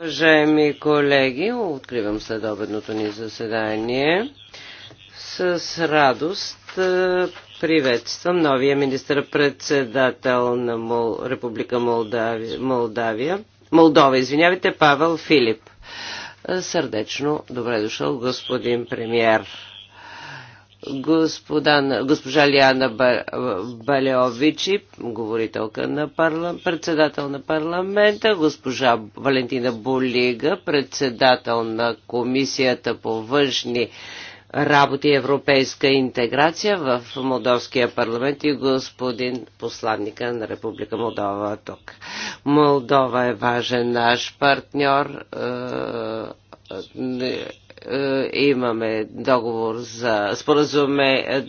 Уважаеми колеги, откривам следобедното ни заседание. С радост е, приветствам новия министр-председател на Мол... Република Молдавия, Молдавия, Молдова, извинявайте, Павел Филип. Е, сърдечно добре дошъл, господин премьер господа, госпожа Лиана Балеовичи, говорителка на парла, председател на парламента, госпожа Валентина Болига, председател на Комисията по външни работи и европейска интеграция в Молдовския парламент и господин посланника на Република Молдова тук. Молдова е важен наш партньор. Е, е е, имаме договор за споразуме, е,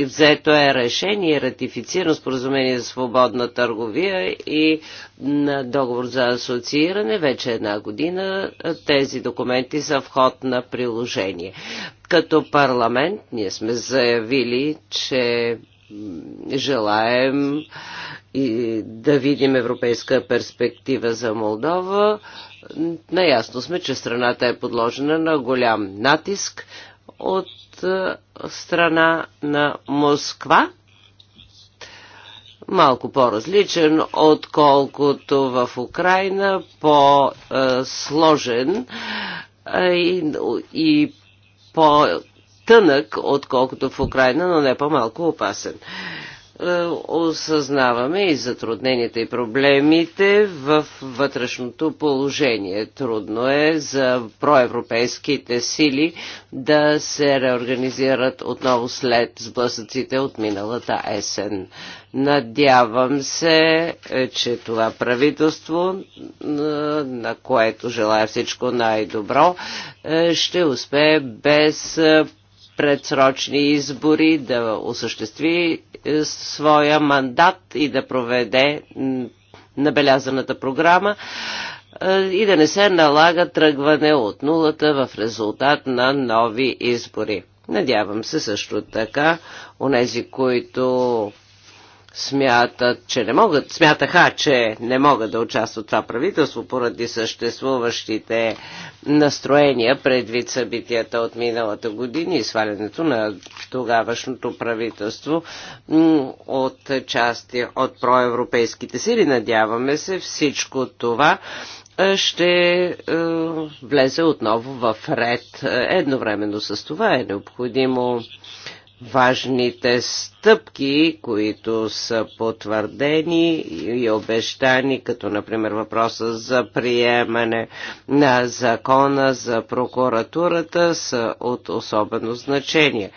е, взето е решение, ратифицирано споразумение за свободна търговия и на договор за асоцииране. Вече една година тези документи са вход на приложение. Като парламент ние сме заявили, че желаем и да видим европейска перспектива за Молдова. Наясно сме, че страната е подложена на голям натиск от страна на Москва, малко по-различен, отколкото в Украина, по-сложен и, и по по-тънък, отколкото в Украина, но не по-малко опасен е, осъзнаваме и затрудненията и проблемите в вътрешното положение. Трудно е за проевропейските сили да се реорганизират отново след сблъсъците от миналата есен. Надявам се, е, че това правителство, е, на което желая всичко най-добро, ще успее без предсрочни избори, да осъществи е, своя мандат и да проведе набелязаната програма е, и да не се налага тръгване от нулата в резултат на нови избори. Надявам се също така, онези, които смятат, че не могат, смятаха, че не могат да участват това правителство поради съществуващите настроения предвид събитията от миналата година и свалянето на тогавашното правителство от части от проевропейските сили. Надяваме се всичко това ще е, влезе отново в ред. Едновременно с това е необходимо важните стъпки, които са потвърдени и обещани, като например въпроса за приемане на закона за прокуратурата, са от особено значение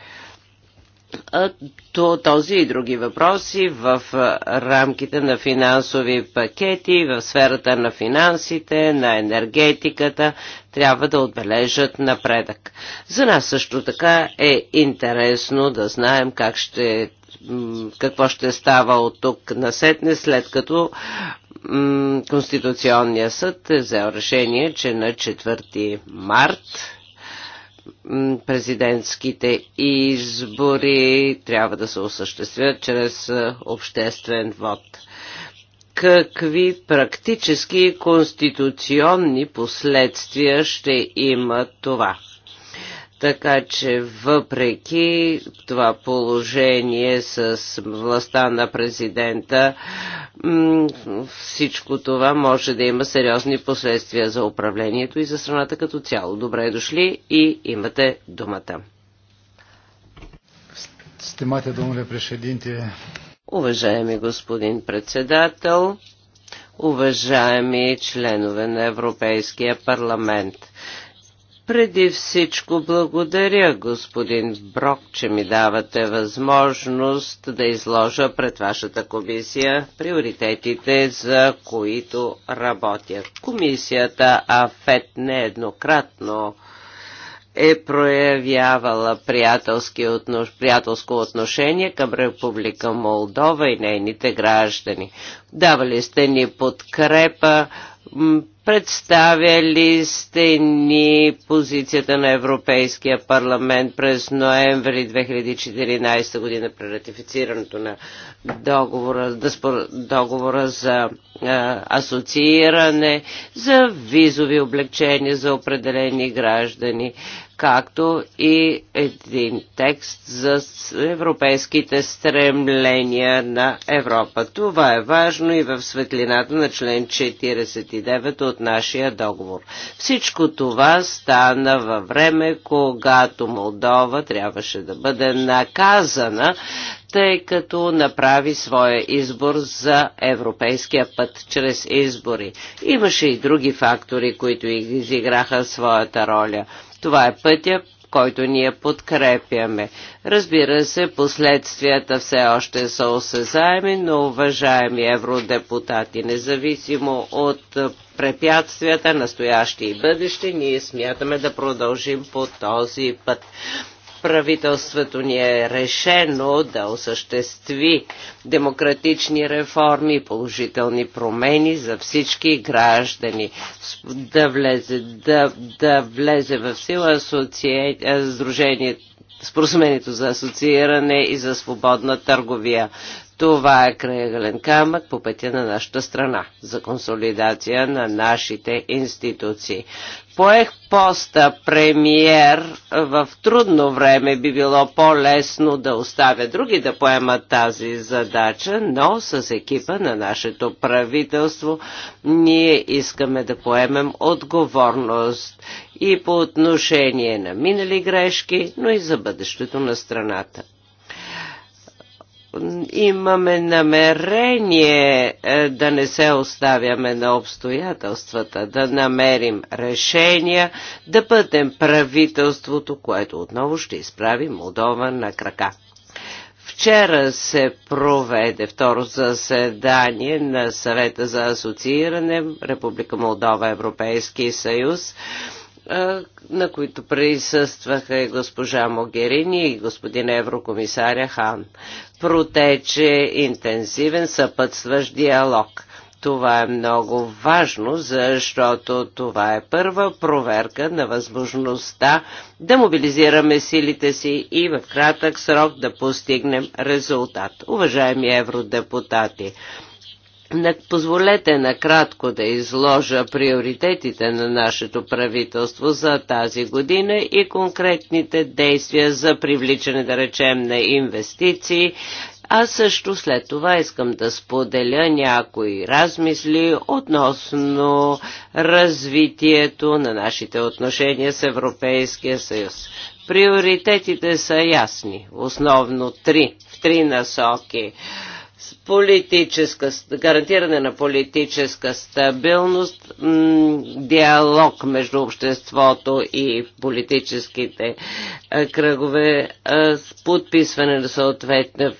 то, този и други въпроси в рамките на финансови пакети, в сферата на финансите, на енергетиката, трябва да отбележат напредък. За нас също така е интересно да знаем как ще, какво ще става от тук насетне, след като Конституционния съд е взел решение, че на 4 март президентските избори трябва да се осъществят чрез обществен вод. Какви практически конституционни последствия ще има това? Така че въпреки това положение с властта на президента, всичко това може да има сериозни последствия за управлението и за страната като цяло. Добре дошли и имате думата. Стимате, думали președинте. Уважаеми господин председател, уважаеми членове на Европейския парламент – преди всичко благодаря, господин Брок, че ми давате възможност да изложа пред вашата комисия приоритетите, за които работя. Комисията АФЕТ нееднократно е проявявала отнош... приятелско отношение към Република Молдова и нейните граждани. Давали сте ни подкрепа Представяли сте ни позицията на Европейския парламент през ноември 2014 година при ратифицирането на договора, договора за а, асоцииране, за визови облегчения за определени граждани както и един текст за европейските стремления на Европа. Това е важно и в светлината на член 49 от нашия договор. Всичко това стана във време, когато Молдова трябваше да бъде наказана, тъй като направи своя избор за европейския път чрез избори. Имаше и други фактори, които изиграха своята роля – това е пътя, който ние подкрепяме. Разбира се, последствията все още са осезаеми, но уважаеми евродепутати, независимо от препятствията, настоящи и бъдещи, ние смятаме да продължим по този път правителството ни е решено да осъществи демократични реформи, положителни промени за всички граждани. Да влезе, да, да влезе в сила асоци... Сдружението споразумението за асоцииране и за свободна търговия. Това е крайъгълен камък по пътя на нашата страна за консолидация на нашите институции. Поех поста премиер в трудно време би било по-лесно да оставя други да поемат тази задача, но с екипа на нашето правителство ние искаме да поемем отговорност и по отношение на минали грешки, но и за бъдещето на страната имаме намерение е, да не се оставяме на обстоятелствата, да намерим решения, да бъдем правителството, което отново ще изправи Молдова на крака. Вчера се проведе второ заседание на съвета за асоцииране Република Молдова Европейски съюз на които присъстваха и госпожа Могерини и господин еврокомисаря Хан. Протече интензивен съпътстващ диалог – това е много важно, защото това е първа проверка на възможността да мобилизираме силите си и в кратък срок да постигнем резултат. Уважаеми евродепутати, Позволете накратко да изложа приоритетите на нашето правителство за тази година и конкретните действия за привличане, да речем, на инвестиции, а също след това искам да споделя някои размисли относно развитието на нашите отношения с Европейския съюз. Приоритетите са ясни, основно три, в три насоки с политическа, гарантиране на политическа стабилност, диалог между обществото и политическите кръгове, подписване на съответна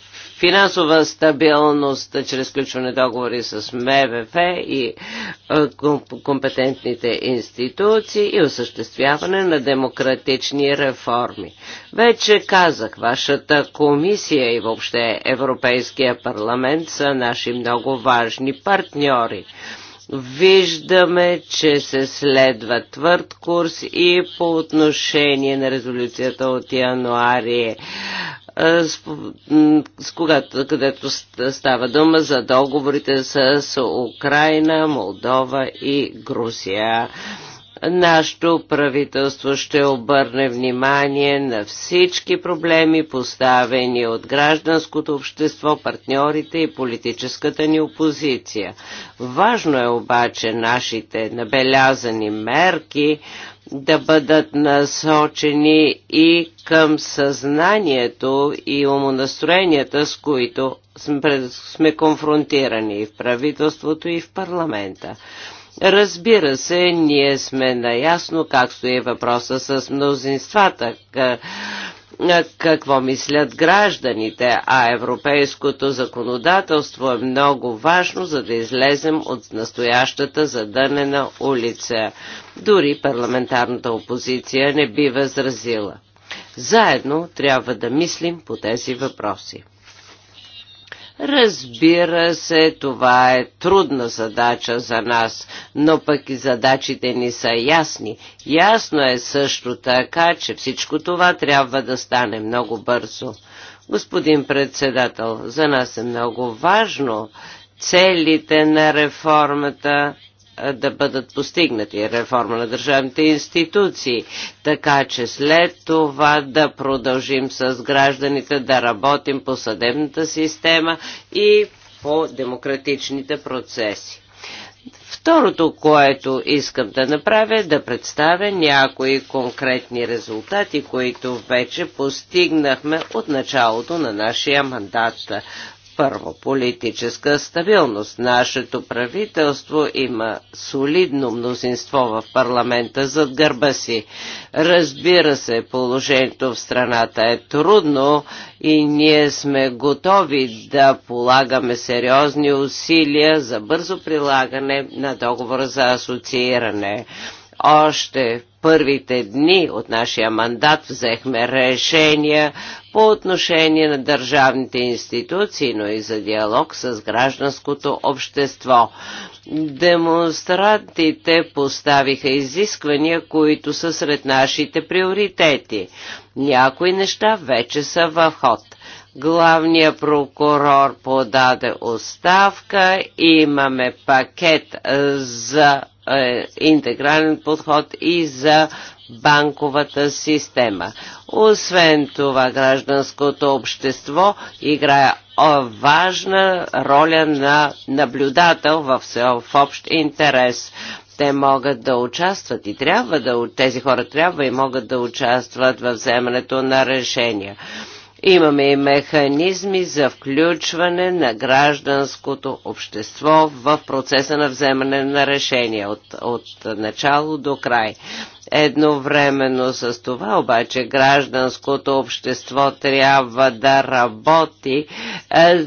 финансова стабилност чрез включване договори с МВФ и е, компетентните институции и осъществяване на демократични реформи. Вече казах, вашата комисия и въобще Европейския парламент са наши много важни партньори виждаме, че се следва твърд курс и по отношение на резолюцията от януари е, когато, където става дума за договорите с Украина, Молдова и Грузия. Нашето правителство ще обърне внимание на всички проблеми, поставени от гражданското общество, партньорите и политическата ни опозиция. Важно е обаче нашите набелязани мерки да бъдат насочени и към съзнанието и умонастроенията, с които сме конфронтирани и в правителството, и в парламента. Разбира се, ние сме наясно как стои въпроса с мнозинствата какво мислят гражданите, а европейското законодателство е много важно, за да излезем от настоящата задънена улица. Дори парламентарната опозиция не би възразила. Заедно трябва да мислим по тези въпроси. Разбира се, това е трудна задача за нас, но пък и задачите ни са ясни. Ясно е също така, че всичко това трябва да стане много бързо. Господин председател, за нас е много важно целите на реформата да бъдат постигнати реформа на държавните институции, така че след това да продължим с гражданите да работим по съдебната система и по демократичните процеси. Второто, което искам да направя е да представя някои конкретни резултати, които вече постигнахме от началото на нашия мандат. Първо, политическа стабилност. Нашето правителство има солидно мнозинство в парламента зад гърба си. Разбира се, положението в страната е трудно и ние сме готови да полагаме сериозни усилия за бързо прилагане на договора за асоцииране. Още първите дни от нашия мандат взехме решения по отношение на държавните институции, но и за диалог с гражданското общество. Демонстрантите поставиха изисквания, които са сред нашите приоритети. Някои неща вече са в ход. Главният прокурор подаде оставка, имаме пакет за е, интегрален подход и за банковата система. Освен това, гражданското общество играе важна роля на наблюдател в, в общ интерес. Те могат да участват и трябва да, тези хора трябва и могат да участват в вземането на решения. Имаме и механизми за включване на гражданското общество в процеса на вземане на решения от, от начало до край. Едновременно с това обаче гражданското общество трябва да работи е,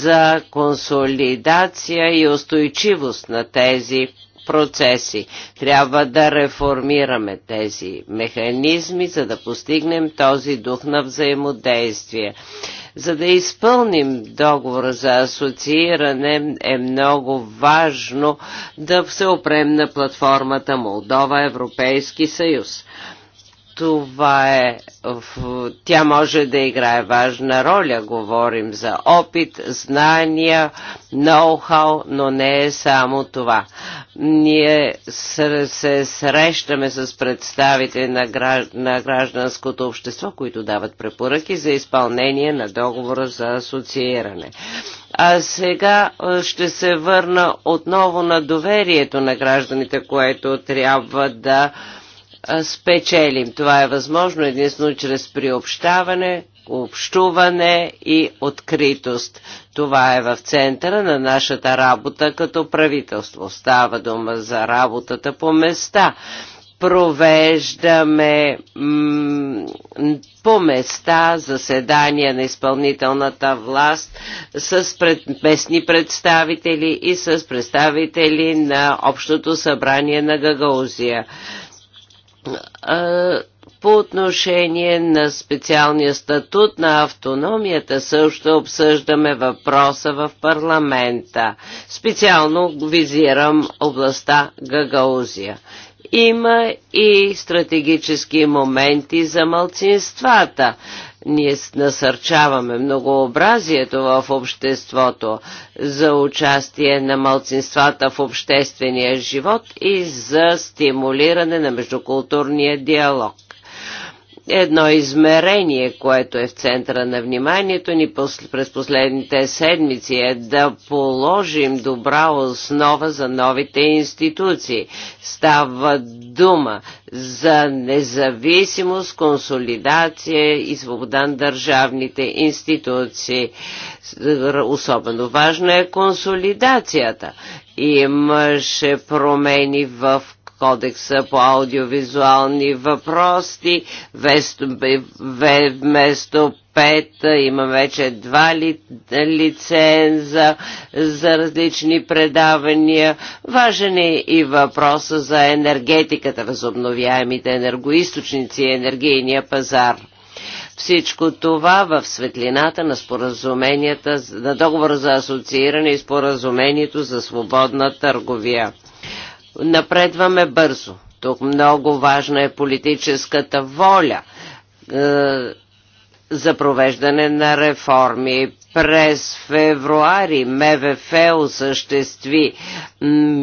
за консолидация и устойчивост на тези процеси. Трябва да реформираме тези механизми, за да постигнем този дух на взаимодействие. За да изпълним договора за асоцииране е много важно да се опрем на платформата Молдова Европейски съюз това е, в тя може да играе важна роля. Говорим за опит, знания, ноу-хау, но не е само това. Ние се срещаме с представители на, гражд... на гражданското общество, които дават препоръки за изпълнение на договора за асоцииране. А сега ще се върна отново на доверието на гражданите, което трябва да спечелим. Това е възможно единствено чрез приобщаване, общуване и откритост. Това е в центъра на нашата работа като правителство. Става дума за работата по места. Провеждаме по места заседания на изпълнителната власт с пред, местни представители и с представители на Общото събрание на Гагаузия по отношение на специалния статут на автономията също обсъждаме въпроса в парламента. Специално визирам областта Гагаузия. Има и стратегически моменти за малцинствата. Ние насърчаваме многообразието в обществото за участие на малцинствата в обществения живот и за стимулиране на междукултурния диалог едно измерение, което е в центъра на вниманието ни през последните седмици е да положим добра основа за новите институции. Става дума за независимост, консолидация и свобода на държавните институции. Особено важно е консолидацията. Имаше промени в кодекса по аудиовизуални въпроси. Вместо 5 има вече два ли, лиценза за различни предавания. Важен е и въпроса за енергетиката, възобновяемите енергоисточници и енергийния пазар. Всичко това в светлината на споразуменията, на договор за асоцииране и споразумението за свободна търговия. Напредваме бързо. Тук много важна е политическата воля е, за провеждане на реформи. През февруари МВФ осъществи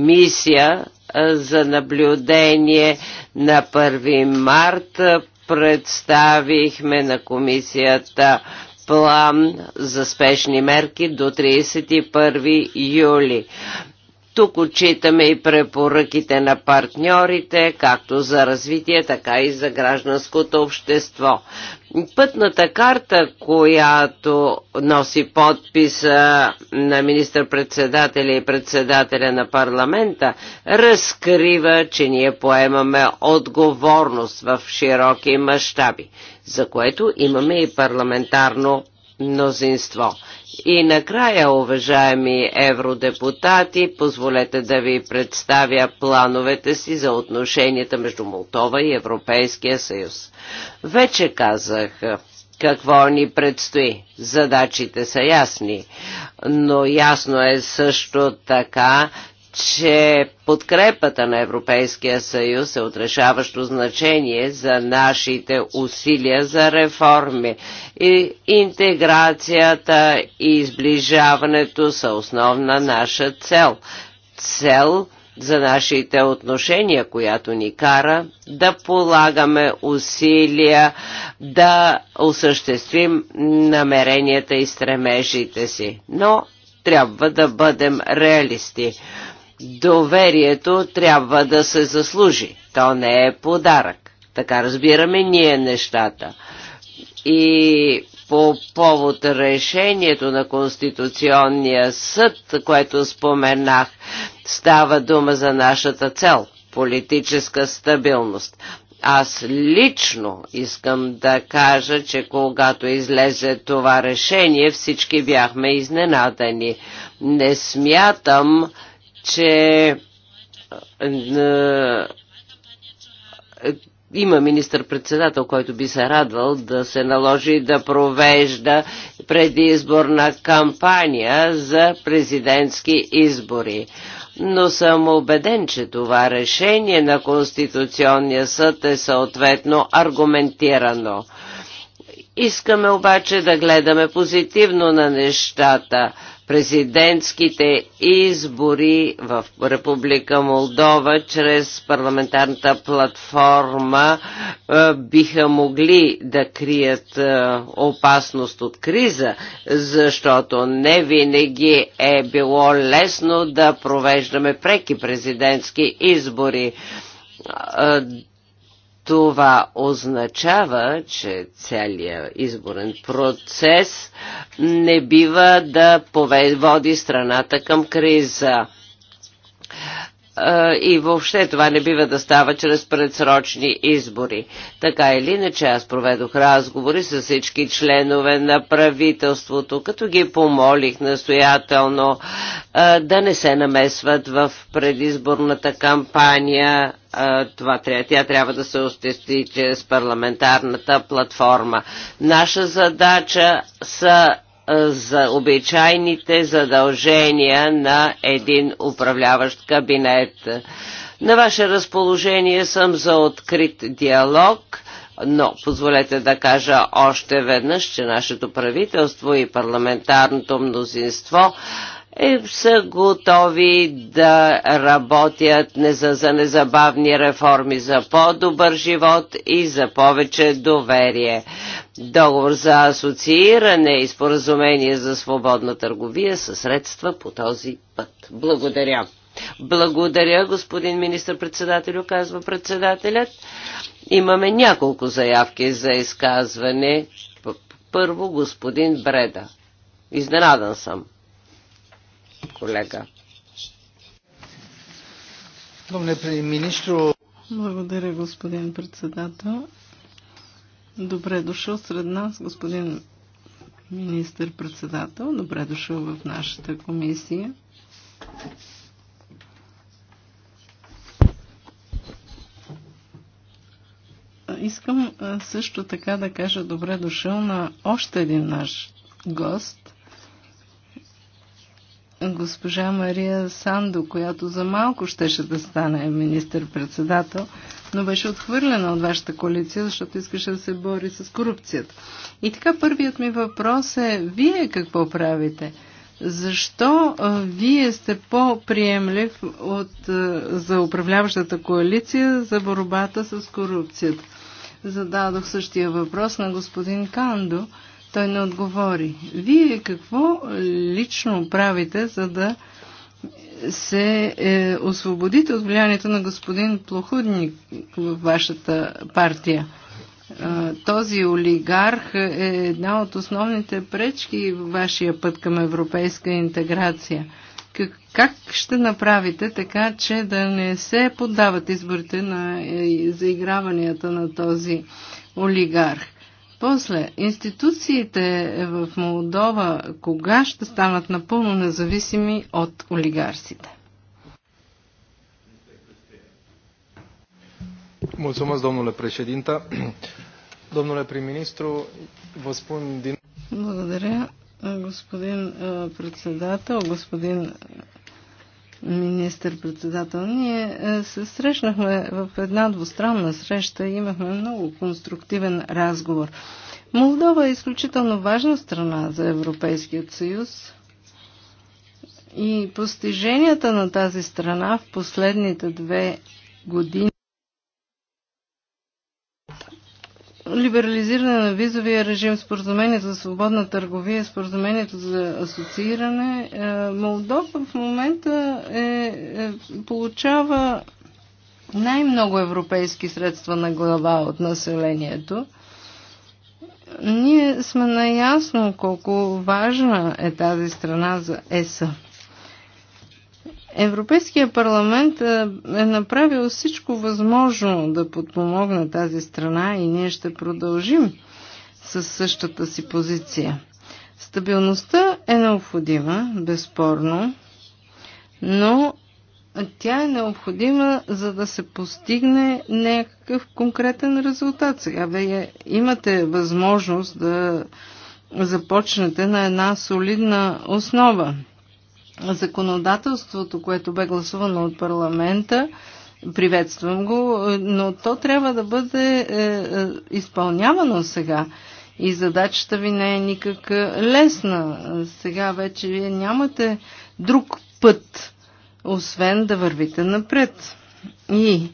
мисия е, за наблюдение на 1 март. Е, представихме на комисията план за спешни мерки до 31 юли. Тук отчитаме и препоръките на партньорите, както за развитие, така и за гражданското общество. Пътната карта, която носи подписа на министър-председателя и председателя на парламента, разкрива, че ние поемаме отговорност в широки мащаби, за което имаме и парламентарно мнозинство. И накрая, уважаеми евродепутати, позволете да ви представя плановете си за отношенията между Молдова и Европейския съюз. Вече казах, какво ни предстои. Задачите са ясни, но ясно е също така, че подкрепата на Европейския съюз е отрешаващо значение за нашите усилия за реформи. И интеграцията и изближаването са основна наша цел. Цел за нашите отношения, която ни кара да полагаме усилия да осъществим намеренията и стремежите си. Но трябва да бъдем реалисти. Доверието трябва да се заслужи. То не е подарък. Така разбираме ние нещата. И по повод решението на Конституционния съд, което споменах, става дума за нашата цел – политическа стабилност. Аз лично искам да кажа, че когато излезе това решение, всички бяхме изненадани. Не смятам, че има министър-председател, който би се радвал да се наложи да провежда предизборна кампания за президентски избори. Но съм убеден, че това решение на Конституционния съд е съответно аргументирано. Искаме обаче да гледаме позитивно на нещата президентските избори в Република Молдова чрез парламентарната платформа е, биха могли да крият е, опасност от криза, защото не винаги е било лесно да провеждаме преки президентски избори е, това означава, че целият изборен процес не бива да води страната към криза и въобще това не бива да става чрез предсрочни избори. Така или иначе аз проведох разговори с всички членове на правителството, като ги помолих настоятелно да не се намесват в предизборната кампания. Това, тя трябва да се осъществи чрез парламентарната платформа. Наша задача са за обичайните задължения на един управляващ кабинет. На ваше разположение съм за открит диалог, но позволете да кажа още веднъж, че нашето правителство и парламентарното мнозинство е, са готови да работят не за, за незабавни реформи, за по-добър живот и за повече доверие. Договор за асоцииране и споразумение за свободна търговия са средства по този път. Благодаря. Благодаря, господин министр председател казва председателят. Имаме няколко заявки за изказване. Първо господин Бреда. Изненадан съм колега. Благодаря, господин председател. Добре дошъл сред нас, господин министър-председател. Добре дошъл в нашата комисия. Искам също така да кажа добре дошъл на още един наш гост, госпожа Мария Сандо, която за малко щеше да стане министър-председател, но беше отхвърлена от вашата коалиция, защото искаше да се бори с корупцията. И така първият ми въпрос е, вие какво правите? Защо вие сте по-приемлив от, за управляващата коалиция за борбата с корупцията? Зададох същия въпрос на господин Кандо. Той не отговори. Вие какво лично правите, за да се е, освободите от влиянието на господин Плохудник в вашата партия? Е, този олигарх е една от основните пречки в вашия път към европейска интеграция. Как, как ще направите така, че да не се поддават изборите на е, заиграванията на този олигарх? После, институциите в Молдова кога ще станат напълно независими от олигарсите? vă spun din... Благодаря, господин председател, господин министър-председател. Ние е, се срещнахме в една двустранна среща и имахме много конструктивен разговор. Молдова е изключително важна страна за Европейският съюз и постиженията на тази страна в последните две години либерализиране на визовия режим, споразумението за свободна търговия, споразумението за асоцииране, е, Молдова в момента е, е, получава най-много европейски средства на глава от населението. Ние сме наясно колко важна е тази страна за ЕСА. Европейския парламент е, е направил всичко възможно да подпомогне тази страна и ние ще продължим със същата си позиция. Стабилността е необходима, безспорно, но тя е необходима, за да се постигне някакъв конкретен резултат. Сега вие имате възможност да започнете на една солидна основа законодателството, което бе гласувано от парламента, приветствам го, но то трябва да бъде е, е, изпълнявано сега. И задачата ви не е никак е, лесна. Сега вече вие нямате друг път, освен да вървите напред. И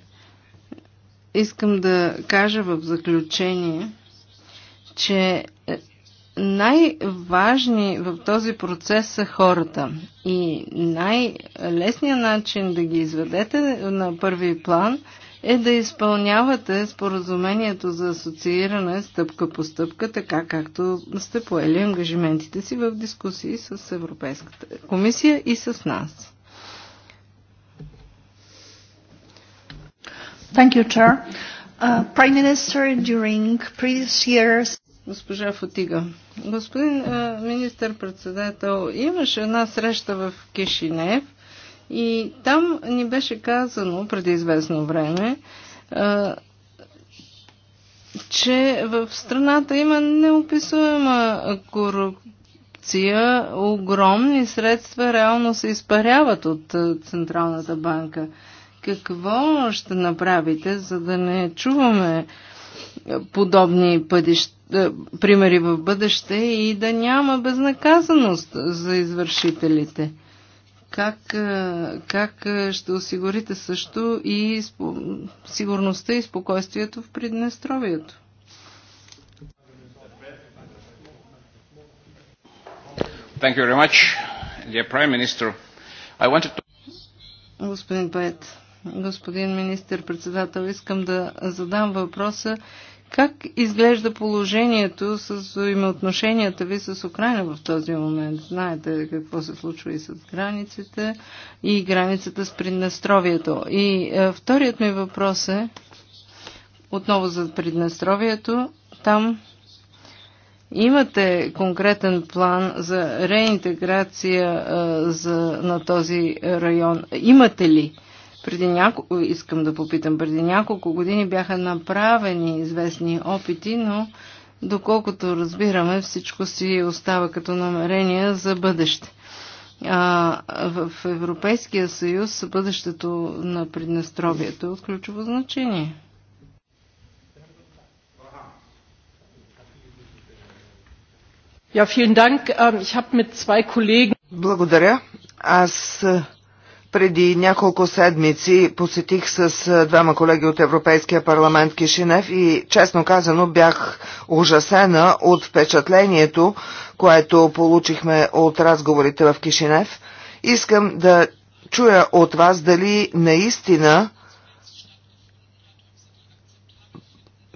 искам да кажа в заключение, че най-важни в този процес са хората. И най-лесният начин да ги изведете на първи план е да изпълнявате споразумението за асоцииране стъпка по стъпка, така както сте поели ангажиментите си в дискусии с Европейската комисия и с нас. Thank you, Chair. Uh, Prime Minister, during previous years... Госпожа Фотига, Господин министър-председател, имаше една среща в Кишинев и там ни беше казано преди известно време, че в страната има неописуема корупция, огромни средства реално се изпаряват от Централната банка. Какво ще направите, за да не чуваме подобни пъдища, е, примери в бъдеще и да няма безнаказаност за извършителите. Как, е, как е, ще осигурите също и сигурността и спокойствието в Приднестровието? Thank you very much, dear Prime Minister. I wanted to... Господин Поет, господин министр-председател. Искам да задам въпроса как изглежда положението с взаимоотношенията ви с Украина в този момент? Знаете какво се случва и с границите, и границата с Приднестровието. И е, вторият ми въпрос е отново за Приднестровието. Там имате конкретен план за реинтеграция е, за, на този район. Имате ли? Преди няко... Искам да попитам, преди няколко години бяха направени известни опити, но доколкото разбираме, всичко си остава като намерение за бъдеще. А, в Европейския съюз бъдещето на Приднестровието е от ключово значение. Ähm, Благодаря. Аз преди няколко седмици посетих с двама колеги от Европейския парламент Кишинев и честно казано бях ужасена от впечатлението, което получихме от разговорите в Кишинев. Искам да чуя от вас дали наистина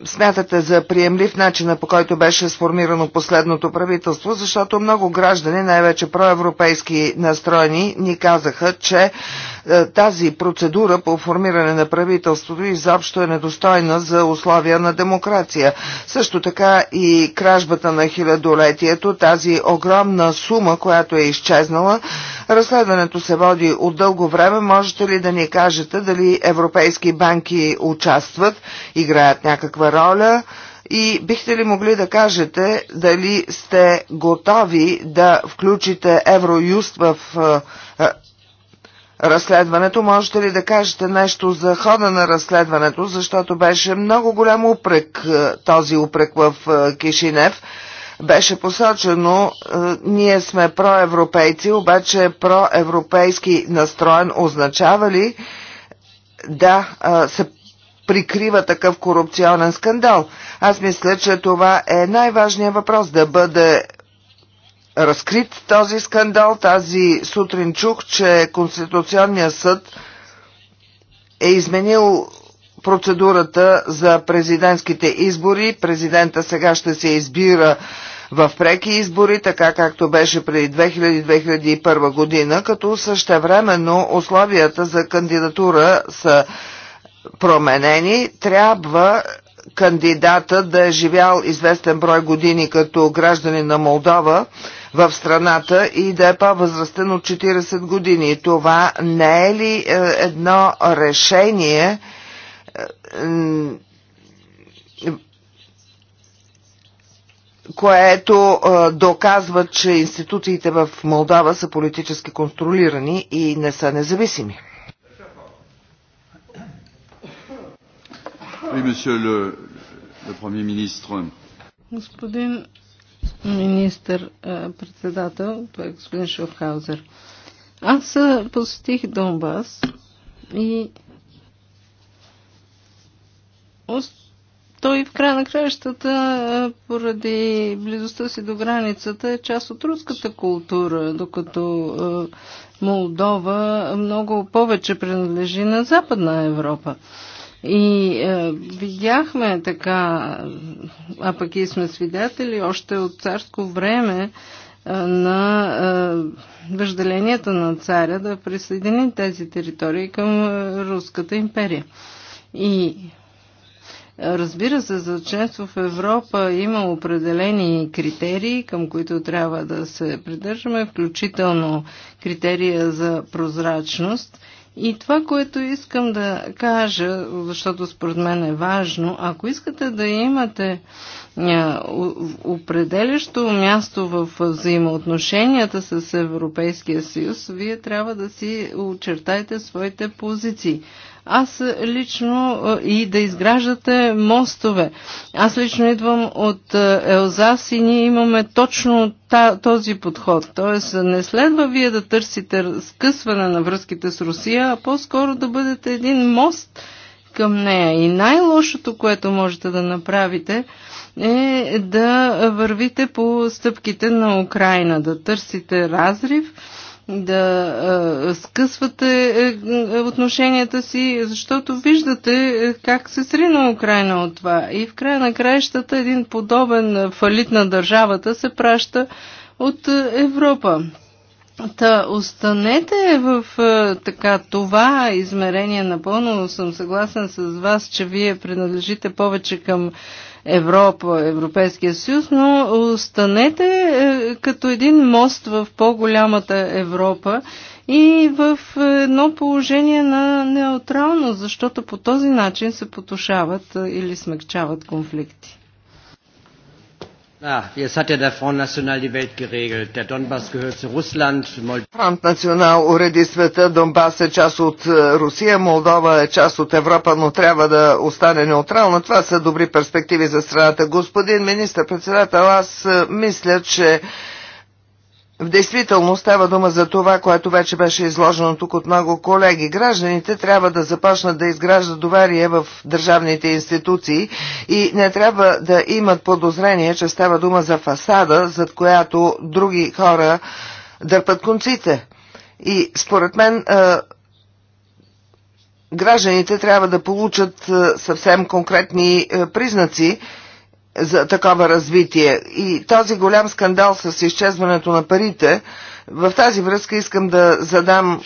смятате за приемлив начина по който беше сформирано последното правителство, защото много граждани, най-вече проевропейски настроени, ни казаха, че е, тази процедура по формиране на правителството изобщо е недостойна за условия на демокрация. Също така и кражбата на хилядолетието, тази огромна сума, която е изчезнала, разследването се води от дълго време. Можете ли да ни кажете дали европейски банки участват, играят някаква роля? И бихте ли могли да кажете дали сте готови да включите Евроюст в е, е, разследването. Можете ли да кажете нещо за хода на разследването, защото беше много голям упрек е, този упрек в е, Кишинев. Беше посочено, е, ние сме проевропейци, обаче проевропейски настроен означава ли да се прикрива такъв корупционен скандал. Аз мисля, че това е най-важният въпрос да бъде разкрит този скандал. Тази сутрин чух, че Конституционният съд е изменил процедурата за президентските избори. Президента сега ще се избира в преки избори, така както беше преди 2000-2001 година, като същевременно условията за кандидатура са променени. Трябва кандидата да е живял известен брой години като граждани на Молдова в страната и да е по-възрастен от 40 години. Това не е ли е, едно решение е, което е, доказва, че институциите в Молдова са политически контролирани и не са независими. Господин министър-председател, той е господин Шофхаузер. Аз посетих Донбас и той в края на краищата, поради близостта си до границата, е част от руската култура, докато Молдова много повече принадлежи на Западна Европа. И е, видяхме така, а пък и сме свидетели още от царско време е, на е, въжделенията на царя да присъедини тези територии към е, Руската империя. И Разбира се, за членство в Европа има определени критерии, към които трябва да се придържаме, включително критерия за прозрачност. И това, което искам да кажа, защото според мен е важно, ако искате да имате определящо място в взаимоотношенията с Европейския съюз, вие трябва да си очертайте своите позиции. Аз лично е, и да изграждате мостове. Аз лично идвам от е, Елзас и ние имаме точно този подход. Тоест не следва вие да търсите скъсване на връзките с Русия, а по-скоро да бъдете един мост към нея. И най-лошото, което можете да направите, е да вървите по стъпките на Украина, да търсите разрив да скъсвате е, е, отношенията си, защото виждате е, как се срина Украина от това. И в края на краищата един подобен фалит на държавата се праща от Европа. Та останете в така това измерение напълно. Съм съгласен с вас, че вие принадлежите повече към Европа, Европейския съюз, но останете е, като един мост в по-голямата Европа и в едно положение на неутралност, защото по този начин се потушават е, или смягчават конфликти. Ah, Фронт Национал уреди света, Донбас е част от е, Русия, Молдова е част от Европа, но трябва да остане неутрална. Това са добри перспективи за страната. Господин министр-председател, аз е, мисля, че в действителност става дума за това, което вече беше изложено тук от много колеги. Гражданите трябва да започнат да изграждат доверие в държавните институции и не трябва да имат подозрение, че става дума за фасада, зад която други хора дърпат конците. И според мен гражданите трябва да получат съвсем конкретни признаци, за такова развитие. И този голям скандал с изчезването на парите, в тази връзка искам да задам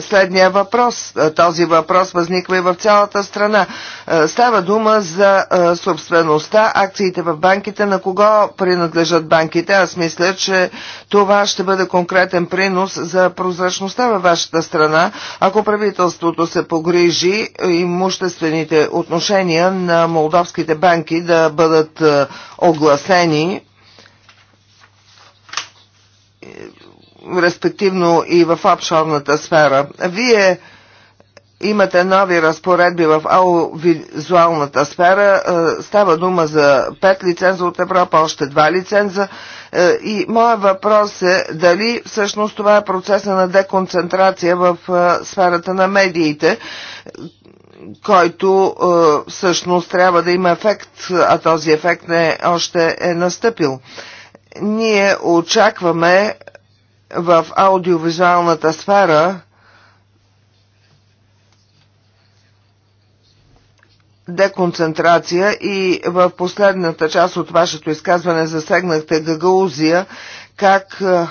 следния въпрос. Е, този въпрос възниква и в цялата страна. Е, става дума за е, собствеността, акциите в банките, на кого принадлежат банките. Аз мисля, че това ще бъде конкретен принос за прозрачността във вашата страна, ако правителството се погрижи имуществените отношения на молдовските банки да бъдат огласени респективно и в обшорната сфера. Вие имате нови разпоредби в аудиовизуалната сфера. Е, става дума за 5 лиценза от Европа, още 2 лиценза. Е, и моят въпрос е дали всъщност това е процеса на деконцентрация в е, сферата на медиите, който всъщност трябва да има ефект, а този ефект не още е настъпил ние очакваме в аудиовизуалната сфера деконцентрация и в последната част от вашето изказване засегнахте Гагаузия, как е,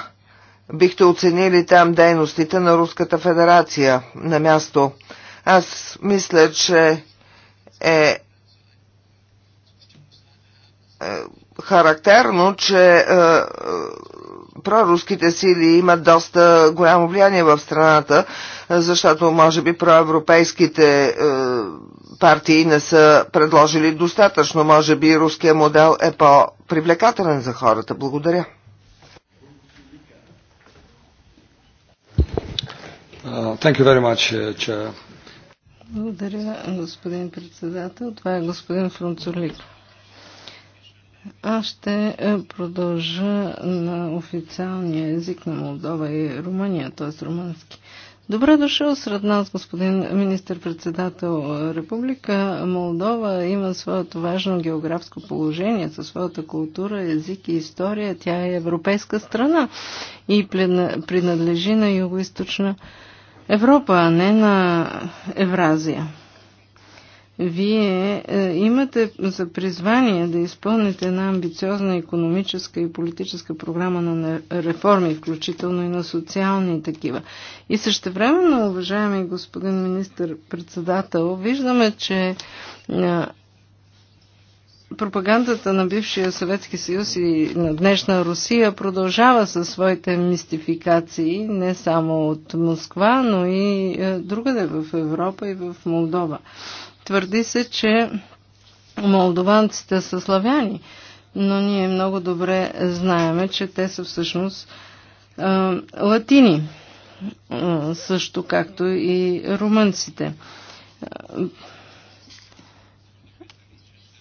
бихте оценили там дейностите на Руската федерация на място. Аз мисля, че е, е характерно, че е, проруските сили имат доста голямо влияние в страната, защото може би проевропейските е, партии не са предложили достатъчно. Може би руският модел е по-привлекателен за хората. Благодаря. Uh, very much, uh, Благодаря, господин председател. Това е господин Францулик. Аз ще е, продължа на официалния език на Молдова и Румъния, т.е. румънски. Добре дошъл сред нас, господин министр-председател е, Република Молдова. Има своето важно географско положение, със своята култура, език и история. Тя е европейска страна и принадлежи на Юго-Источна Европа, а не на Евразия. Вие е, имате за призвание да изпълните една амбициозна економическа и политическа програма на реформи, включително и на социални такива. И същевременно, уважаеми господин министр-председател, виждаме, че е, пропагандата на бившия Съветски съюз и на днешна Русия продължава със своите мистификации, не само от Москва, но и е, другаде в Европа и в Молдова. Твърди се, че молдованците са славяни, но ние много добре знаеме, че те са всъщност а, латини, а, също както и румънците.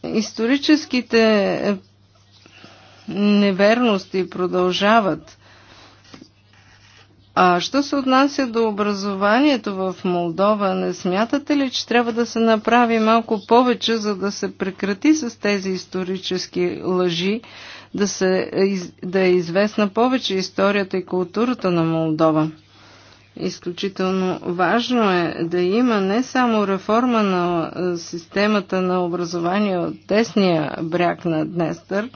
Историческите неверности продължават а що се отнася до образованието в Молдова, не смятате ли, че трябва да се направи малко повече, за да се прекрати с тези исторически лъжи, да, се, да е известна повече историята и културата на Молдова? Изключително важно е да има не само реформа на системата на образование от десния бряг на Днестър,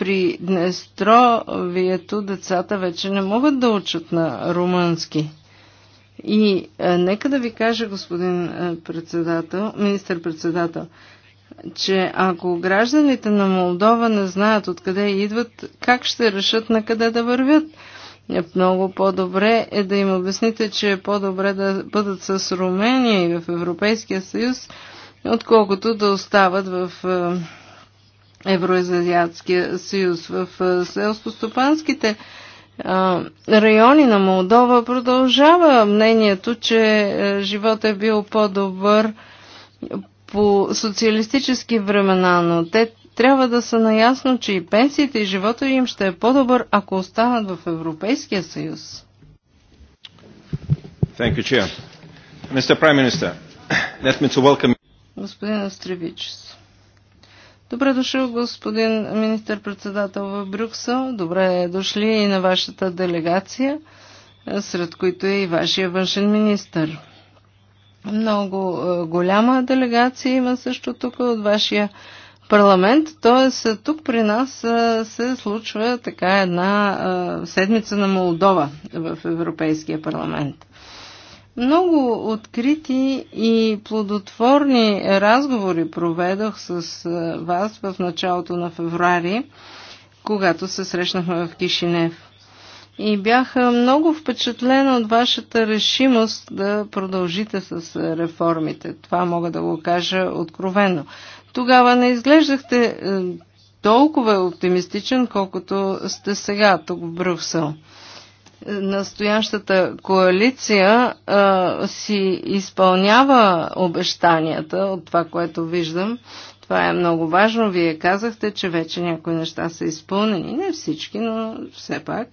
при Днестровието децата вече не могат да учат на румънски. И е, нека да ви кажа, господин е, председател, министър-председател, че ако гражданите на Молдова не знаят откъде идват, как ще решат на къде да вървят? Много по-добре е да им обясните, че е по-добре да бъдат с Румения и в Европейския съюз, отколкото да остават в е, Евроазиатския съюз. В селско-стопанските райони на Молдова продължава мнението, че живот е бил по-добър по социалистически времена, но те трябва да са наясно, че и пенсиите и живота им ще е по-добър, ако останат в Европейския съюз. Thank you, Chair. Mr. Prime Minister, let me to welcome... Господин Остревичес. Добре дошъл, господин министър-председател в Брюксел. Добре дошли и на вашата делегация, сред които е и вашия външен министър. Много е, голяма делегация има също тук от вашия парламент, Тоест, е, тук при нас е, се случва така една седмица на Молдова в Европейския парламент. Много открити и плодотворни разговори проведох с вас в началото на февруари, когато се срещнахме в Кишинев. И бях много впечатлена от вашата решимост да продължите с реформите. Това мога да го кажа откровенно. Тогава не изглеждахте толкова оптимистичен, колкото сте сега тук в Брюксел настоящата коалиция а, си изпълнява обещанията от това, което виждам. Това е много важно. Вие казахте, че вече някои неща са изпълнени. Не всички, но все пак.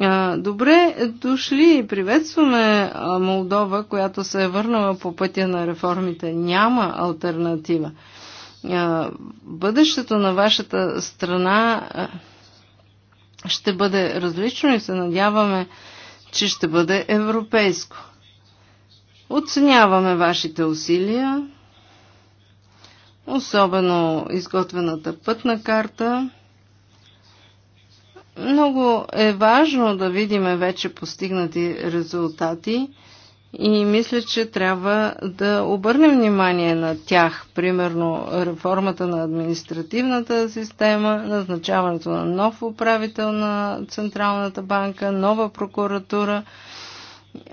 А, добре дошли и приветстваме Молдова, която се е върнала по пътя на реформите. Няма альтернатива. А, бъдещето на вашата страна. А, ще бъде различно и се надяваме, че ще бъде европейско. Оценяваме вашите усилия, особено изготвената пътна карта. Много е важно да видим вече постигнати резултати и мисля, че трябва да обърнем внимание на тях. Примерно реформата на административната система, назначаването на нов управител на Централната банка, нова прокуратура.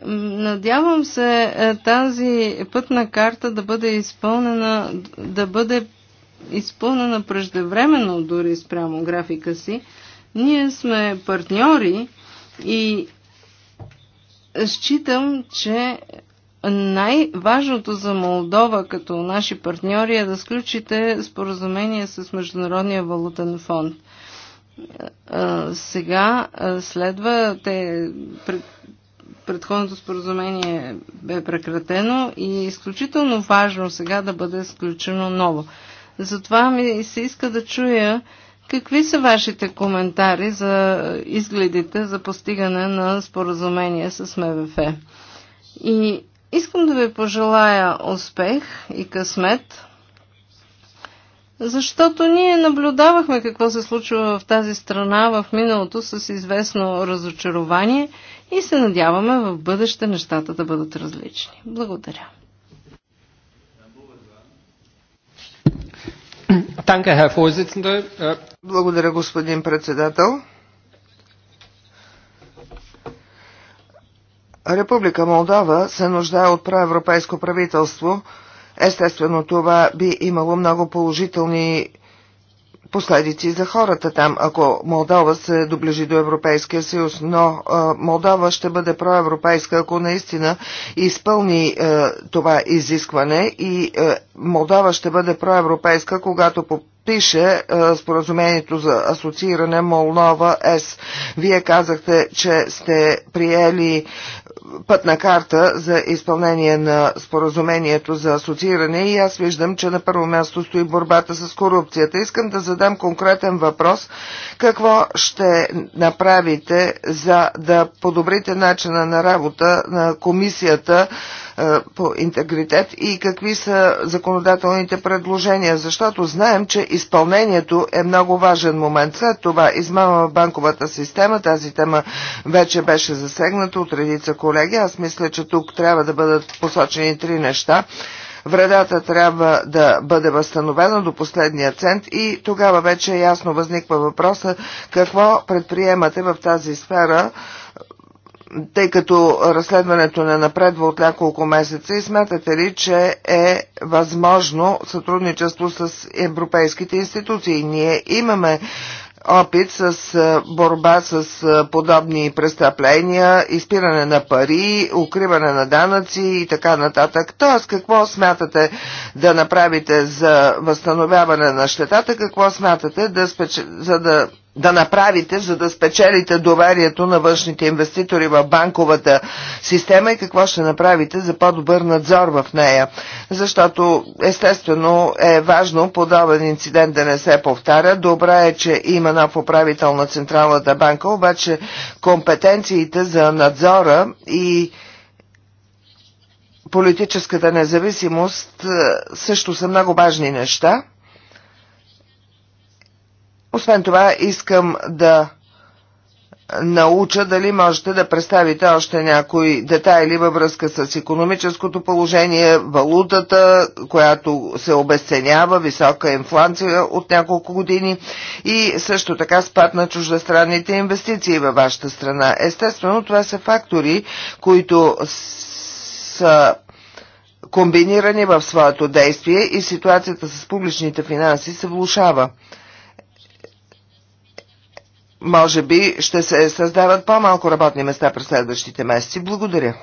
Надявам се е, тази пътна карта да бъде изпълнена, да бъде изпълнена преждевременно дори спрямо графика си. Ние сме партньори и Считам, че най-важното за Молдова като наши партньори е да сключите споразумение с Международния валутен фонд. Сега следва те предходното споразумение бе прекратено и е изключително важно сега да бъде сключено ново. Затова ми се иска да чуя Какви са вашите коментари за изгледите за постигане на споразумение с МВФ? И искам да ви пожелая успех и късмет, защото ние наблюдавахме какво се случва в тази страна в миналото с известно разочарование и се надяваме в бъдеще нещата да бъдат различни. Благодаря. Äh, Благодаря, господин председател. Република Молдова се нуждае от проевропейско правителство. Естествено, това би имало много положителни последици за хората там, ако Молдова се доближи до Европейския съюз. Но Молдова ще бъде проевропейска, ако наистина изпълни това изискване и Молдова ще бъде проевропейска, когато по пише а, споразумението за асоцииране Молнова С. Вие казахте, че сте приели пътна карта за изпълнение на споразумението за асоцииране и аз виждам, че на първо място стои борбата с корупцията. Искам да задам конкретен въпрос. Какво ще направите за да подобрите начина на работа на комисията е, по интегритет и какви са законодателните предложения, защото знаем, че изпълнението е много важен момент. След това измама банковата система, тази тема вече беше засегната от редица колеги колеги. Аз мисля, че тук трябва да бъдат посочени три неща. Вредата трябва да бъде възстановена до последния цент и тогава вече ясно възниква въпроса какво предприемате в тази сфера, тъй като разследването не напредва от няколко месеца и смятате ли, че е възможно сътрудничество с европейските институции? Ние имаме опит с борба с подобни престъпления, изпиране на пари, укриване на данъци и така нататък. Тоест, какво смятате да направите за възстановяване на щетата, какво смятате да спеч... за да да направите, за да спечелите доверието на външните инвеститори в банковата система и какво ще направите за по-добър надзор в нея. Защото естествено е важно подобен инцидент да не се повтаря. Добре е, че има нов управител на Централната банка, обаче компетенциите за надзора и политическата независимост е, също са много важни неща. Освен това, искам да науча дали можете да представите още някои детайли във връзка с економическото положение, валутата, която се обесценява, висока инфлация от няколко години и също така спад на чуждестранните инвестиции във вашата страна. Естествено, това са фактори, които са комбинирани в своето действие и ситуацията с публичните финанси се влушава. Може би ще се създават по-малко работни места през следващите месеци. Благодаря.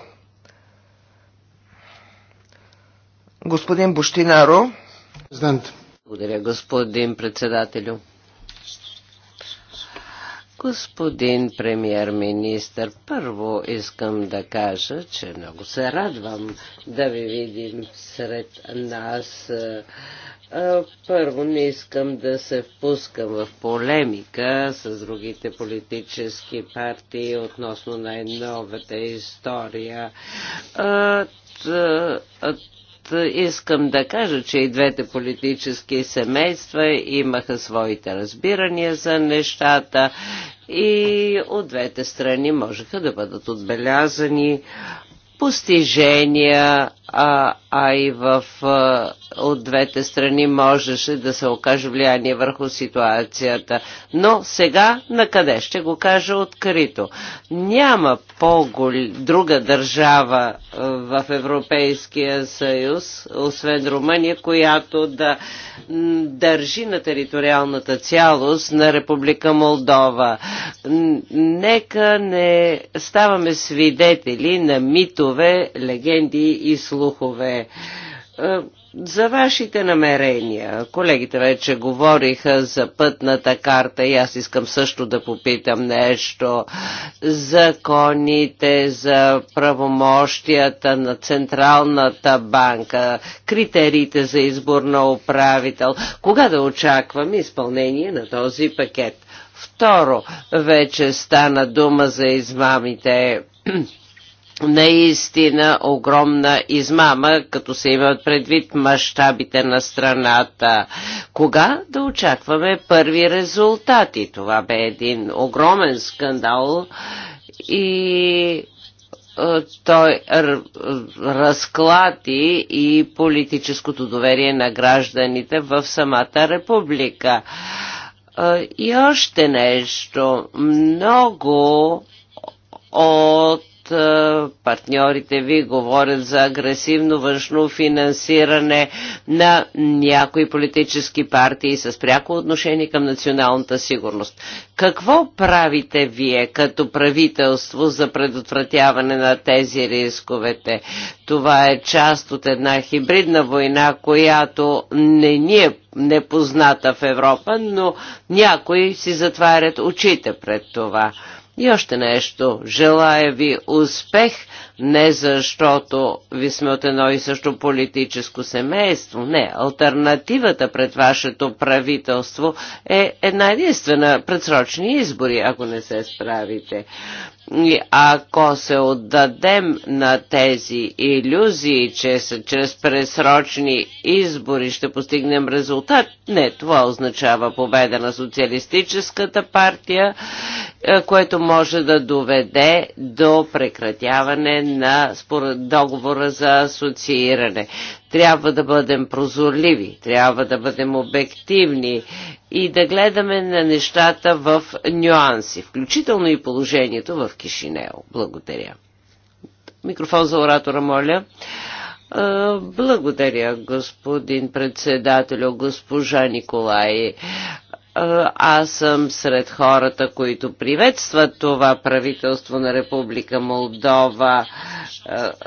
Господин Буштинаро. Благодаря, господин председателю. Господин премьер-министр, първо искам да кажа, че много се радвам да ви видим сред нас. Е, първо, не искам да се впускам в полемика с другите политически партии относно най-новата история. Искам да кажа, че и двете политически семейства имаха своите разбирания за нещата и от двете страни можеха да бъдат отбелязани постижения, а, а и в а, от двете страни можеше да се окаже влияние върху ситуацията. Но сега на къде ще го кажа открито? Няма по-друга държава е, в Европейския съюз, освен Румъния, която да държи на териториалната цялост на Република Молдова. Нека не ставаме свидетели на митове, легенди и слухове е, за вашите намерения. Колегите вече говориха за пътната карта и аз искам също да попитам нещо. Законите за правомощията на Централната банка, критериите за избор на управител. Кога да очакваме изпълнение на този пакет? Второ, вече стана дума за измамите наистина огромна измама, като се имат предвид мащабите на страната. Кога да очакваме първи резултати? Това бе един огромен скандал и той разклати и политическото доверие на гражданите в самата република. И още нещо. Много от е, партньорите ви говорят за агресивно външно финансиране на някои политически партии с пряко отношение към националната сигурност. Какво правите вие като правителство за предотвратяване на тези рисковете? Това е част от една хибридна война, която не ни е непозната в Европа, но някои си затварят очите пред това. И още нещо. Желая ви успех, не защото ви сме от едно и също политическо семейство. Не, альтернативата пред вашето правителство е една единствена предсрочни избори, ако не се справите ако се отдадем на тези иллюзии, че са чрез пресрочни избори ще постигнем резултат, не, това означава победа на социалистическата партия, е, което може да доведе до прекратяване на договора за асоцииране. Трябва да бъдем прозорливи, трябва да бъдем обективни и да гледаме на нещата в нюанси, включително и положението в Кишинео. Благодаря. Микрофон за оратора, моля. Благодаря, господин председател, госпожа Николай аз съм сред хората, които приветстват това правителство на Република Молдова.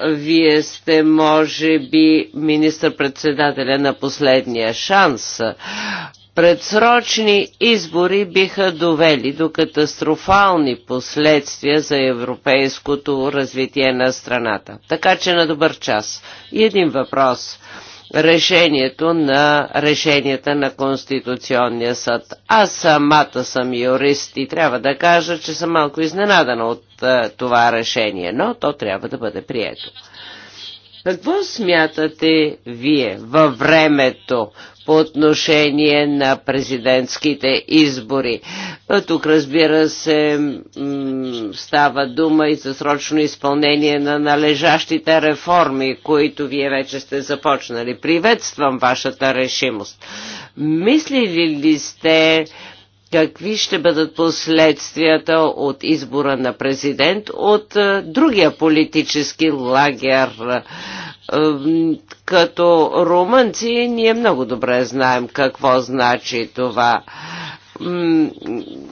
Вие сте, може би, министър-председателя на последния шанс. Предсрочни избори биха довели до катастрофални последствия за европейското развитие на страната. Така че на добър час. И един въпрос – решението на решенията на Конституционния съд. Аз самата съм юрист и трябва да кажа, че съм малко изненадана от е, това решение, но то трябва да бъде прието. Какво смятате вие във времето по отношение на президентските избори? Тук разбира се става дума и за срочно изпълнение на належащите реформи, които вие вече сте започнали. Приветствам вашата решимост. Мислили ли сте какви ще бъдат последствията от избора на президент от е, другия политически лагер. Е, като румънци ние много добре знаем какво значи това.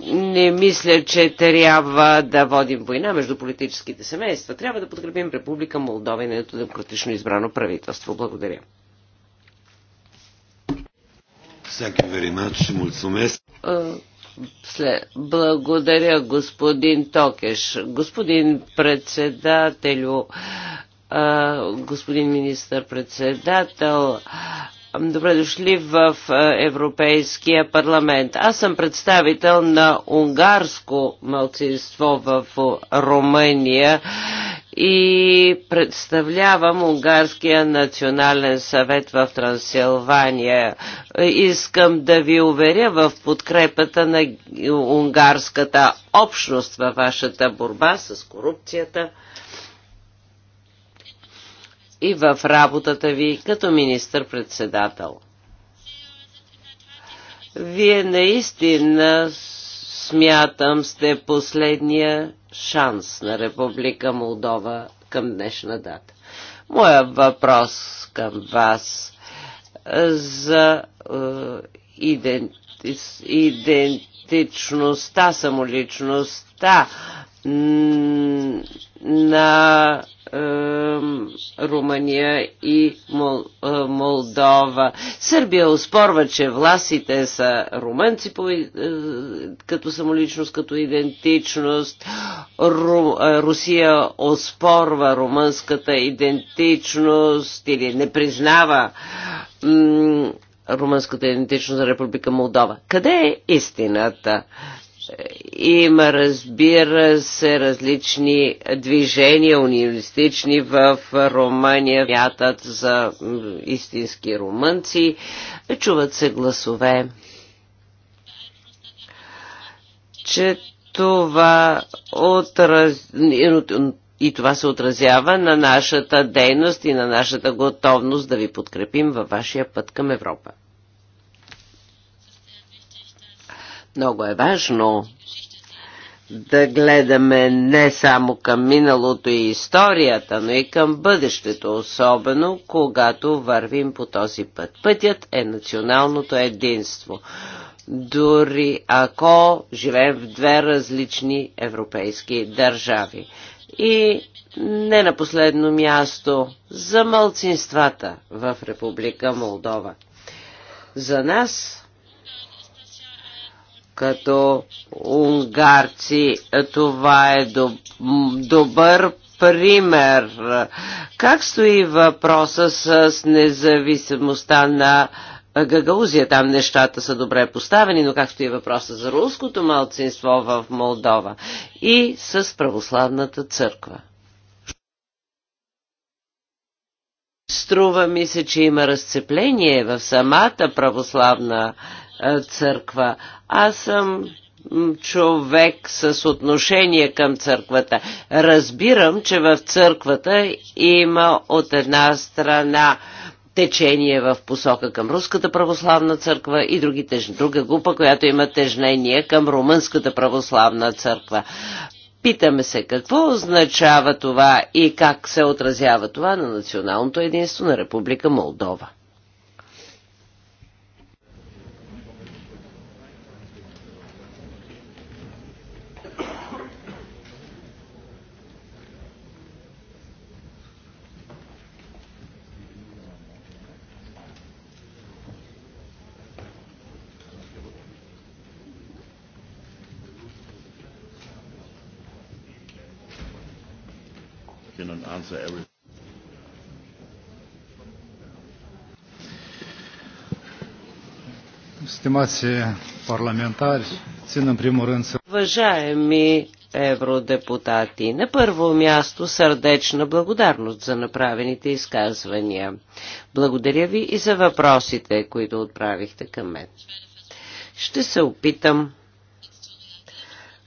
Не мисля, че трябва да водим война между политическите семейства. Трябва да подкрепим Република Молдова и нето демократично избрано правителство. Благодаря. Thank you very much. Mulțumesc. Е, след... Благодаря, господин Токеш. Господин председателю, господин министър-председател, Добре дошли в Европейския парламент. Аз съм представител на унгарско мълцинство в Румъния и представлявам Унгарския национален съвет в Трансилвания. Искам да ви уверя в подкрепата на унгарската общност във вашата борба с корупцията и в работата ви като министър-председател. Вие наистина смятам, сте последния шанс на Република Молдова към днешна дата. Моя въпрос към вас е, за е, идентичността, самоличността на Румъния и Мол, Молдова. Сърбия успорва, че властите са румънци по, като самоличност, като идентичност. Ру, Русия оспорва румънската идентичност или не признава румънската идентичност за Република Молдова. Къде е истината? Има, разбира се, различни движения, университични в Румъния, мятат за истински румънци, чуват се гласове, че това отраз... и това се отразява на нашата дейност и на нашата готовност да ви подкрепим във вашия път към Европа. Много е важно да гледаме не само към миналото и историята, но и към бъдещето, особено когато вървим по този път. Пътят е националното единство, дори ако живеем в две различни европейски държави. И не на последно място за мълцинствата в Република Молдова. За нас като унгарци. Това е добър пример. Как стои въпроса с независимостта на Гагаузия? Там нещата са добре поставени, но как стои въпроса за руското малцинство в Молдова и с православната църква? Струва ми се, че има разцепление в самата православна е, църква. Аз съм човек с отношение към църквата. Разбирам, че в църквата има от една страна течение в посока към Руската православна църква и други, друга група, която има тежнение към Румънската православна църква. Питаме се какво означава това и как се отразява това на националното единство на Република Молдова. answer everything. Стимации парламентари, Уважаеми евродепутати, на първо място сърдечна благодарност за направените изказвания. Благодаря ви и за въпросите, които отправихте към мен. Ще се опитам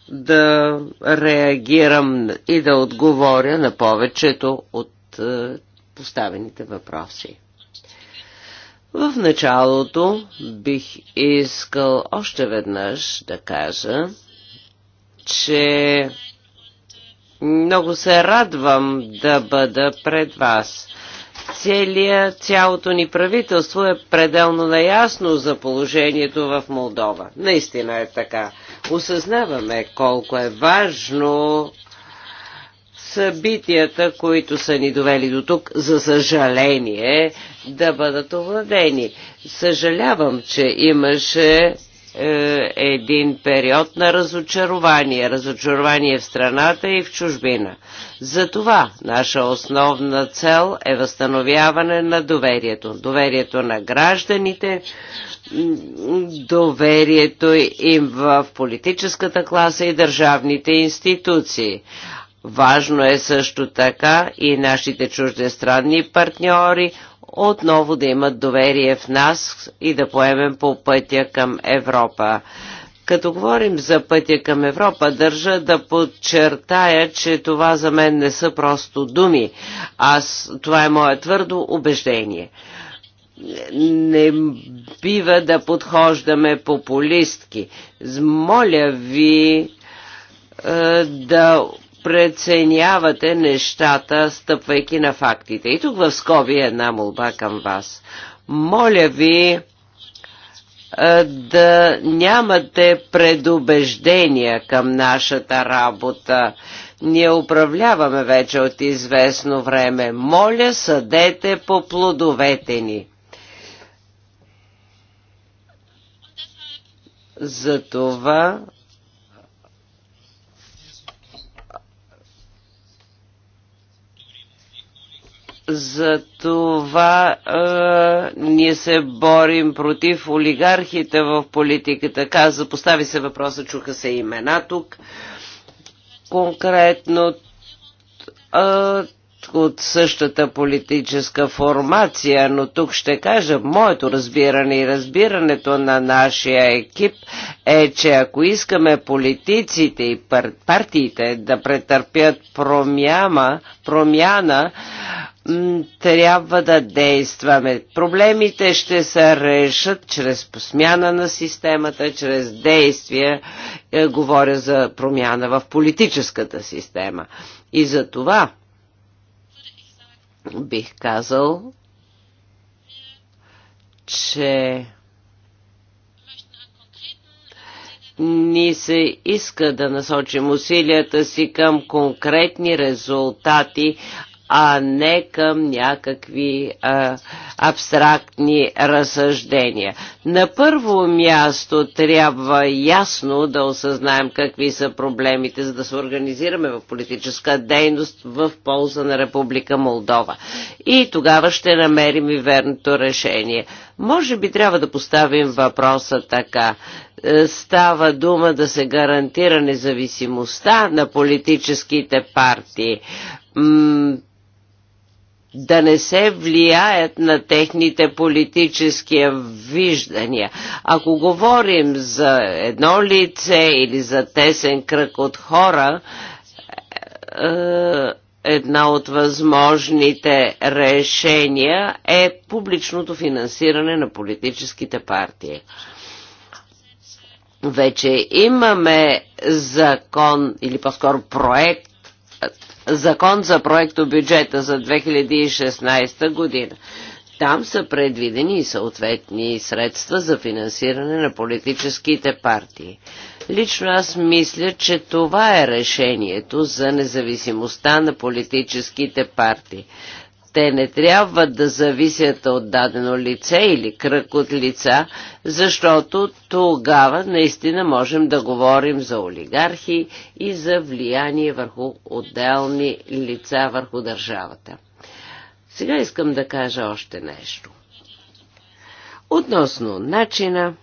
да реагирам и да отговоря на повечето от е, поставените въпроси. В началото бих искал още веднъж да кажа, че много се радвам да бъда пред вас. Целия, цялото ни правителство е пределно наясно за положението в Молдова. Наистина е така. Осъзнаваме колко е важно събитията, които са ни довели до тук, за съжаление, да бъдат овладени. Съжалявам, че имаше е, един период на разочарование. Разочарование в страната и в чужбина. Затова наша основна цел е възстановяване на доверието. Доверието на гражданите, доверието им в политическата класа и държавните институции. Важно е също така и нашите чуждестранни партньори отново да имат доверие в нас и да поемем по пътя към Европа. Като говорим за пътя към Европа, държа да подчертая, че това за мен не са просто думи. Аз, това е мое твърдо убеждение не бива да подхождаме популистки. Моля ви е, да преценявате нещата, стъпвайки на фактите. И тук в Скоби е една молба към вас. Моля ви да нямате предубеждения към нашата работа. Ние управляваме вече от известно време. Моля, съдете по плодовете ни. Затова За това е, ние се борим против олигархите в политиката. Каза, постави се въпроса, чуха се имена тук. Конкретно е, от същата политическа формация, но тук ще кажа, моето разбиране и разбирането на нашия екип е, че ако искаме политиците и пар партиите да претърпят промяна, промяна трябва да действаме. Проблемите ще се решат чрез смяна на системата, чрез действия. Е, говоря за промяна в политическата система. И за това бих казал, че ни се иска да насочим усилията си към конкретни резултати, а не към някакви а, абстрактни разсъждения. На първо място трябва ясно да осъзнаем какви са проблемите, за да се организираме в политическа дейност в полза на Република Молдова. И тогава ще намерим и верното решение. Може би трябва да поставим въпроса така. Е, става дума да се гарантира независимостта на политическите партии да не се влияят на техните политически виждания. Ако говорим за едно лице или за тесен кръг от хора, е, е, една от възможните решения е публичното финансиране на политическите партии. Вече имаме закон или по-скоро проект закон за проекто бюджета за 2016 година. Там са предвидени и съответни средства за финансиране на политическите партии. Лично аз мисля, че това е решението за независимостта на политическите партии те не трябва да зависят от дадено лице или кръг от лица, защото тогава наистина можем да говорим за олигархи и за влияние върху отделни лица върху държавата. Сега искам да кажа още нещо. Относно начина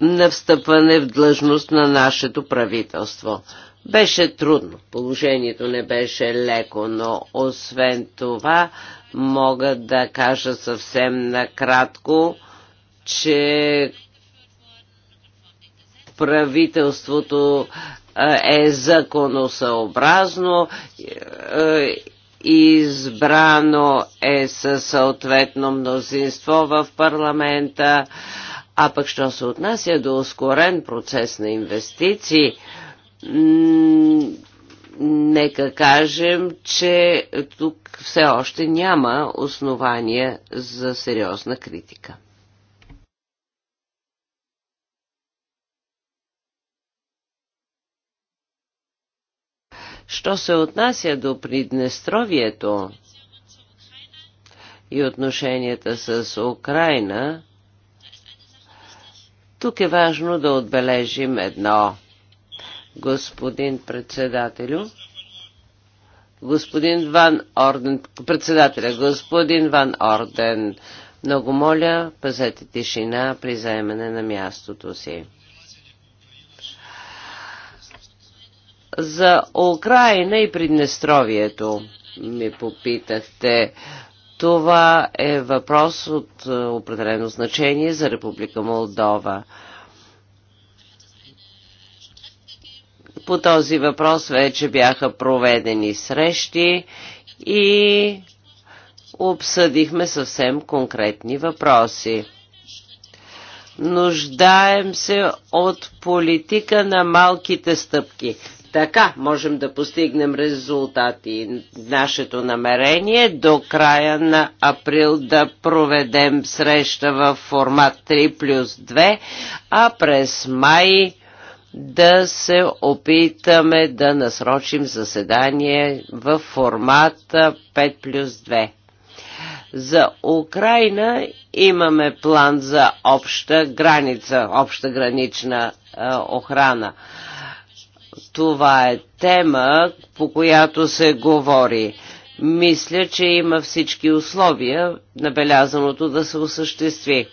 на встъпване в длъжност на нашето правителство – беше трудно, положението не беше леко, но освен това мога да кажа съвсем накратко, че правителството е законосъобразно, избрано е със съответно мнозинство в парламента, а пък що се отнася до ускорен процес на инвестиции, нека кажем, че тук все още няма основания за сериозна критика. Що се отнася до Приднестровието и отношенията с Украина, тук е важно да отбележим едно – господин председателю. Господин Ван Орден, председателя, господин Ван Орден, много моля, пазете тишина при заемане на мястото си. За Украина и Приднестровието ми попитахте. Това е въпрос от е, определено значение за Република Молдова. По този въпрос вече бяха проведени срещи и обсъдихме съвсем конкретни въпроси. Нуждаем се от политика на малките стъпки. Така можем да постигнем резултати. Нашето намерение е до края на април да проведем среща в формат 3 плюс 2, а през май да се опитаме да насрочим заседание в формата 5 плюс 2. За Украина имаме план за обща граница, обща гранична охрана. Това е тема, по която се говори. Мисля, че има всички условия набелязаното да се осъществи.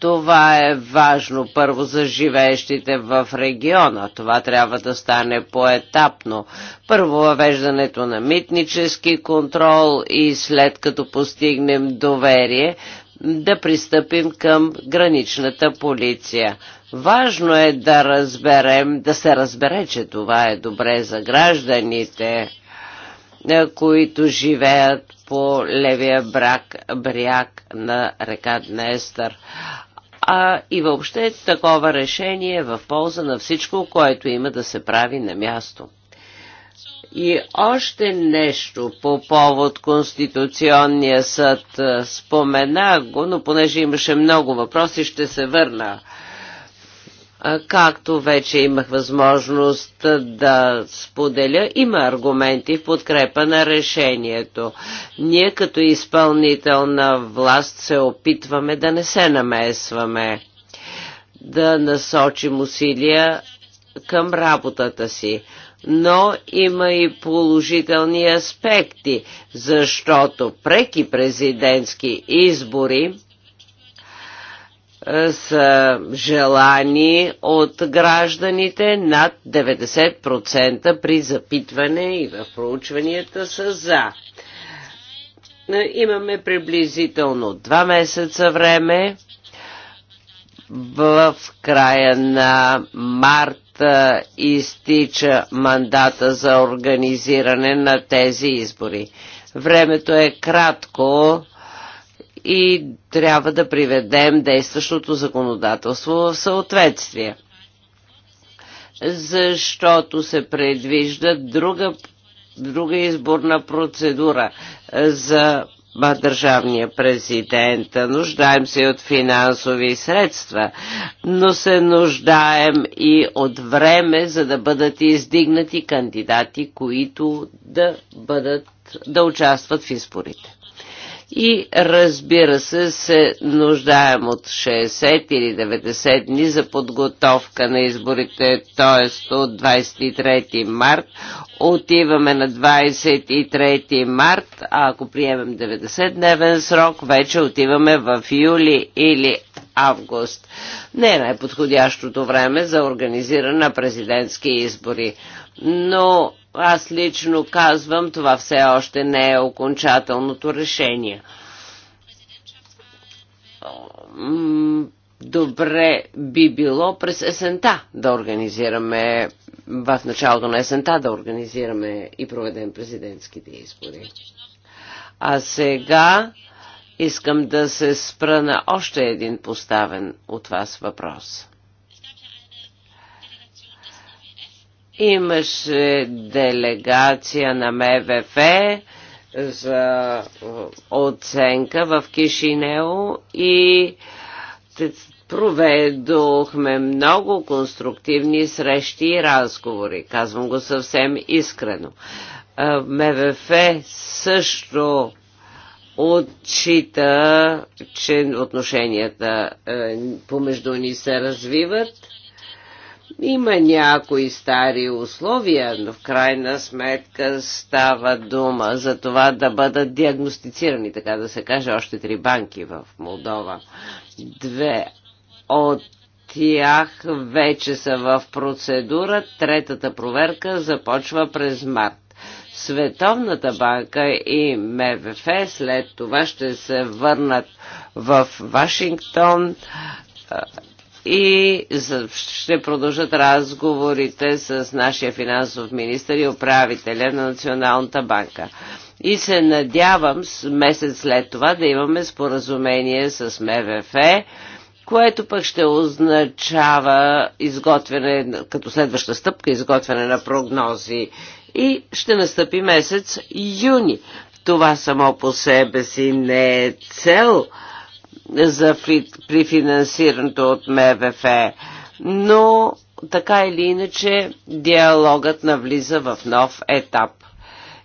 Това е важно първо за живеещите в региона. Това трябва да стане поетапно. Първо въвеждането на митнически контрол и след като постигнем доверие, да пристъпим към граничната полиция. Важно е да разберем, да се разбере, че това е добре за гражданите, е, които живеят по левия брак, бряг на река Днестър а и въобще такова решение е в полза на всичко, което има да се прави на място. И още нещо по повод Конституционния съд. Спомена го, но понеже имаше много въпроси, ще се върна Както вече имах възможност да споделя, има аргументи в подкрепа на решението. Ние като изпълнителна власт се опитваме да не се намесваме, да насочим усилия към работата си но има и положителни аспекти, защото преки президентски избори с желани от гражданите над 90% при запитване и в проучванията са за. Имаме приблизително 2 месеца време. В края на марта изтича мандата за организиране на тези избори. Времето е кратко, и трябва да приведем действащото законодателство в съответствие. Защото се предвижда друга, друга изборна процедура за държавния президент. Нуждаем се и от финансови средства, но се нуждаем и от време, за да бъдат издигнати кандидати, които да, бъдат, да участват в изборите и разбира се се нуждаем от 60 или 90 дни за подготовка на изборите, т.е. от 23 март. Отиваме на 23 март, а ако приемем 90-дневен срок, вече отиваме в юли или август. Не е най-подходящото време за организиране на президентски избори. Но аз лично казвам, това все още не е окончателното решение. Добре би било през есента да организираме, в началото на есента да организираме и проведем президентските избори. А сега искам да се спра на още един поставен от вас въпрос. Имаше делегация на МВФ за оценка в Кишинео и проведохме много конструктивни срещи и разговори. Казвам го съвсем искрено. МВФ също отчита, че отношенията е, помежду ни се развиват има някои стари условия, но в крайна сметка става дума за това да бъдат диагностицирани, така да се каже, още три банки в Молдова. Две от тях вече са в процедура. Третата проверка започва през март. Световната банка и МВФ след това ще се върнат в Вашингтон и ще продължат разговорите с нашия финансов министр и управителя на Националната банка. И се надявам месец след това да имаме споразумение с МВФ, което пък ще означава изготвяне, като следваща стъпка, изготвяне на прогнози. И ще настъпи месец юни. Това само по себе си не е цел, за прифинансирането от МВФ. Но така или иначе диалогът навлиза в нов етап.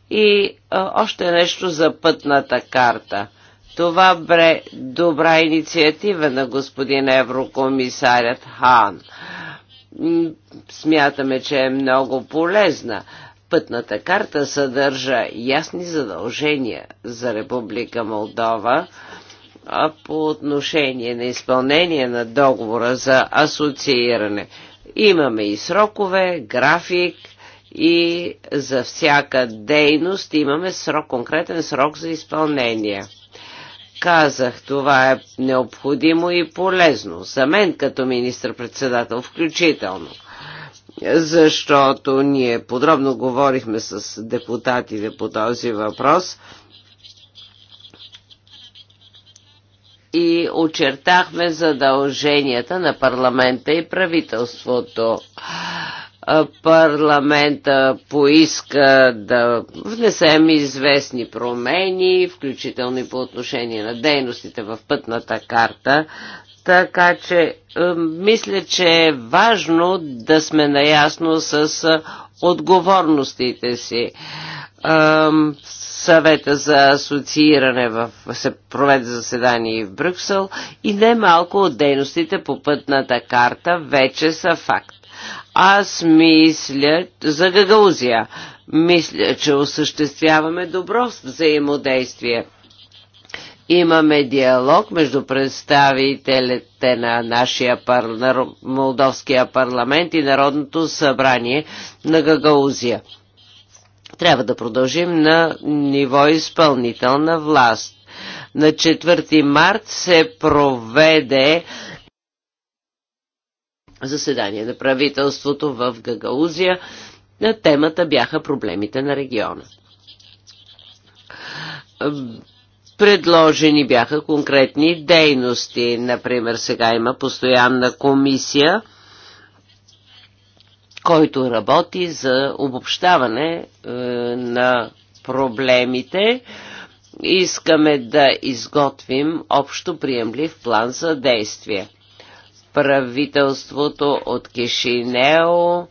И а, още нещо за пътната карта. Това бре добра инициатива на господин еврокомисарят Хан. Смятаме, че е много полезна. Пътната карта съдържа ясни задължения за Република Молдова а по отношение на изпълнение на договора за асоцииране. Имаме и срокове, график и за всяка дейност имаме срок, конкретен срок за изпълнение. Казах, това е необходимо и полезно, за мен като министр-председател включително защото ние подробно говорихме с депутатите по този въпрос – и очертахме задълженията на парламента и правителството. Парламента поиска да внесем известни промени, включително и по отношение на дейностите в пътната карта, така че мисля, че е важно да сме наясно с отговорностите си съвета за асоцииране в, се проведе заседание в Брюксел и немалко от дейностите по пътната карта вече са факт. Аз мисля за Гагаузия. Мисля, че осъществяваме добро взаимодействие. Имаме диалог между представителите на нашия пар... на Молдовския парламент и Народното събрание на Гагаузия. Трябва да продължим на ниво изпълнителна власт. На 4 март се проведе заседание на правителството в Гагаузия. На темата бяха проблемите на региона. Предложени бяха конкретни дейности. Например, сега има постоянна комисия – който работи за обобщаване е, на проблемите. Искаме да изготвим общо приемлив план за действие. Правителството от Кишинео,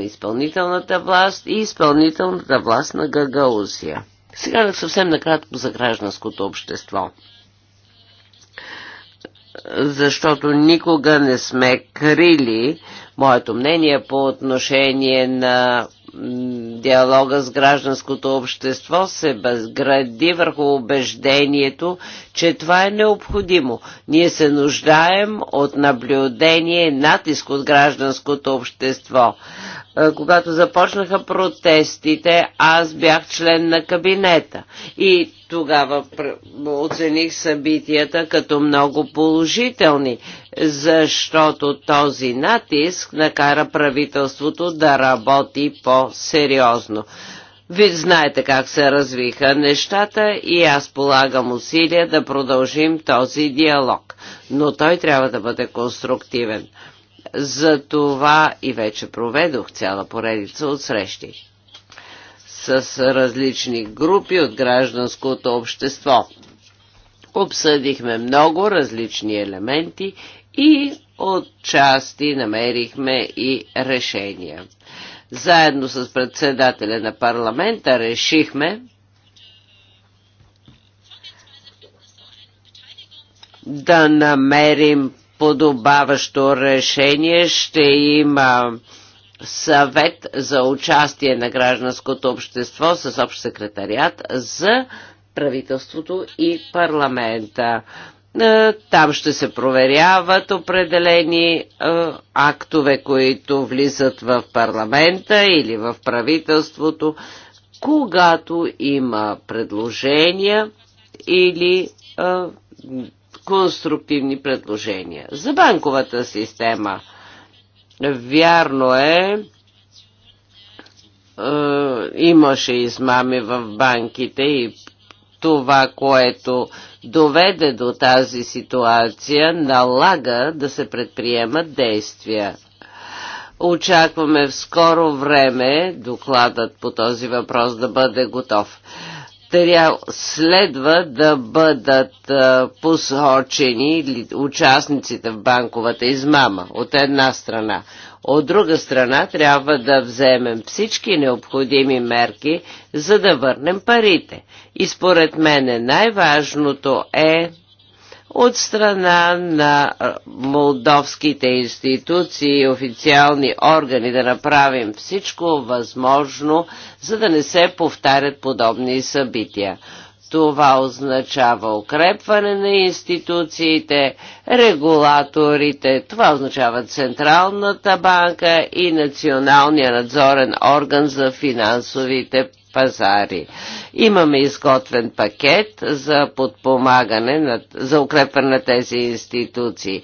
изпълнителната власт и изпълнителната власт на Гагаузия. Сега съвсем накратко за гражданското общество защото никога не сме крили моето мнение по отношение на диалога с гражданското общество се гради върху убеждението, че това е необходимо. Ние се нуждаем от наблюдение, натиск от гражданското общество. Когато започнаха протестите, аз бях член на кабинета и тогава оцених събитията като много положителни, защото този натиск накара правителството да работи по-сериозно. Вие знаете как се развиха нещата и аз полагам усилия да продължим този диалог, но той трябва да бъде конструктивен. За това и вече проведох цяла поредица от срещи с различни групи от гражданското общество. Обсъдихме много различни елементи и от части намерихме и решения. Заедно с председателя на парламента решихме да намерим подобаващо решение. Ще има съвет за участие на гражданското общество с общ секретариат за правителството и парламента. Е, там ще се проверяват определени е, актове, които влизат в парламента или в правителството, когато има предложения или е, конструктивни предложения. За банковата система. Вярно е, е, имаше измами в банките и това, което доведе до тази ситуация, налага да се предприемат действия. Очакваме в скоро време докладът по този въпрос да бъде готов трябва, следва да бъдат посочени участниците в банковата измама от една страна. От друга страна трябва да вземем всички необходими мерки, за да върнем парите. И според мен най-важното е от страна на молдовските институции и официални органи да направим всичко възможно, за да не се повтарят подобни събития. Това означава укрепване на институциите, регулаторите, това означава Централната банка и Националния надзорен орган за финансовите пазари. Имаме изготвен пакет за подпомагане, на, за укрепване на тези институции.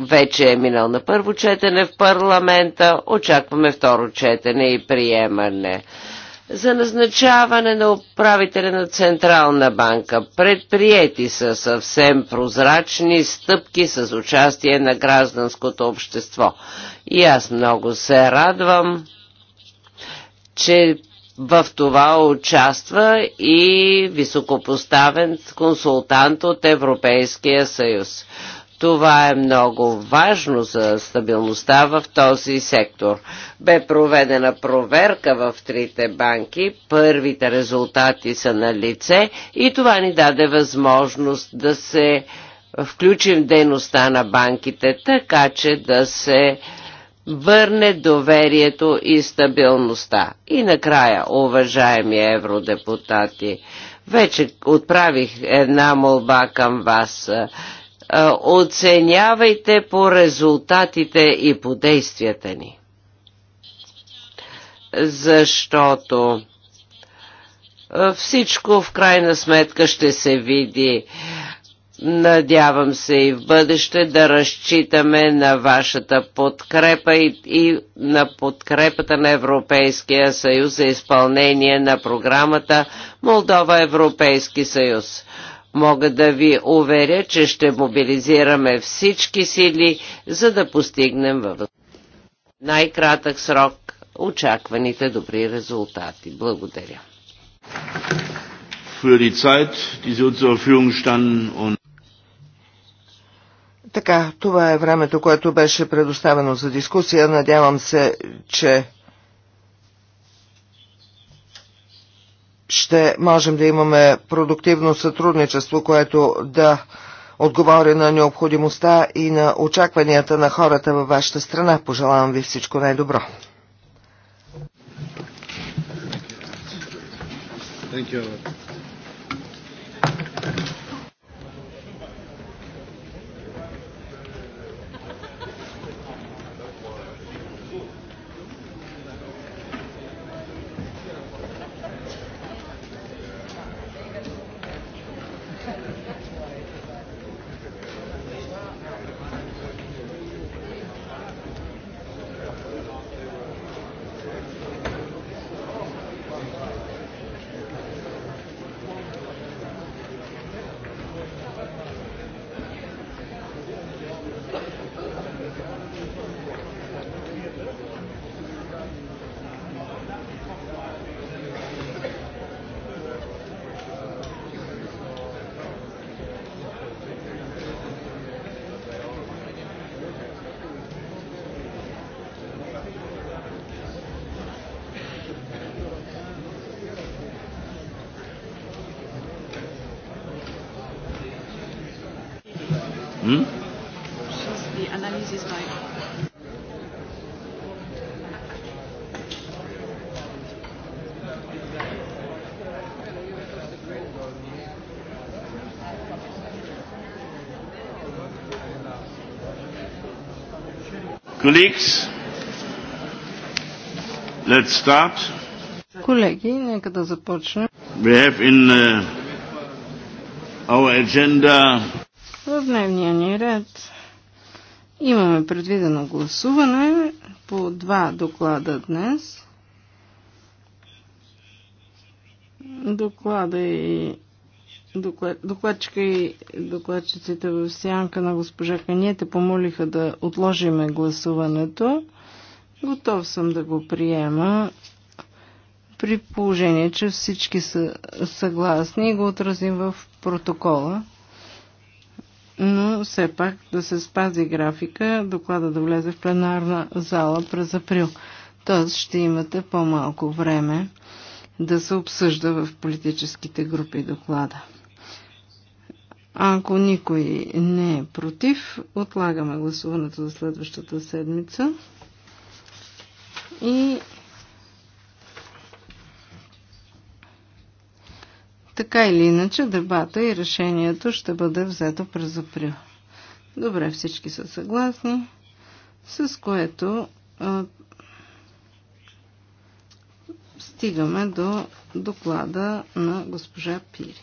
Вече е минал на първо четене в парламента, очакваме второ четене и приемане за назначаване на управителя на Централна банка. Предприяти са съвсем прозрачни стъпки с участие на гражданското общество. И аз много се радвам, че в това участва и високопоставен консултант от Европейския съюз. Това е много важно за стабилността в този сектор. Бе проведена проверка в трите банки, първите резултати са на лице и това ни даде възможност да се включим дейността на банките, така че да се върне доверието и стабилността. И накрая, уважаеми евродепутати, вече отправих една молба към вас. Е, е, оценявайте по резултатите и по действията ни. Защото е, всичко в крайна сметка ще се види. Надявам се и в бъдеще да разчитаме на вашата подкрепа и, и на подкрепата на Европейския съюз за изпълнение на програмата Молдова Европейски съюз. Мога да ви уверя, че ще мобилизираме всички сили, за да постигнем в най-кратък срок очакваните добри резултати. Благодаря für die Zeit, die Sie zur Verfügung standen. Und така, това е времето, което беше предоставено за дискусия. Надявам се, че ще можем да имаме продуктивно сътрудничество, което да отговори на необходимостта и на очакванията на хората във вашата страна. Пожелавам ви всичко най-добро. Thank you. Colleagues, let's start. Колеги, нека да започнем. We have in uh, our agenda... В дневния ни ред имаме предвидено гласуване по два доклада днес. Доклада и докладчика и докладчиците в сянка на госпожа те помолиха да отложиме гласуването. Готов съм да го приема при положение, че всички са съгласни и го отразим в протокола. Но все пак да се спази графика, доклада да влезе в пленарна зала през април. Тоест ще имате по-малко време да се обсъжда в политическите групи доклада. Ако никой не е против, отлагаме гласуването за следващата седмица. И така или иначе дебата и решението ще бъде взето през април. Добре, всички са съгласни, с което а, стигаме до доклада на госпожа Пири.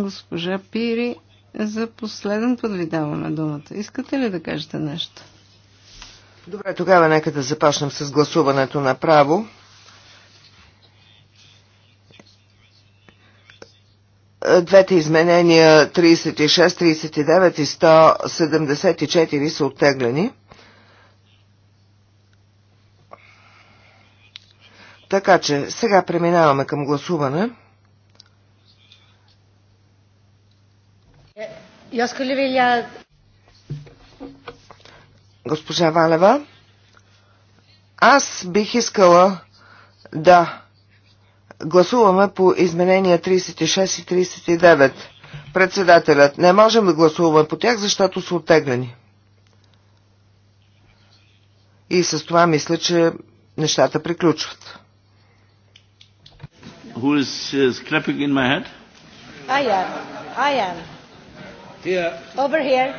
Госпожа Пири, за последен път ви даваме думата. Искате ли да кажете нещо? Добре, тогава нека да започнем с гласуването на право. Двете изменения 36, 39 и 174 са оттеглени. Така че сега преминаваме към гласуване. Jag skulle vilja... Госпожа Валева, аз бих искала да гласуваме по изменения 36 и 39. Председателят, не можем да гласуваме по тях, защото са оттеглени. И с това мисля, че нещата приключват. Who is is uh, clapping in my head? I am. I am. Here. Over here.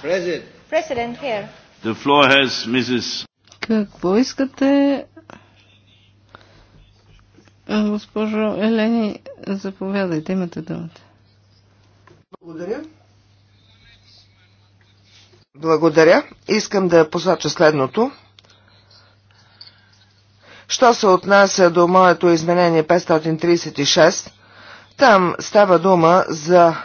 President. President here. The floor has Mrs. Какво искате? Госпожо Елени, заповядайте, имате думата. Благодаря. Благодаря. Искам да посоча следното. Що се отнася до моето изменение 536, там става дума за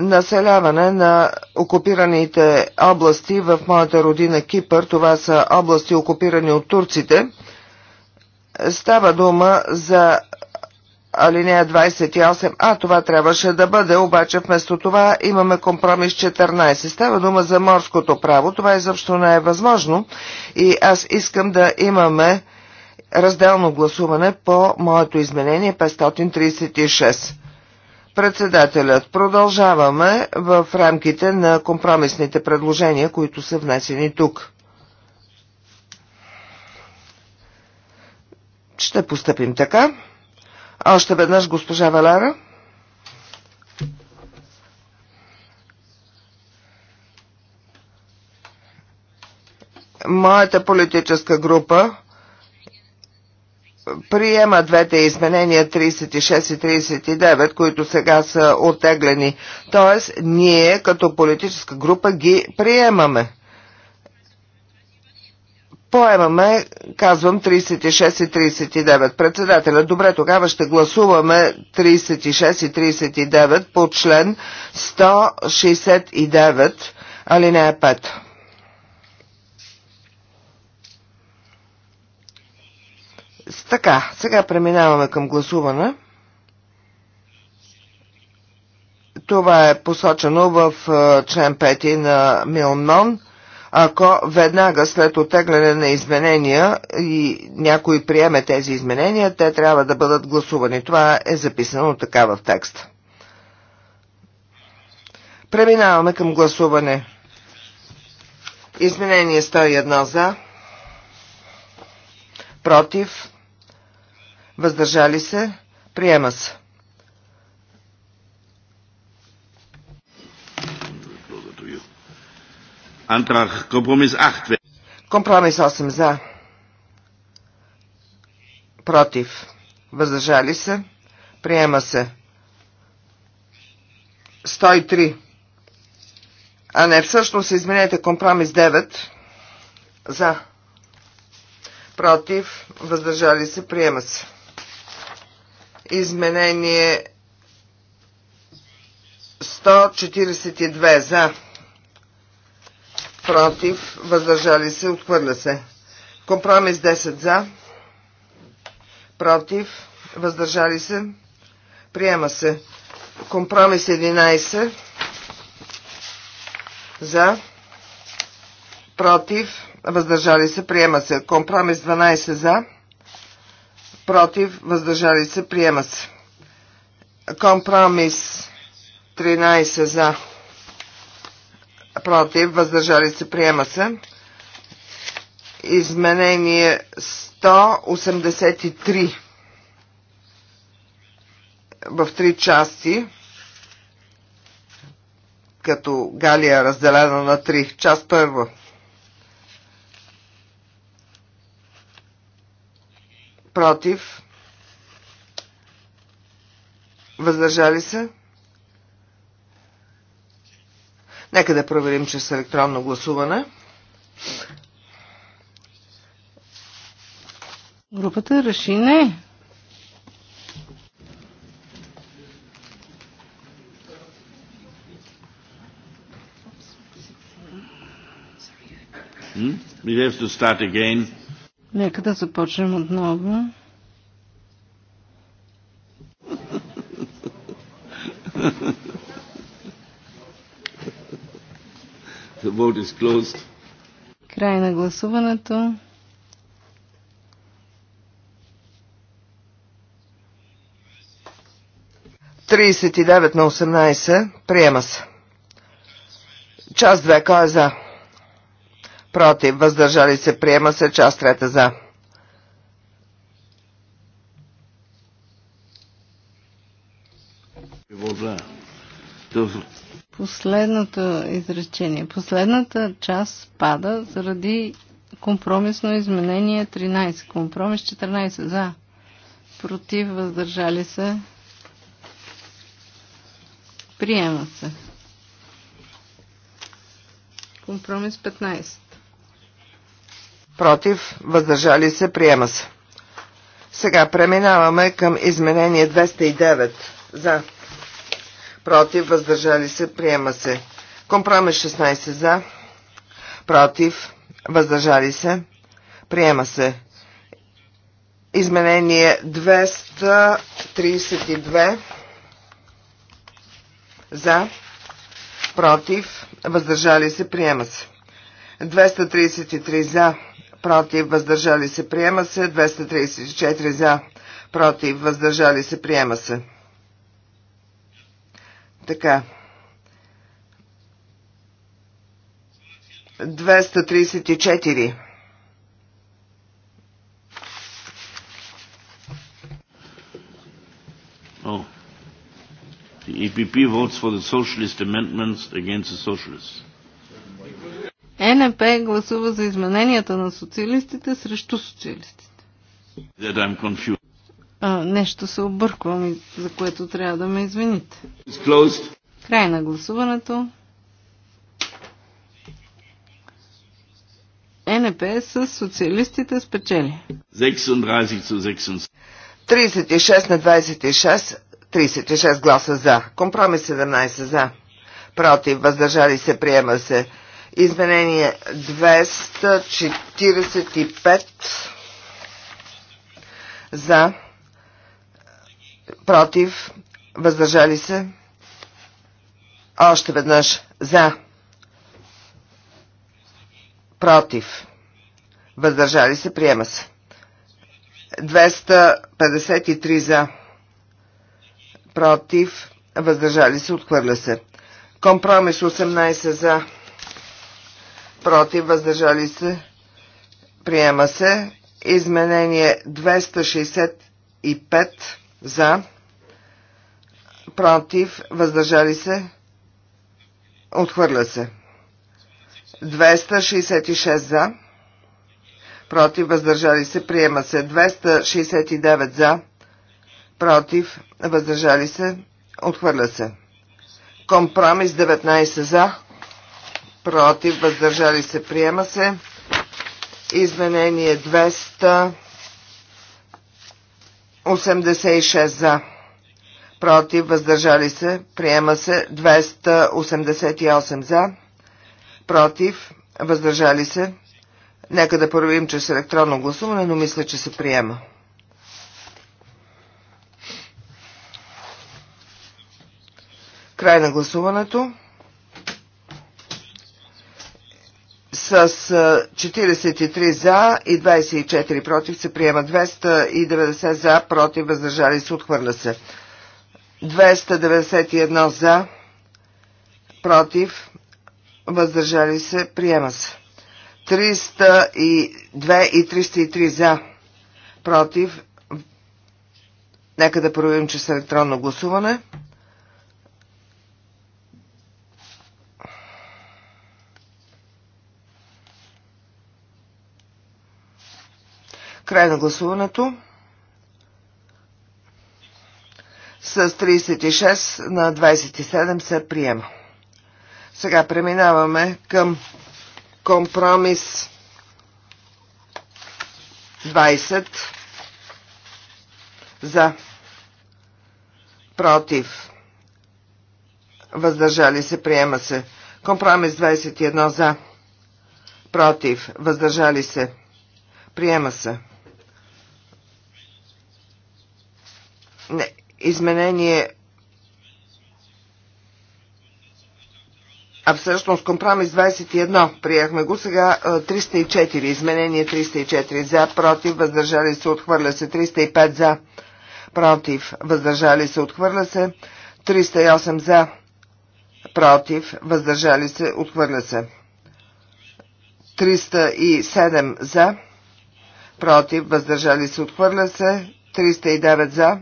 населяване на окупираните области в моята родина Кипър. Това са области окупирани от турците. Става дума за алинея 28, а това трябваше да бъде, обаче вместо това имаме компромис 14. Става дума за морското право, това изобщо не е възможно и аз искам да имаме разделно гласуване по моето изменение 536. Председателят, продължаваме в рамките на компромисните предложения, които са внесени тук. Ще поступим така. Още веднъж госпожа Валера. Моята политическа група приема двете изменения 36 и 39, които сега са отеглени. Тоест, ние като политическа група ги приемаме. Поемаме, казвам, 36 и 39. Председателя, добре, тогава ще гласуваме 36 и 39 по член 169, алинея 5. Така, сега преминаваме към гласуване. Това е посочено в е, член 5 на Милнон. Ако веднага след отегляне на изменения и някой приеме тези изменения, те трябва да бъдат гласувани. Това е записано така в текста. Преминаваме към гласуване. Изменение 101 за. Против въздържали се, приема се. Антрах компромис 8. Компромис 8 за. Против. Въздържали се. Приема се. 103. А не, всъщност изменете компромис 9. За. Против. Въздържали се. Приема се. Изменение 142 за. Против. Въздържали се. Отхвърля се. Компромис 10 за. Против. Въздържали се. Приема се. Компромис 11 за. Против. Въздържали се. Приема се. Компромис 12 за против, въздържали се, приема се. Компромис 13 за, против, въздържали се, приема се. Изменение 183 в три части, като Галия е разделена на три. Част първа – против, въздържали се. Нека да проверим чрез електронно гласуване. Групата реши не. Hmm? We have to start again. Нека да започнем отново. The vote is closed. Край на гласуването. Тридесет и девет на осемнайсет. Приема се. Част две. Кой е за? против, въздържали се, приема се, част трета за. Последното изречение, последната част пада заради компромисно изменение 13, компромис 14 за, против, въздържали се, приема се. Компромис 15 против, въздържали се, приема се. Сега преминаваме към изменение 209. За. Против, въздържали се, приема се. Компромис 16 за. Против, въздържали се, приема се. Изменение 232. За. Против, въздържали се, приема се. 233 за против, въздържали се, приема се. 234 за, против, въздържали се, приема се. Така. 234. Oh. The EPP votes for the socialist amendments against the socialists. ЕНП гласува за измененията на социалистите срещу социалистите. А, нещо се обърквам, за което трябва да ме извините. Край на гласуването. ЕНП с социалистите спечели. 36 на 26, 36 гласа за. Компромис 17 за. Против, въздържали се, приема се. Изменение 245 за, против, въздържали се. Още веднъж за, против, въздържали се, приема се. 253 за, против, въздържали се, отхвърля се. Компромис 18 за, против, въздържали се, приема се. Изменение 265 за, против, въздържали се, отхвърля се. 266 за, против, въздържали се, приема се. 269 за, против, въздържали се, отхвърля се. Компромис 19 за, против, въздържали се, приема се. Изменение 286 за, против, въздържали се, приема се. 288 за, против, въздържали се. Нека да проверим чрез електронно гласуване, но мисля, че се приема. Край на гласуването. с 43 за и 24 против се приема 290 за, против въздържали се, отхвърля се. 291 за, против въздържали се, приема се. 302 и 303 за, против. Нека да проверим, че с електронно гласуване. Край на гласуването. С 36 на 27 се приема. Сега преминаваме към компромис 20 за против въздържали се приема се компромис 21 за против въздържали се приема се Не, изменение А всъщност компромис 21 приехме го, сега 304, изменение 304 за, против, въздържали се, отхвърля се, 305 за, против, въздържали се, отхвърля се, 308 за, против, въздържали се, отхвърля се, 307 за, против, въздържали се, отхвърля се, 309 за,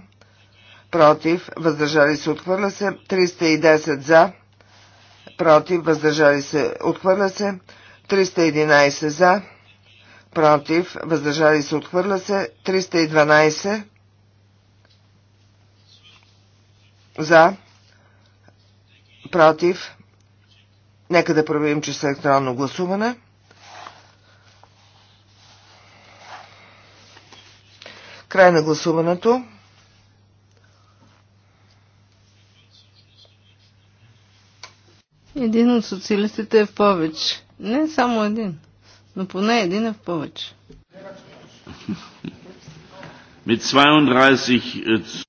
против, въздържали се, отхвърля се, 310 за, против, въздържали се, отхвърля се, 311 за, против, въздържали се, отхвърля се, 312 за, против, нека да проверим, че с електронно гласуване. Край на гласуването. Един от социалистите е в повече. Не само един, но поне един е в повече. 32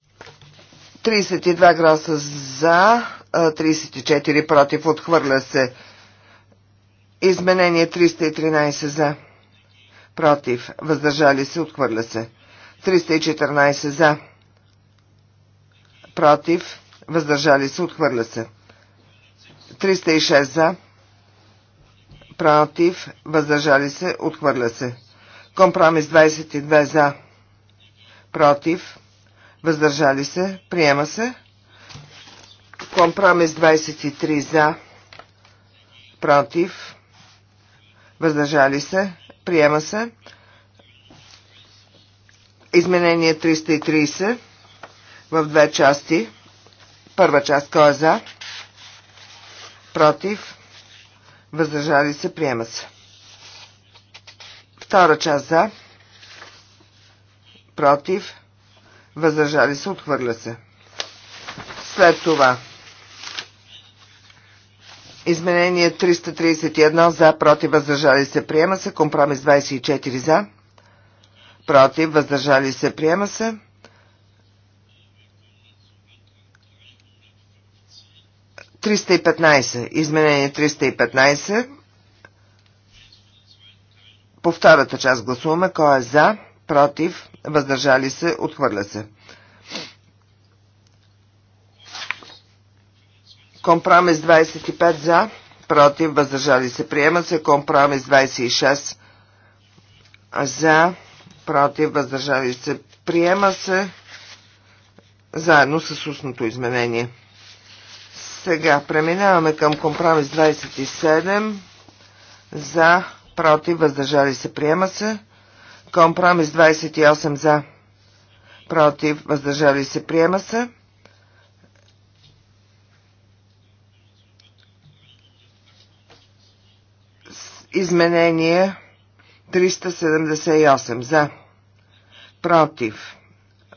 32 гласа за, 34 против, отхвърля се. Изменение 313 за, против, въздържали се, отхвърля се. 314 за, против, въздържали се, отхвърля се. 306 за, против, въздържали се, отхвърля се. Компромис 22 за, против, въздържали се, приема се. Компромис 23 за, против, въздържали се, приема се. Изменение 330 в две части. Първа част кой е за? против, въздържали се, приема се. Втора част за, против, въздържали се, отхвърля се. След това изменение 331 за, против, въздържали се, приема се. Компромис 24 за, против, въздържали се, приема се. 315. Изменение 315. По втората част гласуваме кой е за, против, въздържали се, отхвърля се. Компромис 25 за, против, въздържали се, приема се. Компромис 26 за, против, въздържали се, приема се, заедно с устното изменение. Сега преминаваме към компромис 27 за, против, въздържали се, приема се. Компромис 28 за, против, въздържали се, приема се. Изменение 378 за, против,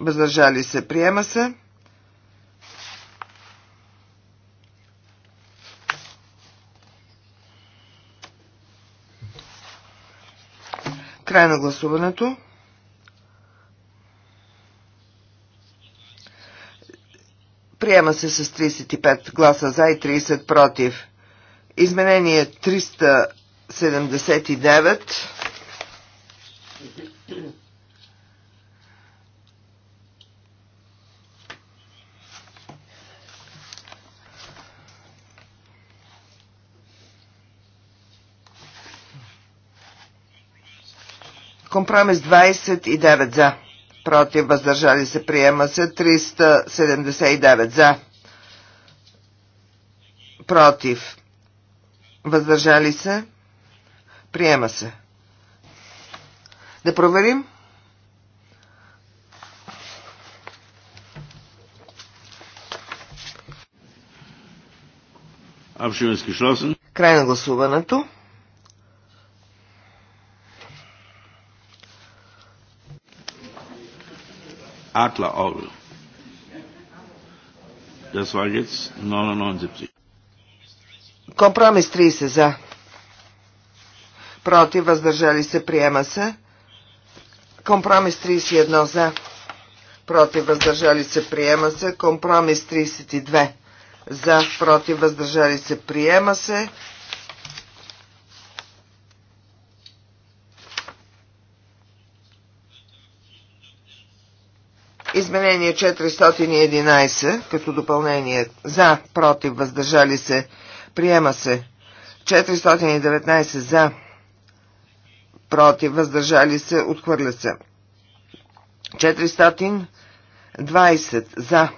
въздържали се, приема се. Край на гласуването. Приема се с 35 гласа за и 30 против. Изменение 379. Компромис 29 за. Против въздържали се приема се 379 за. Против въздържали се приема се. Да проверим. Край на гласуването. Adlerorgel. Das war jetzt 79. Компромис 30 за. Против, въздържали се, приема се. Компромис 31 за. Против, въздържали се, приема се. Компромис 32 за. Против, въздържали се, приема се. Изменение 411 като допълнение за, против, въздържали се, приема се. 419 за, против, въздържали се, отхвърля се. 420 за,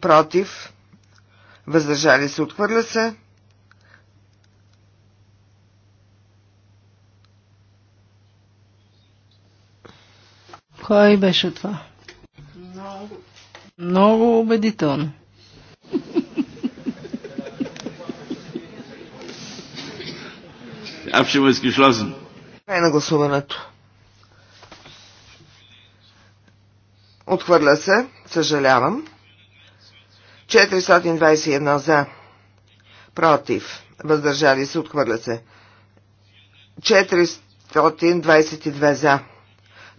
против, въздържали се, отхвърля се. Кой беше това? Много. Много убедително. Абшема изкишлазен. Е Край на гласуването. Отхвърля се, съжалявам. 421 за. Против. Въздържали се, отхвърля се. 422 за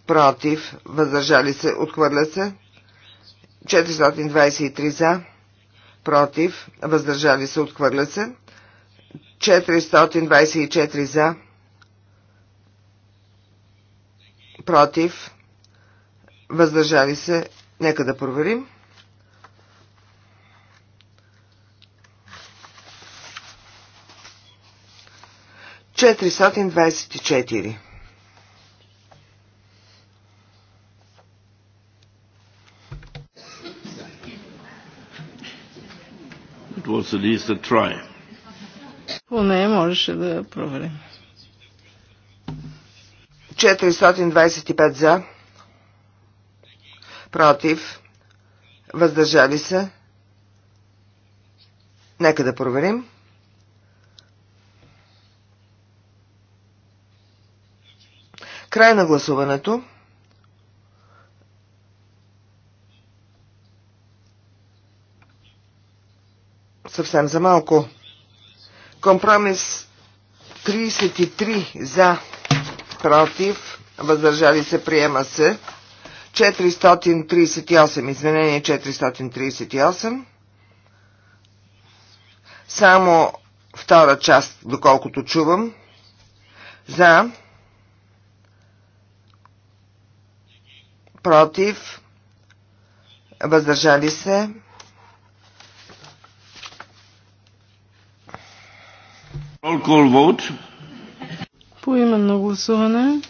против, въздържали се, отхвърля се. 423 за, против, въздържали се, отхвърля се. 424 за, против, въздържали се. Нека да проверим. Четиристотин двадесет и четири. was at least a try. Поне можеше да проверим. 425 за, против, въздържали се. Нека да проверим. Край на гласуването. съвсем за малко. Компромис 33 за, против, въздържали се, приема се. 438, изменение 438. Само втора част, доколкото чувам. За, против, въздържали се, Roll call vote. Поименно гласуване.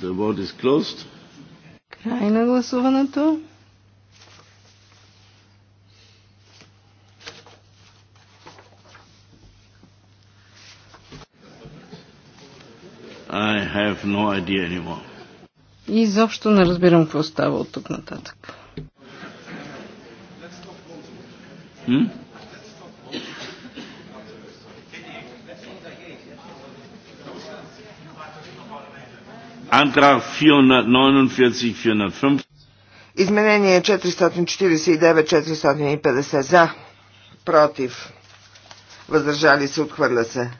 The vote is closed. Край на гласуването. I have no idea anymore. И изобщо не разбирам какво става от тук нататък. М? 449-405. Изменение 449-450 за. Против. Въздържали се, отхвърля се.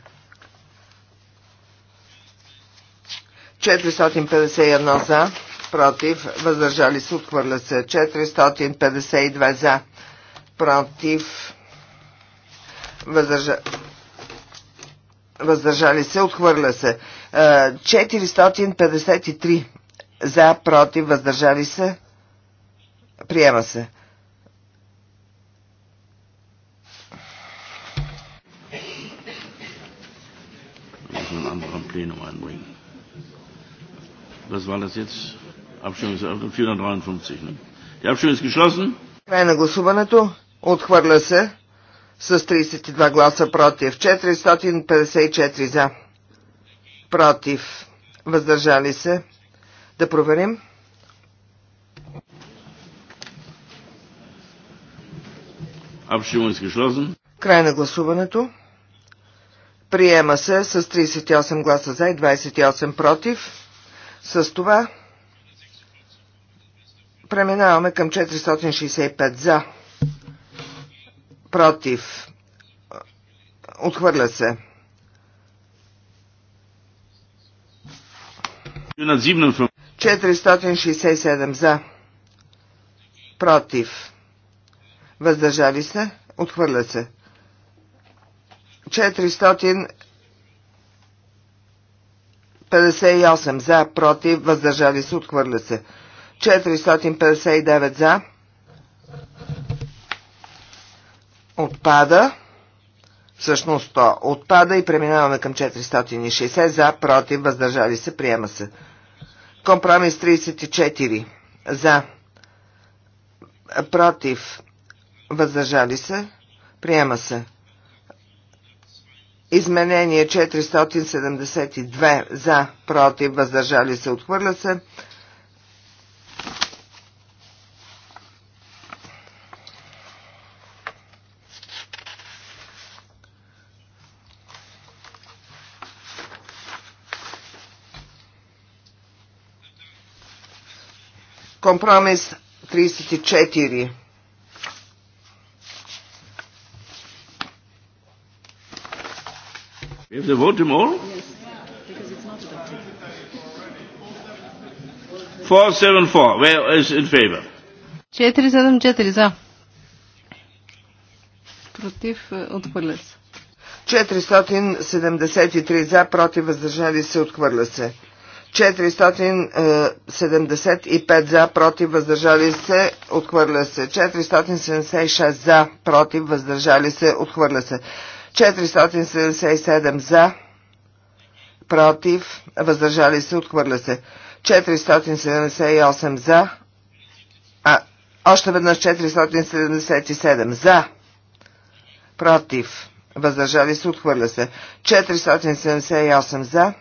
451 за, против, въздържали се, отхвърля се. 452 за, против, въздържа... въздържали се, отхвърля се. 453 за, против, въздържали се, приема се. Am Plenum anbringen. Was war das jetzt? Abstimmung ist 453. Ne? Die Abstimmung ist geschlossen. Край на гласуването. Отхвърля се с 32 гласа против, 454 за. Против. Въздържали се. Да проверим. Край на гласуването. Приема се с 38 гласа за и 28 против. С това преминаваме към 465 за, против, отхвърля се. 467 за, против, въздържали се, отхвърля се. 400 58 за, против, въздържали се, отхвърля се. 459 за. Отпада. Всъщност 100. Отпада и преминаваме към 460 за, против, въздържали се, приема се. Компромис 34 за, против, въздържали се, приема се. Изменение 472 за, против, въздържали се, отхвърля се. Компромис 34 We have to vote them all? Yes, because it's not adopted. 474. Where is in favor? 474 за. Против е, отхвърля се. 473 за, против въздържали се, отхвърля се. 475 за, против, въздържали се, отхвърля се. 476 за, против, въздържали се, отхвърля се. 477 за, против, въздържали се, отхвърля се. 478 за, а още веднъж 477 за, против, въздържали се, отхвърля се. 478 за,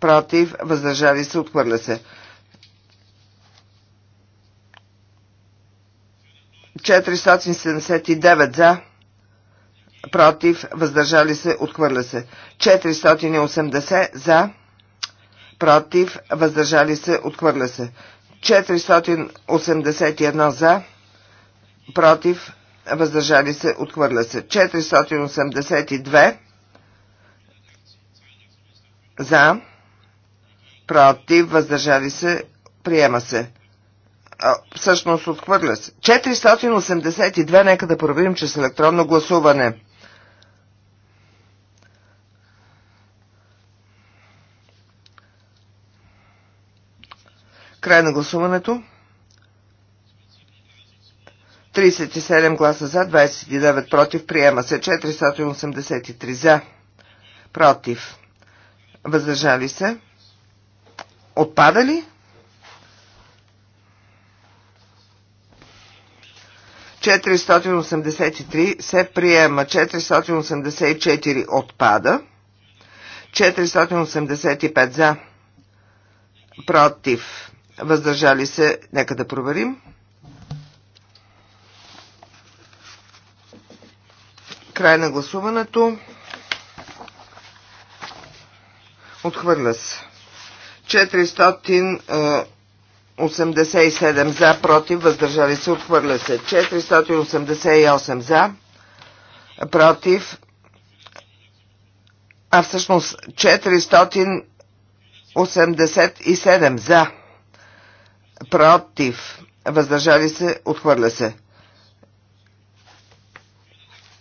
против, въздържали се, отхвърля се. 479 за, против, въздържали се, отхвърля се. 480 за, против, въздържали се, отхвърля се. 481 за, против, въздържали се, отхвърля се. 482 за, против, въздържали се, приема се. А, всъщност отхвърля се. 482, нека да проверим че с електронно гласуване. Край на гласуването. 37 гласа за, 29 против. Приема се 483 за. Против. Въздържали се. Отпада ли? 483 се приема. 484 отпада. 485 за. Против въздържали се, нека да проверим. Край на гласуването. Отхвърля се. 487 е, за, против, въздържали се, отхвърля се. 488 за, против, а всъщност 487 за против, въздържали се, отхвърля се.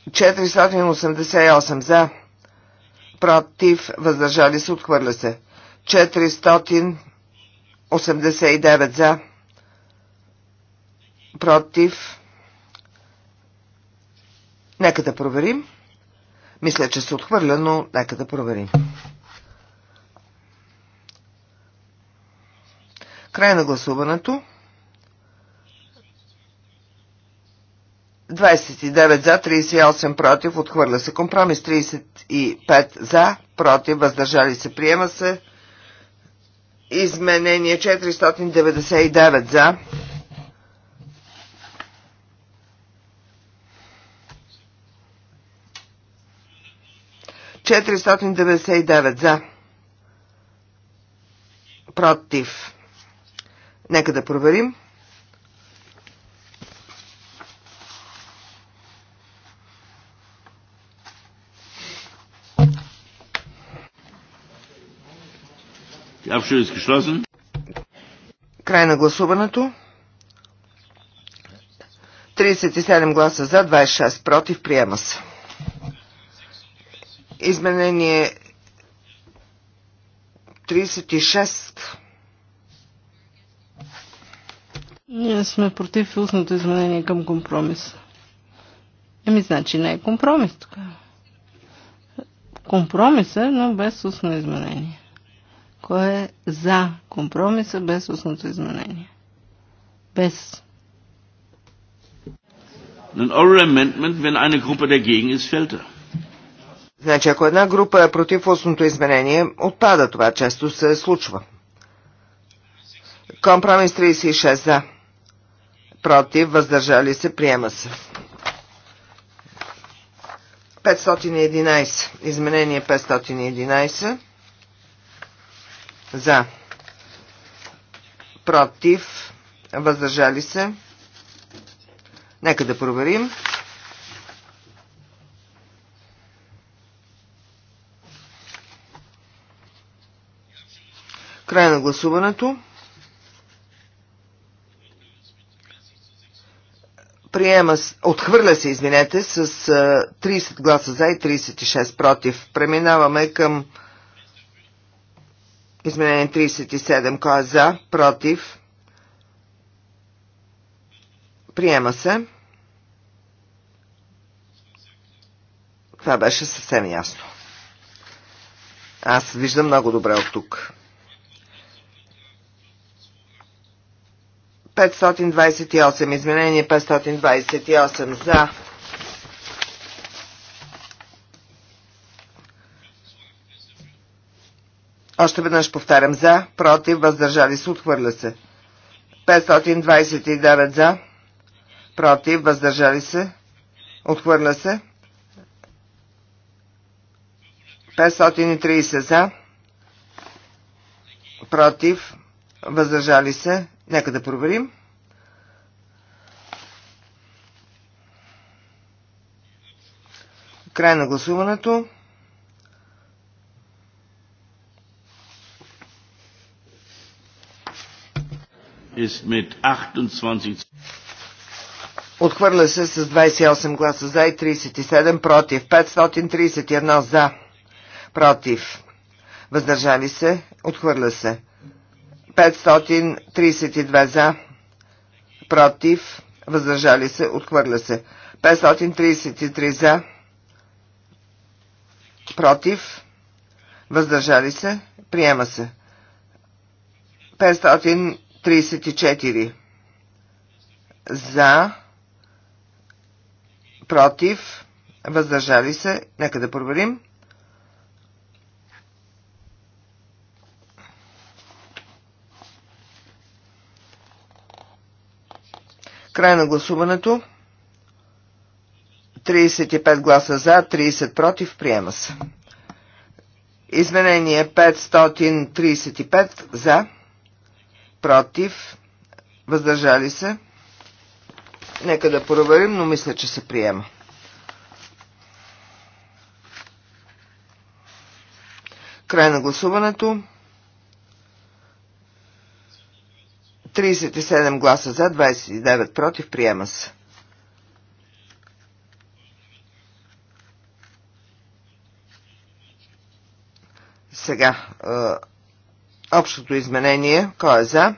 488 за, против, въздържали се, отхвърля се. 489 за, против. Нека да проверим. Мисля, че се отхвърля, но нека да проверим. Край на гласуването. 29 за, 38 против, отхвърля се компромис, 35 за, против, въздържали се, приема се. Изменение 499 за. Четиристотин за. Против. Нека да проверим. Край на гласуването. 37 гласа за, 26 против, приема се. Изменение 36. Ние сме против устното изменение към компромис. Еми, значи не е компромис тук. Компромис е, но без устно изменение. Кой е за компромиса без устното изменение? Без. An oral amendment, eine Gruppe dagegen ist, fällt er. Значи, ако една група е против устното изменение, отпада това. Често се случва. Компромис 36 за против, въздържали се, приема се. 511. Изменение 511. За. Против. Въздържали се. Нека да проверим. Край на гласуването. Приема, отхвърля се, извинете, с 30 гласа за и 36 против. Преминаваме към изменение 37. Кой е за? Против? Приема се. Това беше съвсем ясно. Аз виждам много добре от тук. 528, изменение 528 за Още веднъж повтарям за, против, въздържали се, отхвърля се. 529 за, против, въздържали се, отхвърля се. 530 за, против, въздържали се, Нека да проверим. Край на гласуването. Отхвърля се с 28 гласа за и 37 против, 531 за, против, въздържали се, отхвърля се. 532 за, против, въздържали се, отхвърля се. 533 за, против, въздържали се, приема се. 534 за, против, въздържали се, нека да проверим. 534 Край на гласуването. 35 гласа за, 30 против. Приема се. Изменение 535 за, против, въздържали се. Нека да проверим, но мисля, че се приема. Край на гласуването. 37 гласа за, 29 против, приема се. Сега, е, общото изменение, кой е за?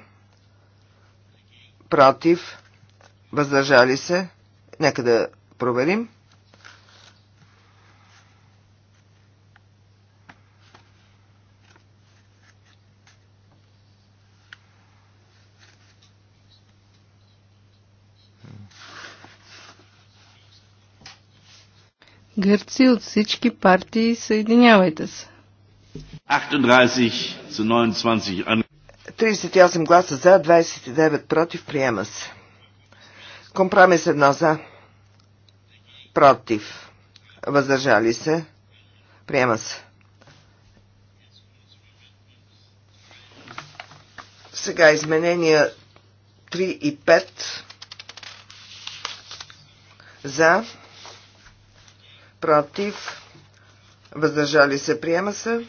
Против, въздържали се, нека да проверим. гърци от всички партии, съединявайте се. 38 гласа за, 29 против, приема се. Компромис едно за, против, въздържали се, приема се. Сега изменения 3 и 5 за, против, въздържали се, приема се.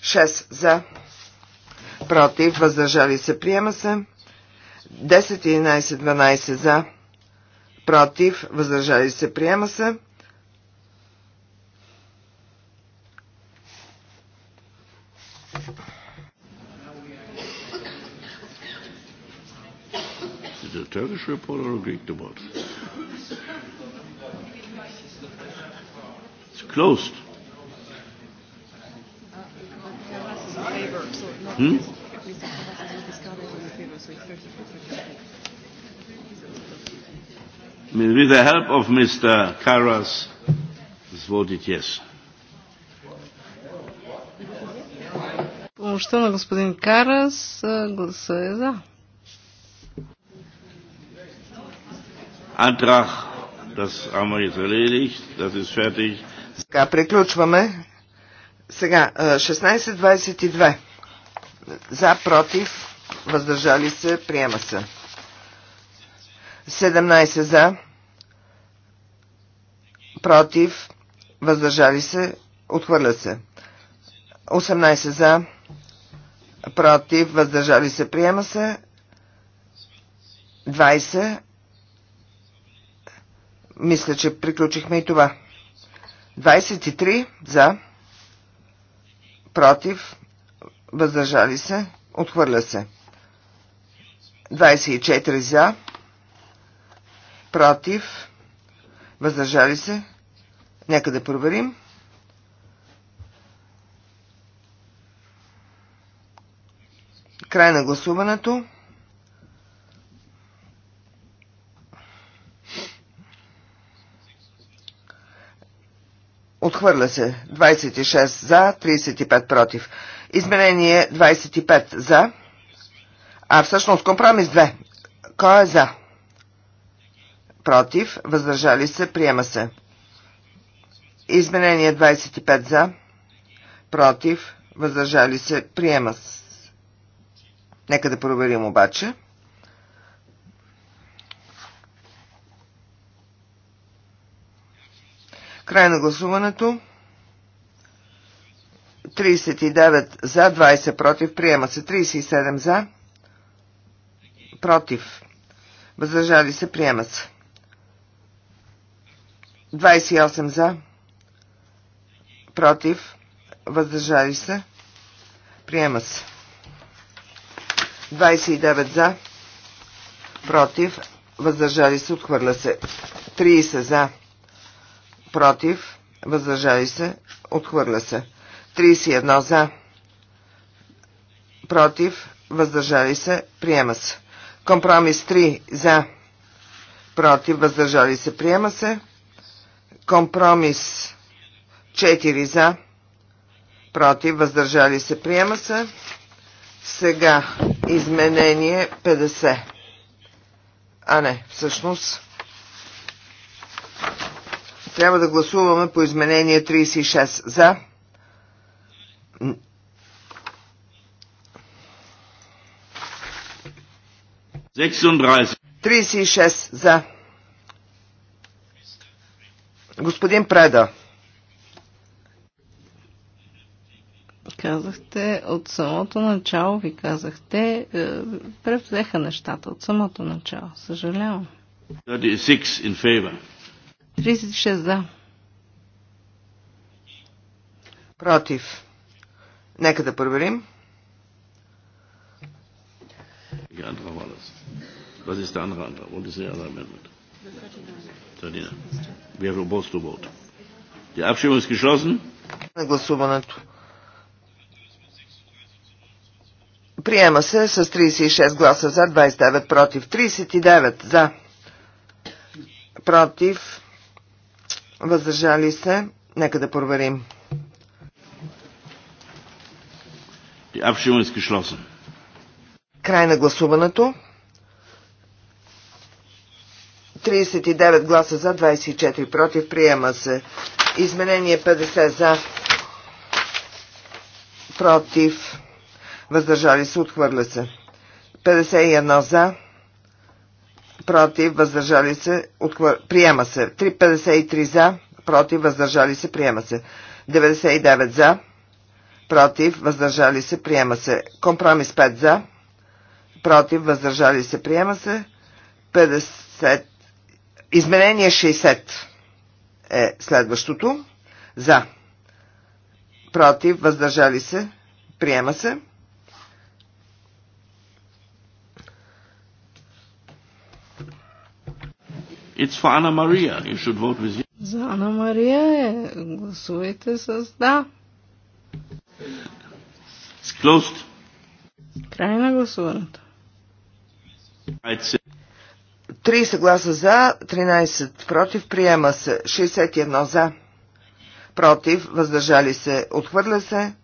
6 за, против, въздържали се, приема се. 10, 11, 12 за, против, въздържали се, приема се. The Turkish report or Greek report? closed. Hmm? I mean, With the help of Mr. Karas, voted yes. Помощта на господин Карас гласа е за. Antrag, das haben wir jetzt erledigt, das ist fertig. Сега приключваме. Сега 16.22. За, против, въздържали се, приема се. 17 за, против, въздържали се, отхвърля се. 18 за, против, въздържали се, приема се. 20. Мисля, че приключихме и това. 23 за, против, въздържали се, отхвърля се. 24 за, против, въздържали се. Нека да проверим. Край на гласуването. Отхвърля се 26 за, 35 против. Изменение 25 за. А всъщност компромис 2. Кой е за? Против. Въздържали се. Приема се. Изменение 25 за. Против. Въздържали се. Приема се. Нека да проверим обаче. Край на гласуването. 39 за, 20 против. Приема се 37 за. Против. Въздържали се. Приема се. 28 за. Против. Въздържали се. Приема се. 29 за. Против. Въздържали се. Отхвърля се. 30 за против, въздържали се, отхвърля се. 31 за, против, въздържали се, приема се. Компромис 3 за, против, въздържали се, приема се. Компромис 4 за, против, въздържали се, приема се. Сега изменение 50. А не, всъщност трябва да гласуваме по изменение 36 за. Sechsunddreißig. 36 за. Господин Преда. Казахте от самото начало, ви казахте, е, превзеха нещата от самото начало. Съжалявам. 36 in favor. 36 за. Против. Нека да проверим. На гласуването. Приема се с 36 гласа за, 29 против, 39 за. Против въздържали се. Нека да проверим. Край на гласуването. 39 гласа за, 24 против. Приема се. Изменение 50 за, против, въздържали се, отхвърля се. 51 за, против, въздържали се, отхвър... приема се. 353 за, против, въздържали се, приема се. 99 за, против, въздържали се, приема се. Компромис 5 за, против, въздържали се, приема се. 50... Изменение 60 е следващото. За, против, въздържали се, приема се. It's for Anna Maria. You should vote with you. За Анна Мария е. Гласувайте с да. It's closed. Край на гласуването. 30 гласа за, 13 против, приема се. 61 за, против, въздържали се, отхвърля се.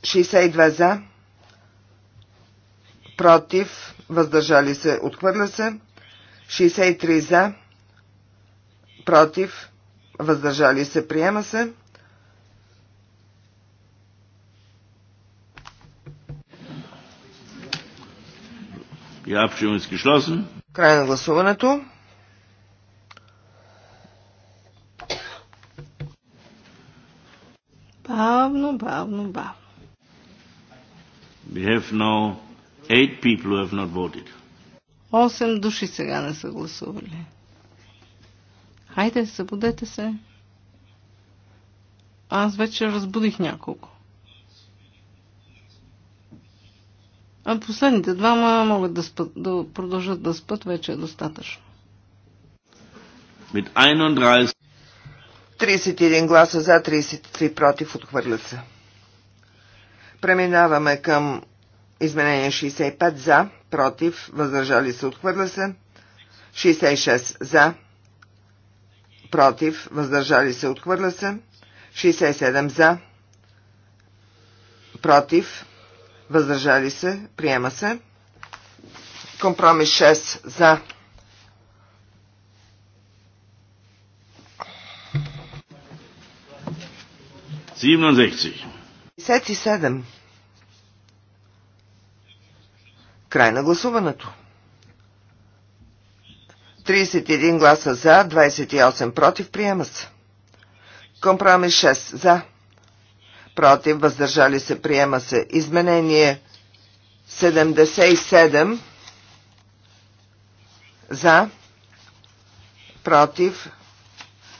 62 за, против, въздържали се, отхвърля се. 63 за, против, въздържали се, приема се. Край на гласуването. Бавно, бавно, бавно. We have now eight people who have not voted. 8 души сега не са гласували. Хайде, събудете се. Аз вече разбудих няколко. А последните двама могат да, спът, да продължат да спът, вече е достатъчно. 31 гласа за, 33 против, отхвърлят се. Преминаваме към изменение 65 за, против, въздържали се, отхвърля се. 66 за, против, въздържали се, отхвърля се. 67 за, против, въздържали се, приема се. Компромис 6 за. Симнадесет. 67. Край на гласуването. 31 гласа за, 28 против, приема се. Компромис 6 за, против, въздържали се, приема се. Изменение 77 за, против,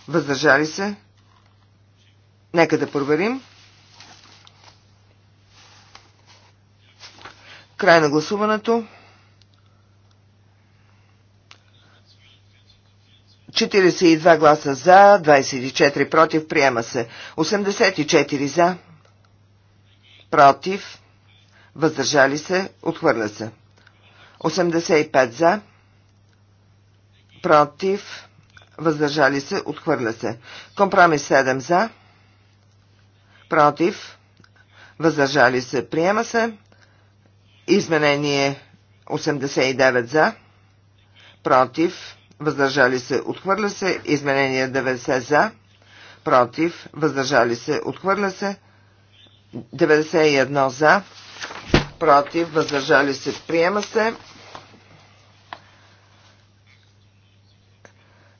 въздържали се. Нека да проверим. Край на гласуването. 42 гласа за, 24 против, приема се. 84 за, против, въздържали се, отхвърля се. 85 за, против, въздържали се, отхвърля се. Компромис 7 за, против, въздържали се, приема се. Изменение 89 за, против, въздържали се, отхвърля се. Изменение 90 за, против, въздържали се, отхвърля се. 91 за, против, въздържали се, приема се.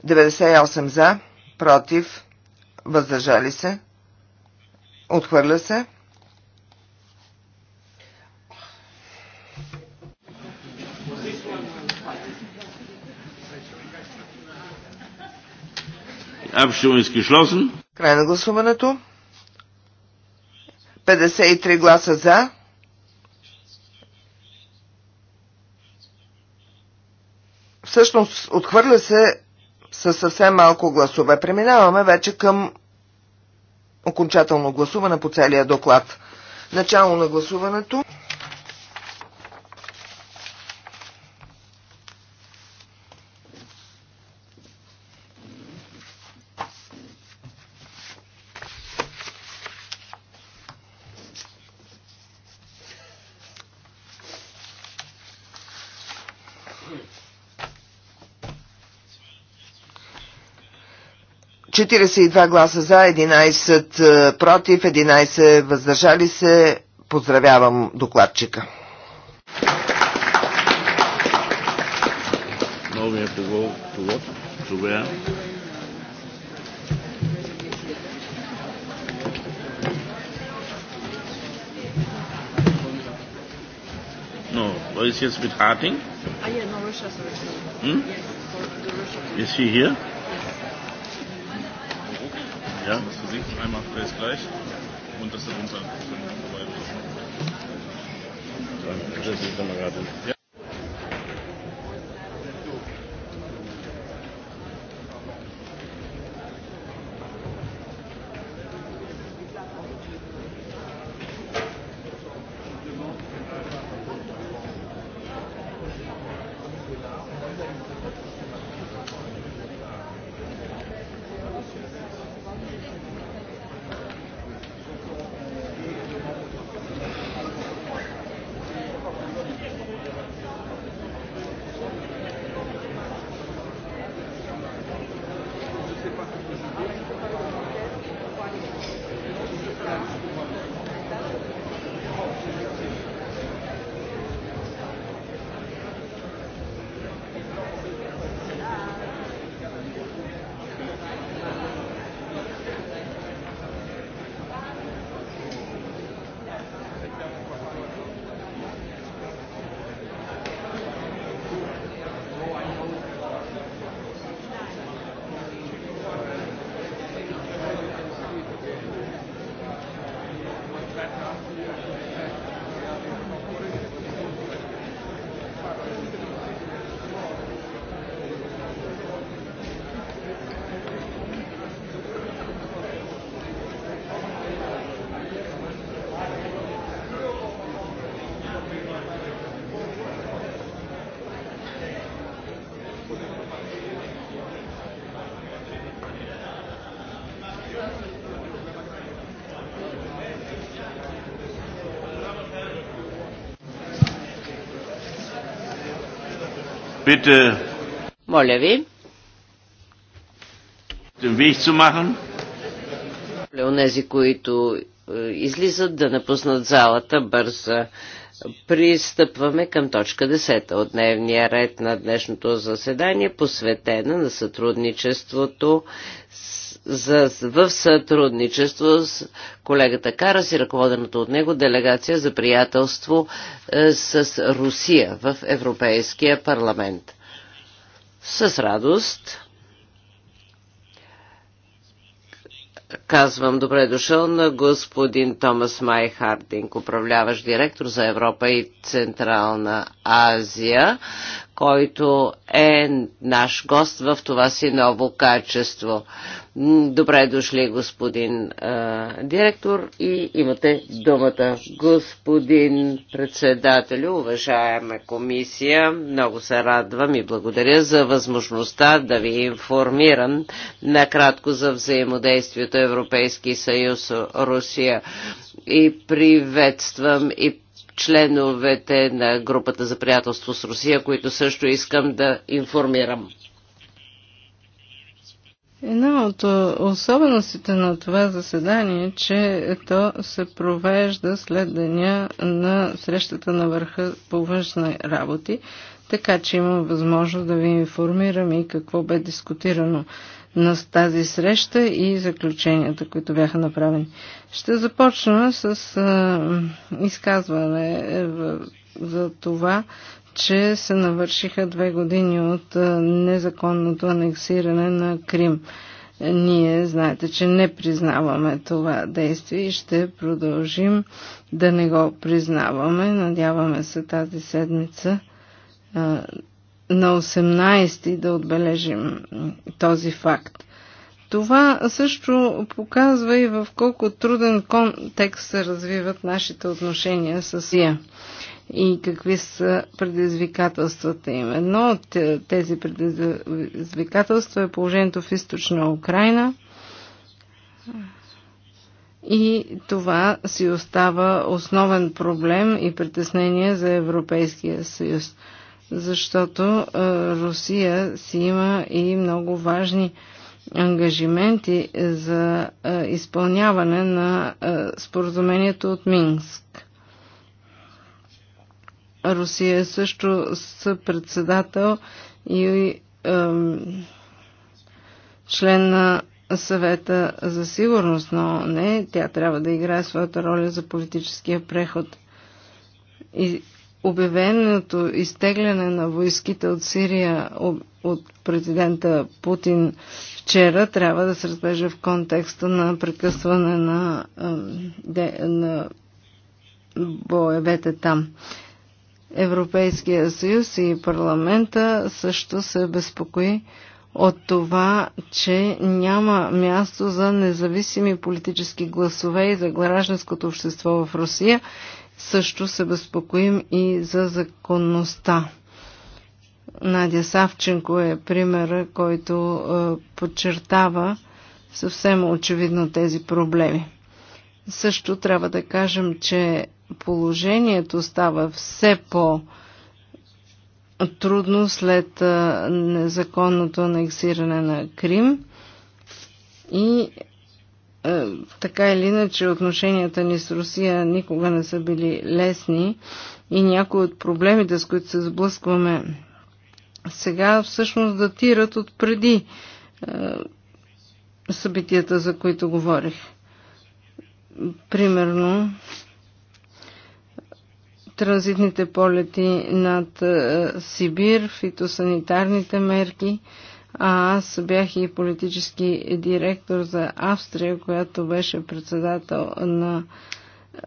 98 за, против, въздържали се, отхвърля се. Край на гласуването. 53 гласа за. Всъщност, отхвърля се със съвсем малко гласове. Преминаваме вече към окончателно гласуване по целия доклад. Начало на гласуването. 42 гласа за, 11 против, 11 въздържали се. Поздравявам докладчика. Now we have to go to what? To where? No, what is jetzt mit Harting? Ah, yeah, no, Russia, sorry. Hmm? Yes, Russia. Is she here? Ja? Das Gesicht einmal alles gleich und das darunter. Ja. bitte... Моля ви. Леонези, Онези, които е, излизат да напуснат залата бърза. Пристъпваме към точка 10 от дневния ред на днешното заседание, посветена на сътрудничеството с за, в сътрудничество с колегата Карас и ръководената от него делегация за приятелство е, с Русия в Европейския парламент. С радост казвам добре дошъл на господин Томас Май Хардинг, управляващ директор за Европа и Централна Азия, който е наш гост в това си ново качество. Добре дошли, господин а, директор, и имате думата. Господин председател, уважаема комисия, много се радвам и благодаря за възможността да ви информирам накратко за взаимодействието Европейски съюз-Русия. И приветствам и членовете на групата за приятелство с Русия, които също искам да информирам. Една от особеностите на това заседание е, че то се провежда след деня на срещата на върха по външни работи, така че имам възможност да ви информирам и какво бе дискутирано на тази среща и заключенията, които бяха направени. Ще започна с а, изказване е, за това, че се навършиха две години от незаконното анексиране на Крим. Ние знаете, че не признаваме това действие и ще продължим да не го признаваме. Надяваме се тази седмица на 18 да отбележим този факт. Това също показва и в колко труден контекст се развиват нашите отношения с Я и какви са предизвикателствата им. Едно от тези предизвикателства е положението в източна Украина и това си остава основен проблем и притеснение за Европейския съюз защото Русия си има и много важни ангажименти за изпълняване на споразумението от Минск. Русия е също председател и член на съвета за сигурност, но не, тя трябва да играе своята роля за политическия преход. И обявеното изтегляне на войските от Сирия от президента Путин вчера трябва да се разбежа в контекста на прекъсване на, на боевете там. Европейския съюз и парламента също се безпокои от това, че няма място за независими политически гласове и за гражданското общество в Русия също се безпокоим и за законността. Надя Савченко е пример, който е, подчертава съвсем очевидно тези проблеми. Също трябва да кажем, че положението става все по- трудно след е, незаконното анексиране на Крим и е, така или иначе отношенията ни с Русия никога не са били лесни и някои от проблемите, с които се сблъскваме сега, всъщност датират от преди е, събитията, за които говорих. Примерно, транзитните полети над е, Сибир, фитосанитарните мерки – а аз бях и политически директор за Австрия, която беше председател на е,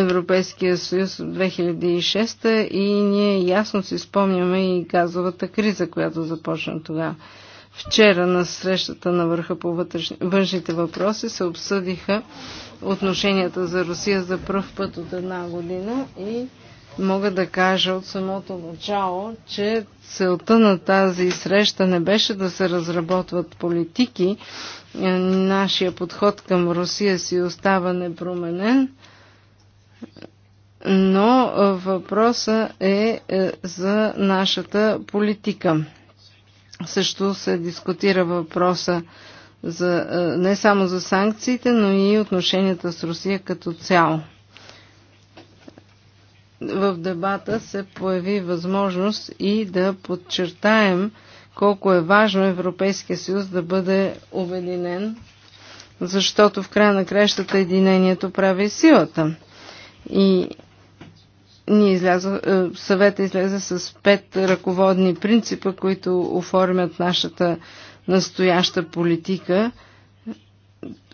Европейския съюз от 2006 и ние ясно си спомняме и газовата криза, която започна тогава. Вчера на срещата на върха по вътрешни, външните въпроси се обсъдиха отношенията за Русия за първ път от една година и мога да кажа от самото начало, че целта на тази среща не беше да се разработват политики. Е, нашия подход към Русия си остава непроменен, но въпроса е, е за нашата политика. Също се дискутира въпроса за, е, не само за санкциите, но и отношенията с Русия като цяло в дебата се появи възможност и да подчертаем колко е важно Европейския съюз да бъде обединен, защото в края на кращата единението прави силата. И ние излязо, е, съвета излезе с пет ръководни принципа, които оформят нашата настояща политика –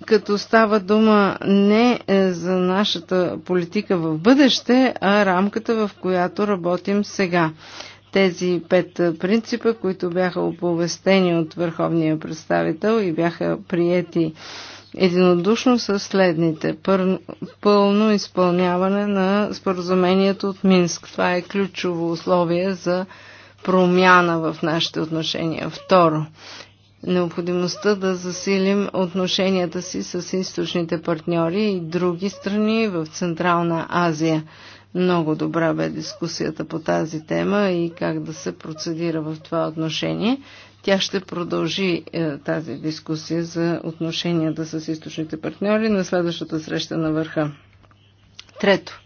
като става дума не е, за нашата политика в бъдеще, а рамката, в която работим сега. Тези пет е, принципа, които бяха оповестени от върховния представител и бяха приети единодушно са следните. Пълно изпълняване на споразумението от Минск. Това е ключово условие за промяна в нашите отношения. Второ, необходимостта да засилим отношенията си с източните партньори и други страни в Централна Азия. Много добра бе дискусията по тази тема и как да се процедира в това отношение. Тя ще продължи е, тази дискусия за отношенията с източните партньори на следващата среща на върха. Трето.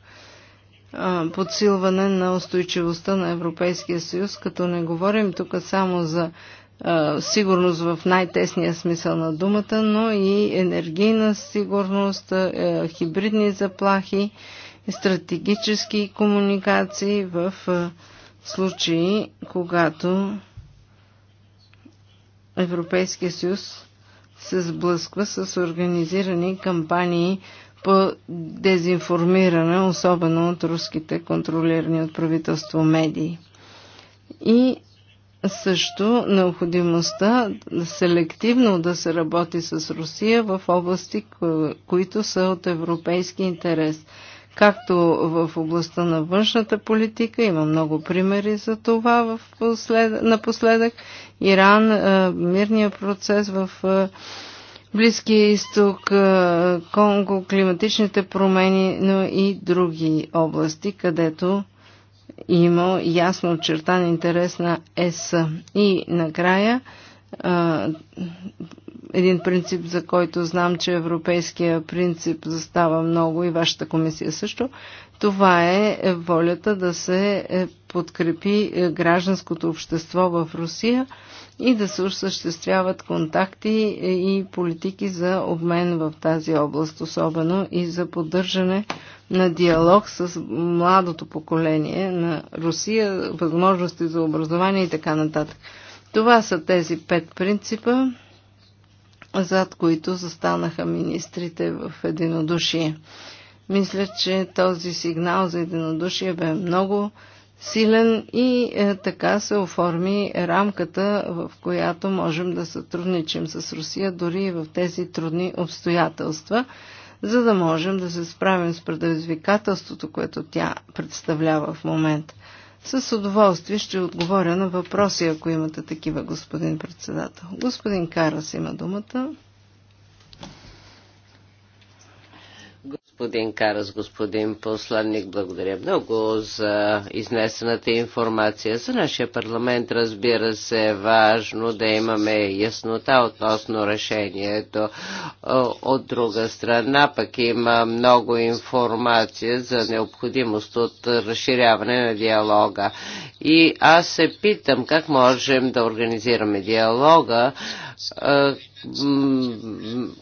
Е, подсилване на устойчивостта на Европейския съюз, като не говорим тук само за сигурност в най-тесния смисъл на думата, но и енергийна сигурност, хибридни заплахи, стратегически комуникации в случаи, когато Европейския съюз се сблъсква с организирани кампании по дезинформиране, особено от руските контролирани от правителство медии. И също необходимостта селективно да се работи с Русия в области, които са от европейски интерес. Както в областта на външната политика, има много примери за това в послед... напоследък. Иран, мирния процес в Близкия изток, Конго, климатичните промени, но и други области, където има ясно очертан интерес на ЕС. И накрая един принцип, за който знам, че европейския принцип застава много и вашата комисия също, това е волята да се е, подкрепи е, гражданското общество в Русия и да се осъществяват контакти и политики за обмен в тази област, особено и за поддържане на диалог с младото поколение на Русия, възможности за образование и така нататък. Това са тези пет принципа, зад които застанаха министрите в единодушие. Мисля, че този сигнал за единодушие бе много силен и е, така се оформи рамката, в която можем да сътрудничим с Русия дори и в тези трудни обстоятелства, за да можем да се справим с предизвикателството, което тя представлява в момента. С удоволствие ще отговоря на въпроси, ако имате такива, господин председател. Господин Карас има думата. господин Карас, господин посланник, благодаря много за изнесената информация. За нашия парламент, разбира се, е важно да имаме яснота относно решението. От друга страна, пък има много информация за необходимост от разширяване на диалога. И аз се питам как можем да организираме диалога, е,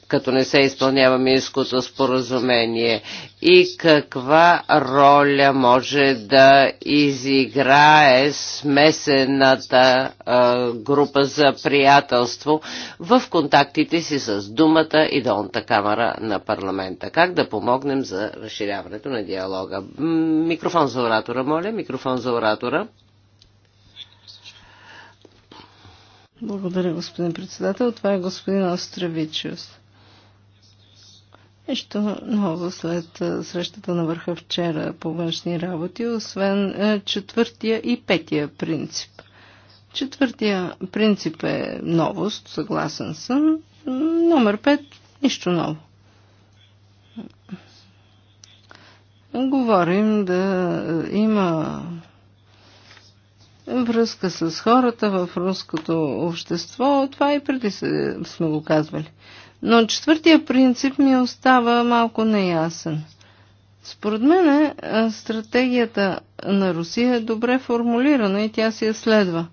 като не се изпълнява Минското споразумение и каква роля може да изиграе смесената а, група за приятелство в контактите си с Думата и Долната камера на парламента. Как да помогнем за разширяването на диалога? Микрофон за оратора, моля. Микрофон за оратора. Благодаря, господин председател. Това е господин Остравичиус. Нещо ново след срещата на върха вчера по външни работи, освен четвъртия и петия принцип. Четвъртия принцип е новост, съгласен съм. Номер пет – нищо ново. Говорим да има връзка с хората в руското общество. Това и преди сме го казвали. Но четвъртия принцип ми остава малко неясен. Според мен е, стратегията на Русия е добре формулирана и тя си я следва.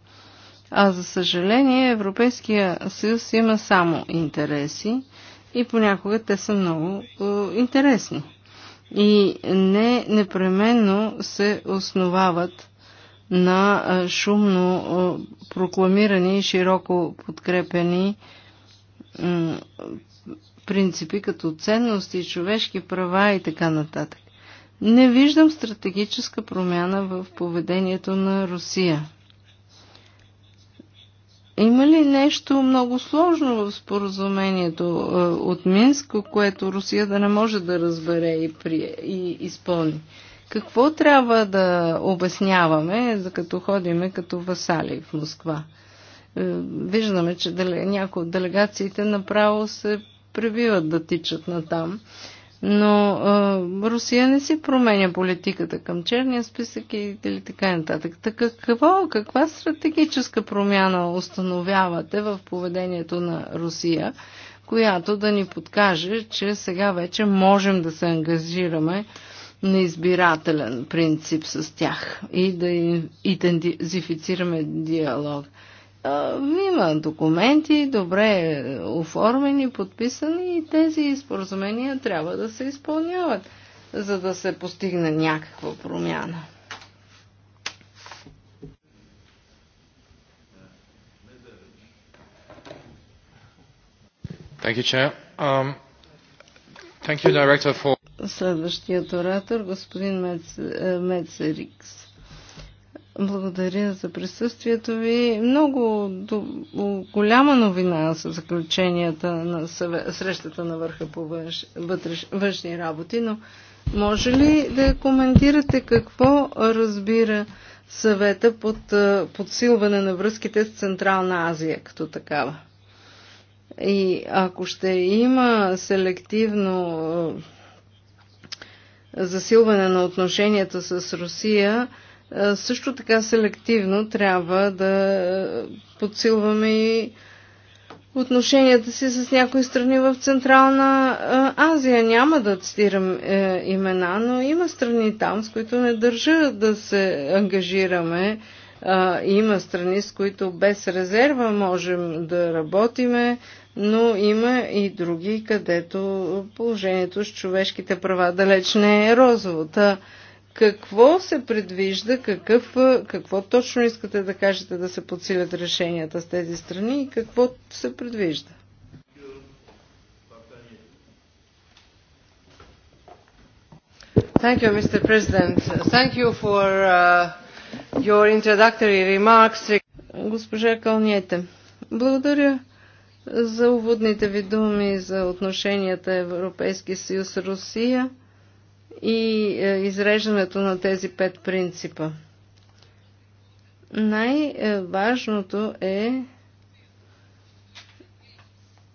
А за съжаление Европейския съюз има само интереси и понякога те са много е, интересни. И не непременно се основават на шумно прокламирани и широко подкрепени принципи като ценности, човешки права и така нататък. Не виждам стратегическа промяна в поведението на Русия. Има ли нещо много сложно в споразумението от Минско, което Русия да не може да разбере и, при... и изпълни? Какво трябва да обясняваме, за като ходиме като васали в Москва? Е, виждаме, че някои от делегациите направо се пребиват да тичат на там. Но е, Русия не си променя политиката към черния списък и или така нататък. Така какво, каква стратегическа промяна установявате в поведението на Русия, която да ни подкаже, че сега вече можем да се ангажираме на избирателен принцип с тях и да идентифицираме диалог. Има документи, добре оформени, подписани и тези споразумения трябва да се изпълняват, за да се постигне някаква промяна. Thank you, Chair. Um, thank you, Director, for Следващият оратор, господин е, Мецерикс. Благодаря за присъствието ви. Много до, голяма новина са заключенията на съве, срещата на върха по външ, вътреш, външни работи, но може ли да коментирате какво разбира съвета под е, подсилване на връзките с Централна Азия като такава? И ако ще има селективно е, засилване на отношенията с Русия, също така селективно трябва да подсилваме и отношенията си с някои страни в Централна Азия. Няма да цитирам е, имена, но има страни там, с които не държа да се ангажираме. има страни, с които без резерва можем да работиме но има и други, където положението с човешките права далеч не е розово. Та, какво се предвижда, какъв, какво точно искате да кажете да се подсилят решенията с тези страни и какво се предвижда? Thank you, Mr. President. Thank you for uh, your introductory remarks. Госпожа Калниете, благодаря за уводните ви думи за отношенията Европейски съюз-Русия и е, изреждането на тези пет принципа. Най-важното е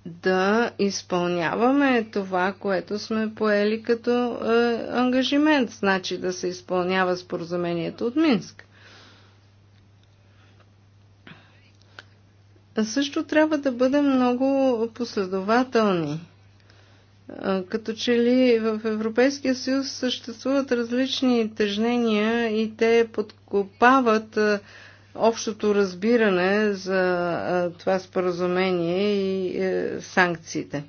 да изпълняваме това, което сме поели като е, ангажимент, значи да се изпълнява споразумението от Минск. Също трябва да бъдем много последователни. Като че ли в Европейския съюз съществуват различни тежнения и те подкопават общото разбиране за това споразумение и е, санкциите.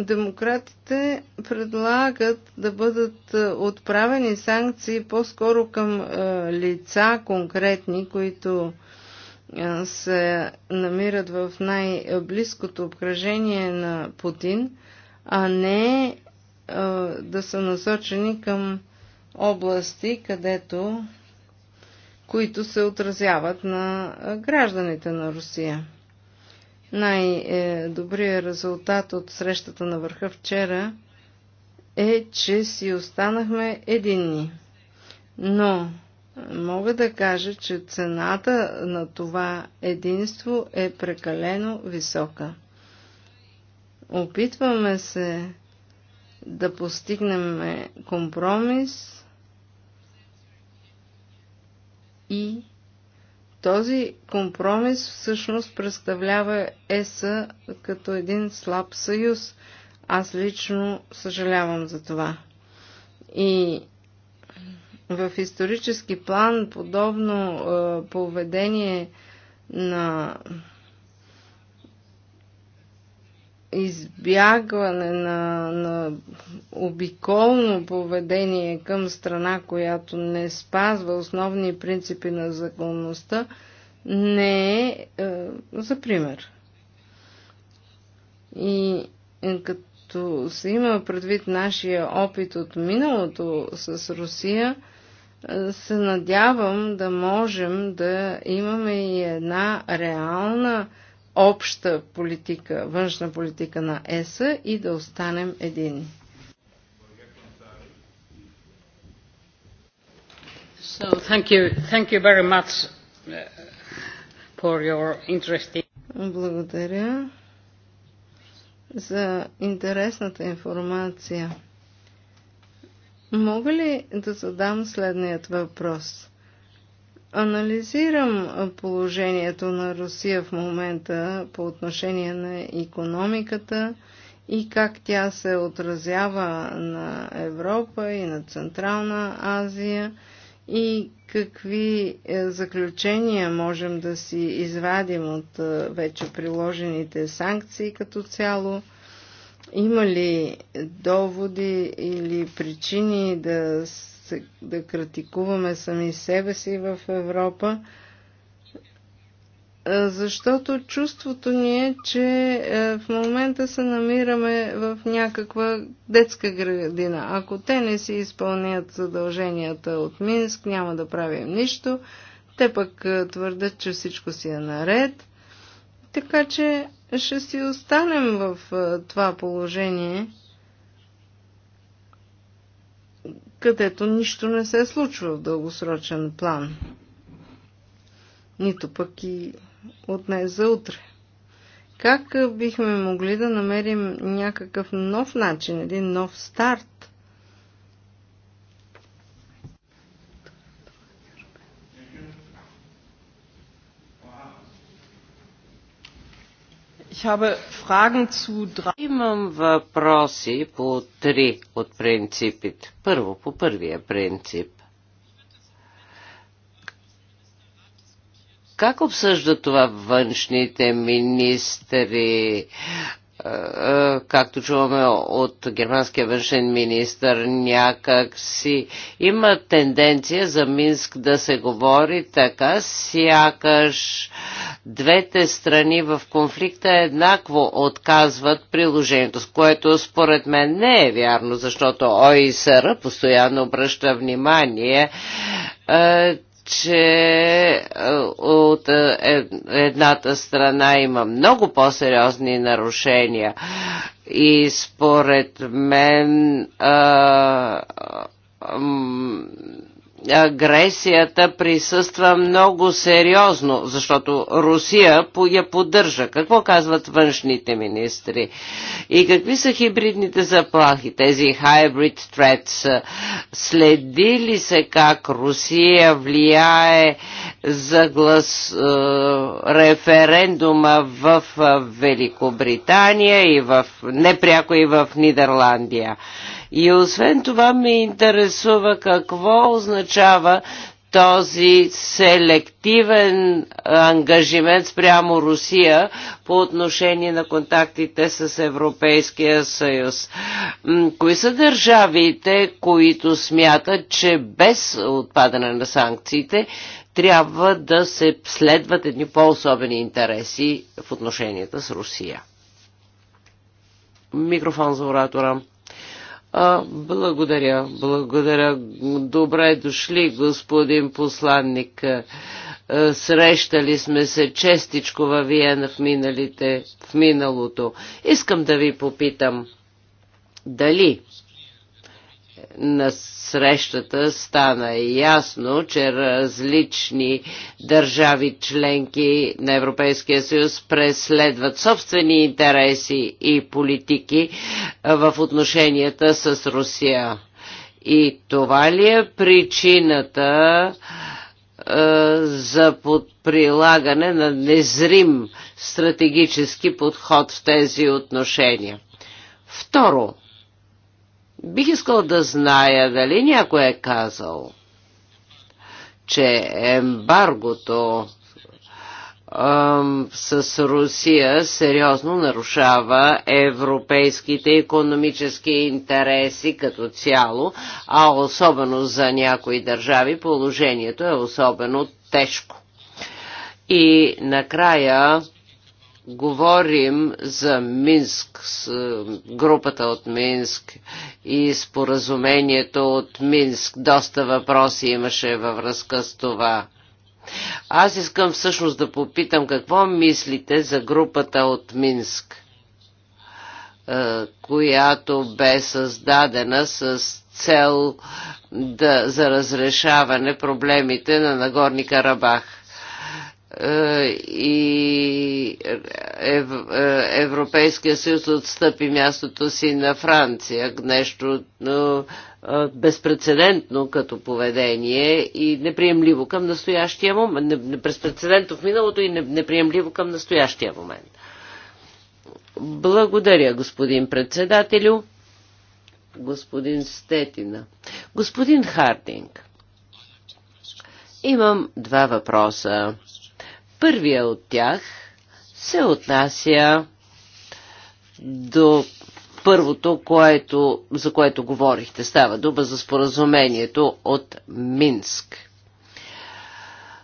Демократите предлагат да бъдат е, отправени санкции по-скоро към е, лица конкретни, които е, се намират в най-близкото обкръжение на Путин, а не да са насочени към области, където които се отразяват на гражданите на Русия. Най-добрият резултат от срещата на върха вчера е, че си останахме единни. Но мога да кажа, че цената на това единство е прекалено висока. Опитваме се да постигнем компромис и този компромис всъщност представлява ЕСА като един слаб съюз. Аз лично съжалявам за това. И в исторически план подобно е, поведение на избягване на, на обиколно поведение към страна, която не спазва основни принципи на законността, не е, е за пример. И е, като се има предвид нашия опит от миналото с Русия, е, се надявам да можем да имаме и една реална е, обща политика, външна политика на ЕСА и да останем едини. So, thank you, thank you very much uh, for your interesting... Благодаря за интересната информация. Мога ли да задам следният въпрос? Анализирам положението на Русия в момента по отношение на економиката и как тя се отразява на Европа и на Централна Азия и какви е, заключения можем да си извадим от вече приложените санкции като цяло. Има ли доводи или причини да се, да критикуваме сами себе си в Европа, защото чувството ни е, че в момента се намираме в някаква детска градина. Ако те не си изпълнят задълженията от Минск, няма да правим нищо. Те пък твърдят, че всичко си е наред. Така че ще си останем в това положение – където нищо не се случва в дългосрочен план. Нито пък и от днес за утре. Как бихме могли да намерим някакъв нов начин, един нов старт Имам въпроси по три от принципите. Първо, по първия принцип. Как обсъжда това външните министри? както чуваме от германския външен министр, някак си има тенденция за Минск да се говори така, сякаш двете страни в конфликта еднакво отказват приложението, с което според мен не е вярно, защото ОИСР постоянно обръща внимание, е, че е, от е, едната страна има много по-сериозни нарушения и според мен а, е, агресията присъства много сериозно, защото Русия я поддържа. Какво казват външните министри? И какви са хибридните заплахи, тези hybrid threats? Следи ли се как Русия влияе за глас е, референдума в е, Великобритания и в, непряко и в Нидерландия? И освен това ме интересува какво означава този селективен ангажимент спрямо Русия по отношение на контактите с Европейския съюз. Кои са държавите, които смятат, че без отпадане на санкциите трябва да се следват едни по-особени интереси в отношенията с Русия? Микрофон за оратора. А, благодаря, благодаря. Добре дошли, господин посланник. Срещали сме се честичко във Виена в, миналите, в миналото. Искам да ви попитам, дали на срещата стана ясно, че различни държави членки на Европейския съюз преследват собствени интереси и политики в отношенията с Русия. И това ли е причината за прилагане на незрим стратегически подход в тези отношения? Второ, Бих искал да зная дали някой е казал, че ембаргото с Русия сериозно нарушава европейските економически интереси като цяло, а особено за някои държави положението е особено тежко. И накрая говорим за Минск, е, групата от Минск и споразумението от Минск. Доста въпроси имаше във връзка с това. Аз искам всъщност да попитам какво мислите за групата от Минск, е, която бе създадена с цел да, за разрешаване проблемите на Нагорни Карабах е, и е, Европейския съюз отстъпи мястото си на Франция. Нещо е, безпредседентно като поведение и неприемливо към настоящия момент. Безпредседентно в миналото и неприемливо към настоящия момент. Благодаря, господин председателю. Господин Стетина. Господин Хардинг. Имам два въпроса. Първия от тях се отнася до първото, което, за което говорихте. Става дума за споразумението от Минск.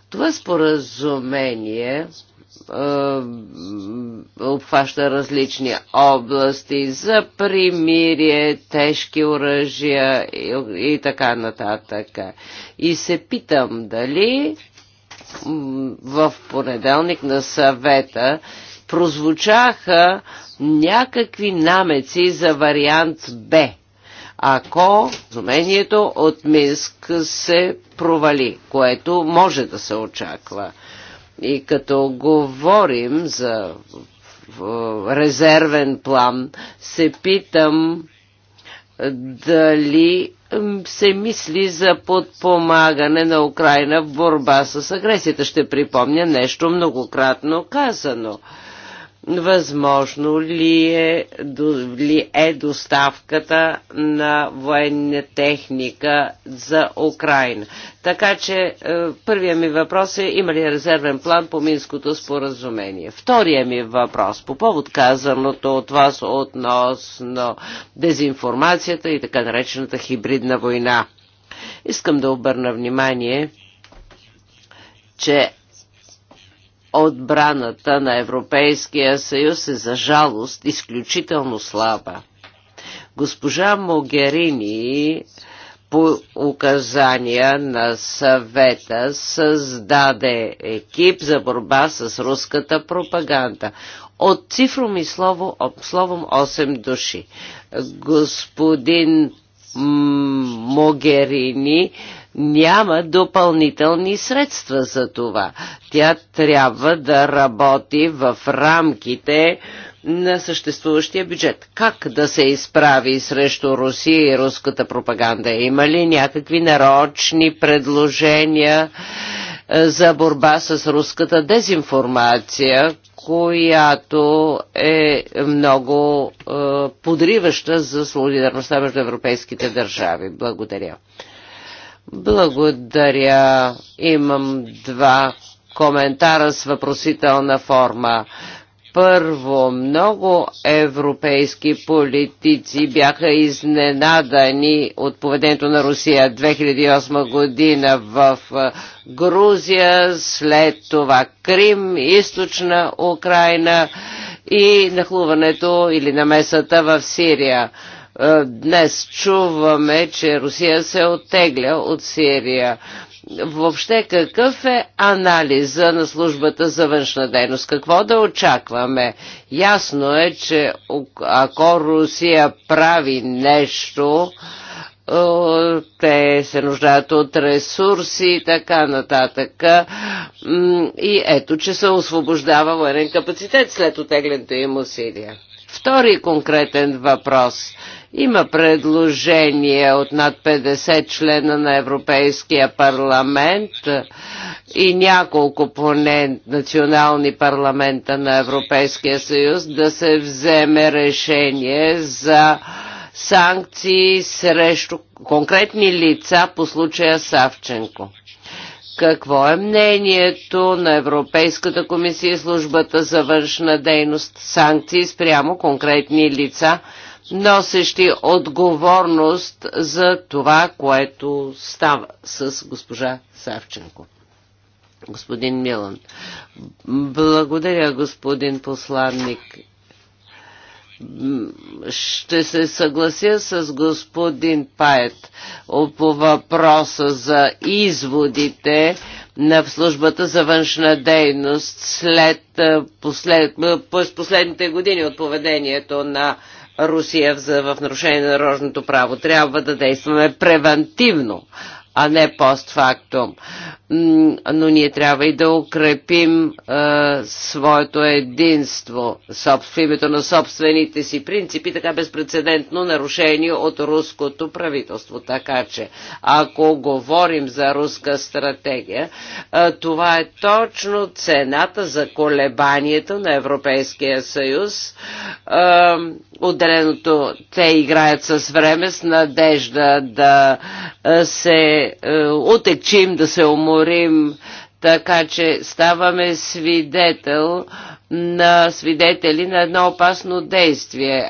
Това споразумение е, обхваща различни области за примирие, тежки оръжия и, и така нататък. И се питам дали в понеделник на съвета прозвучаха някакви намеци за вариант Б, ако разумението от Минск се провали, което може да се очаква. И като говорим за резервен план, се питам дали се мисли за подпомагане на Украина в борба с агресията. Ще припомня нещо многократно казано – възможно ли е, до, ли е доставката на военна техника за Украина. Така че е, първия ми въпрос е има ли резервен план по Минското споразумение. Втория ми въпрос по повод казаното от вас относно дезинформацията и така наречената хибридна война. Искам да обърна внимание, че отбраната на Европейския съюз е за жалост изключително слаба. Госпожа Могерини по указания на съвета създаде екип за борба с руската пропаганда. От цифром и слово, словом 8 души. Господин Могерини няма допълнителни средства за това. Тя трябва да работи в рамките на съществуващия бюджет. Как да се изправи срещу Русия и руската пропаганда? Има ли някакви нарочни предложения е, за борба с руската дезинформация, която е много е, подриваща за солидарността между европейските държави? Благодаря. Благодаря. Имам два коментара с въпросителна форма. Първо, много европейски политици бяха изненадани от поведението на Русия 2008 година в Грузия, след това Крим, източна Украина и нахлуването или намесата в Сирия. Е, днес чуваме, че Русия се оттегля от Сирия. Въобще какъв е анализа на службата за външна дейност? Какво да очакваме? Ясно е, че ако Русия прави нещо, е, те се нуждаят от ресурси и така нататък. И ето, че се освобождава военен капацитет след отеглянето им усилия. Втори конкретен въпрос. Има предложение от над 50 члена на Европейския парламент и няколко поне национални парламента на Европейския съюз да се вземе решение за санкции срещу конкретни лица по случая Савченко. Какво е мнението на Европейската комисия и службата за външна дейност санкции спрямо конкретни лица – носещи отговорност за това, което става с госпожа Савченко. Господин Милан. Благодаря, господин посланник ще се съглася с господин Пает по въпроса за изводите на службата за външна дейност след послед, послед, последните години от поведението на Русия в нарушение на народното право. Трябва да действаме превентивно, а не постфактум но ние трябва и да укрепим а, своето единство в името на собствените си принципи, така безпредседентно нарушение от руското правителство. Така че, ако говорим за руска стратегия, а, това е точно цената за колебанието на Европейския съюз. А, отделеното те играят с време, с надежда да се а, утечим, да се умолим уморим, така че ставаме свидетел на свидетели на едно опасно действие.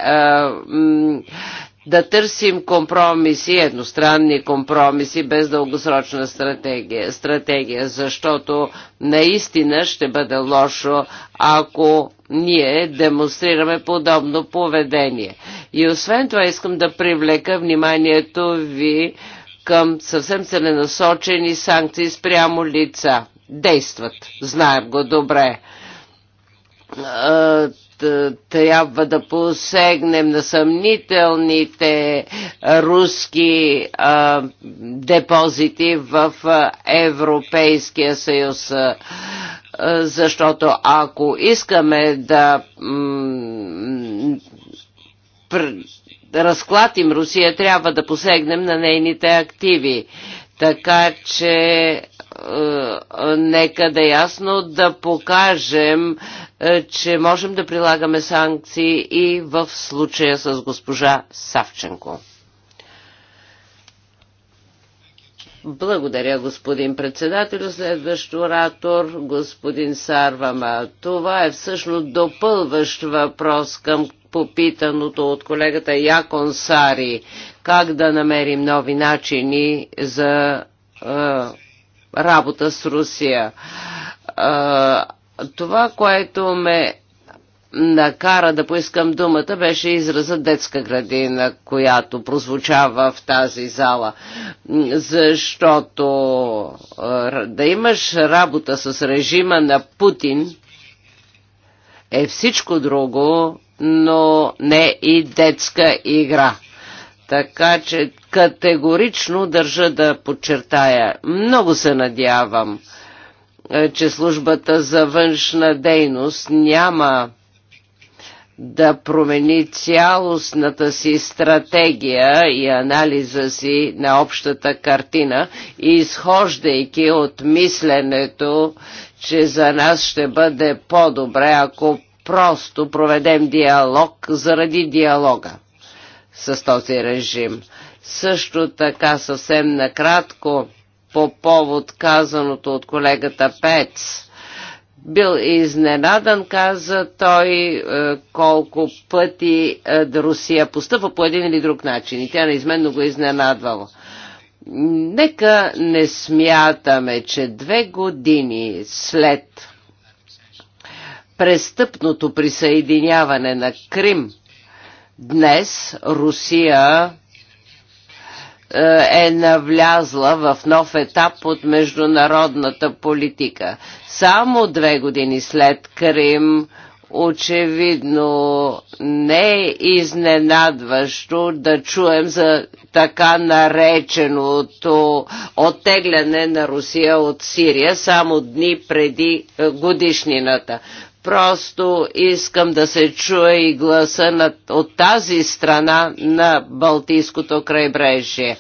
Да търсим компромиси, едностранни компромиси, без дългосрочна стратегия, стратегия защото наистина ще бъде лошо, ако ние демонстрираме подобно поведение. И освен това искам да привлека вниманието ви към съвсем целенасочени санкции спрямо лица. Действат. Знаем го добре трябва да посегнем на съмнителните руски а, депозити в Европейския съюз. Защото ако искаме да разклатим Русия, трябва да посегнем на нейните активи. Така че е, нека да е ясно да покажем, е, че можем да прилагаме санкции и в случая с госпожа Савченко. Благодаря, господин председател. Следващ оратор, господин Сарвама. Това е всъщност допълващ въпрос към попитаното от колегата Якон Сари, как да намерим нови начини за е, работа с Русия. Е, това, което ме накара да поискам думата, беше израза детска градина, която прозвучава в тази зала. Защото да имаш работа с режима на Путин е всичко друго, но не и детска игра. Така че категорично държа да подчертая. Много се надявам, е, че службата за външна дейност няма да промени цялостната си стратегия и анализа си на общата картина, изхождайки от мисленето, че за нас ще бъде по-добре, ако просто проведем диалог заради диалога с този режим. Също така съвсем накратко по повод казаното от колегата Пец. Бил изненадан, каза той, е, колко пъти е, Русия постъпва по един или друг начин и тя неизменно го е изненадвала. Нека не смятаме, че две години след престъпното присъединяване на Крим. Днес Русия е, е навлязла в нов етап от международната политика. Само две години след Крим очевидно не е изненадващо да чуем за така нареченото оттегляне на Русия от Сирия само дни преди е, годишнината. Просто искам да се чуе и гласа на, от тази страна на Балтийското крайбрежие.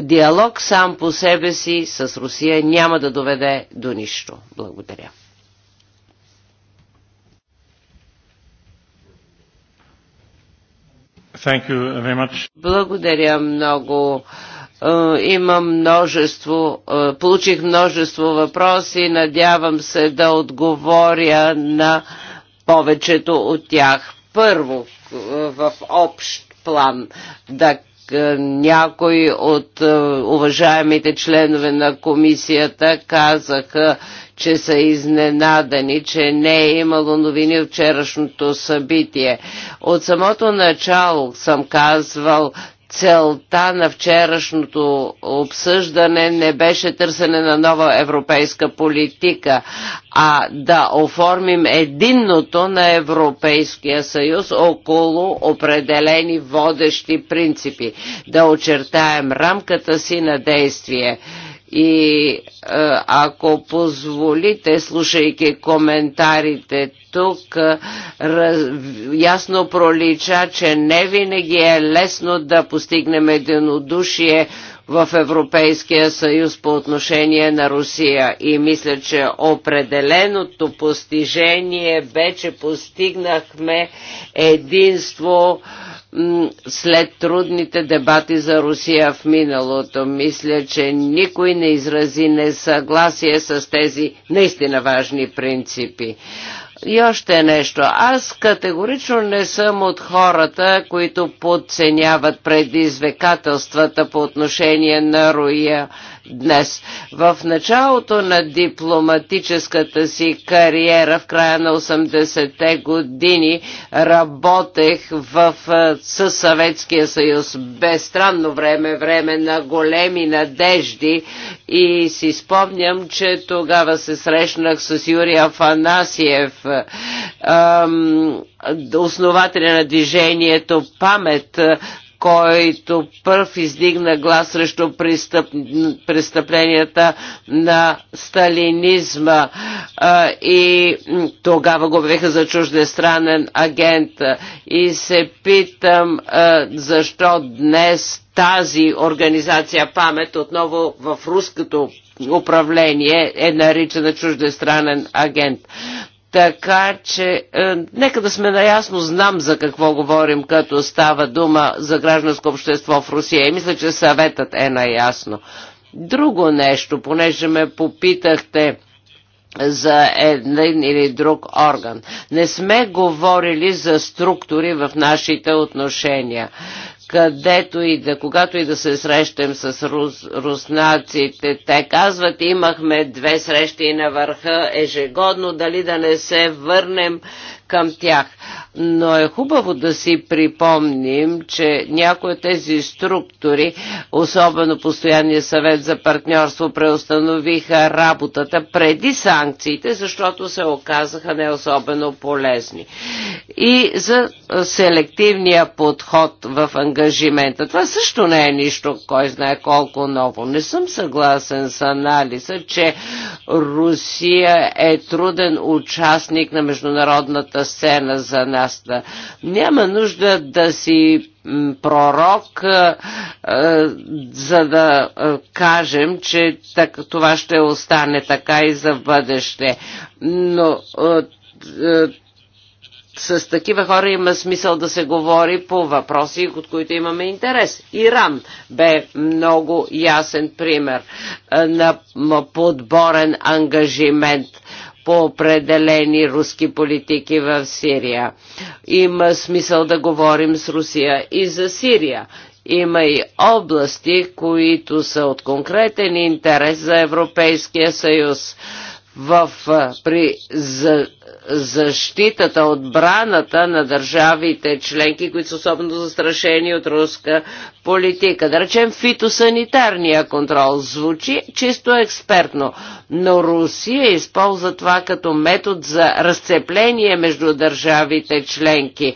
Диалог сам по себе си с Русия няма да доведе до нищо. Благодаря. Thank you very much. Благодаря много. Е, има множество, е, получих множество въпроси, надявам се да отговоря на повечето от тях. Първо, е, в общ план, да някои от уважаемите членове на комисията казаха, че са изненадани, че не е имало новини от вчерашното събитие. От самото начало съм казвал, целта на вчерашното обсъждане не беше търсене на нова европейска политика, а да оформим единното на Европейския съюз около определени водещи принципи, да очертаем рамката си на действие и е, ако позволите, слушайки коментарите тук, е, раз, ясно пролича, че не винаги е лесно да постигнем единодушие в Европейския съюз по отношение на Русия. И мисля, че определеното постижение вече че постигнахме единство след трудните дебати за Русия в миналото. Мисля, че никой не изрази несъгласие с тези наистина важни принципи. И още нещо. Аз категорично не съм от хората, които подценяват предизвикателствата по отношение на Руя, днес. В началото на дипломатическата си кариера, в края на 80-те години, работех в, със Съветския съюз. безстранно време, време на големи надежди и си спомням, че тогава се срещнах с Юрий Афанасиев, основателя на движението Памет, който първ издигна глас срещу престъп, престъпленията на сталинизма а, и тогава го бяха за чуждестранен агент. И се питам а, защо днес тази организация памет отново в руското управление е наричана чуждестранен агент. Така че, е, нека да сме наясно, знам за какво говорим, като става дума за гражданско общество в Русия. И мисля, че съветът е наясно. Друго нещо, понеже ме попитахте за един или друг орган. Не сме говорили за структури в нашите отношения където и да, когато и да се срещам с рус, руснаците, те казват, имахме две срещи на върха ежегодно, дали да не се върнем към тях. Но е хубаво да си припомним, че някои от тези структури, особено Постоянния съвет за партньорство, преустановиха работата преди санкциите, защото се оказаха не особено полезни. И за селективния подход в ангажимента. Това също не е нищо, кой знае колко ново. Не съм съгласен с анализа, че Русия е труден участник на международната сцена за нас. Няма нужда да си пророк, за да кажем, че това ще остане така и за бъдеще. Но с такива хора има смисъл да се говори по въпроси, от които имаме интерес. Иран бе много ясен пример на подборен ангажимент по определени руски политики в Сирия. Има смисъл да говорим с Русия и за Сирия. Има и области, които са от конкретен интерес за Европейския съюз в, при за защитата, отбраната на държавите членки, които са особено застрашени от руска политика. Да речем фитосанитарния контрол. Звучи чисто експертно, но Русия използва това като метод за разцепление между държавите членки.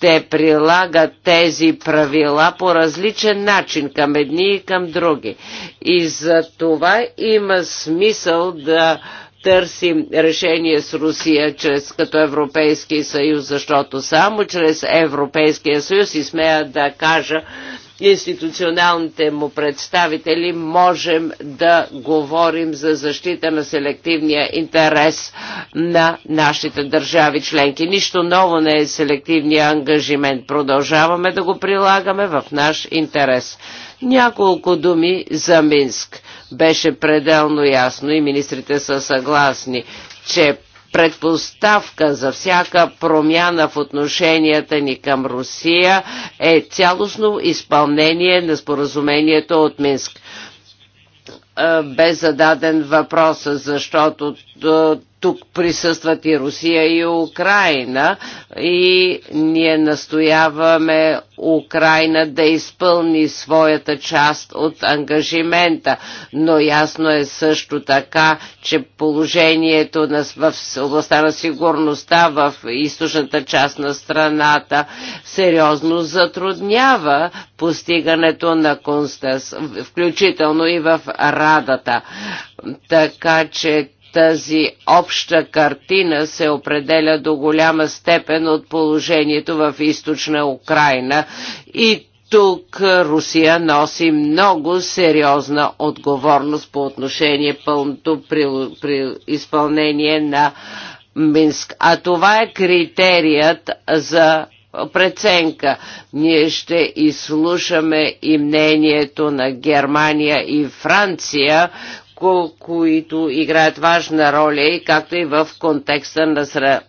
Те прилагат тези правила по различен начин към едни и към други. И за това има смисъл да търсим решение с Русия чрез, като Европейски съюз, защото само чрез Европейския съюз и смея да кажа, институционалните му представители можем да говорим за защита на селективния интерес на нашите държави членки. Нищо ново не е селективния ангажимент. Продължаваме да го прилагаме в наш интерес. Няколко думи за Минск. Беше пределно ясно и министрите са съгласни, че Предпоставка за всяка промяна в отношенията ни към Русия е цялостно изпълнение на споразумението от Минск е, бе зададен въпрос, защото е, тук присъстват и Русия и Украина и ние настояваме Украина да изпълни своята част от ангажимента, но ясно е също така, че положението на, в областта на сигурността в източната част на страната сериозно затруднява постигането на констас, включително и в Радата. Така че тази обща картина се определя до голяма степен от положението в източна Украина и тук Русия носи много сериозна отговорност по отношение пълното при, при изпълнение на Минск. А това е критерият за преценка. Ние ще изслушаме и мнението на Германия и Франция, които играят важна роля както и в контекста на сра...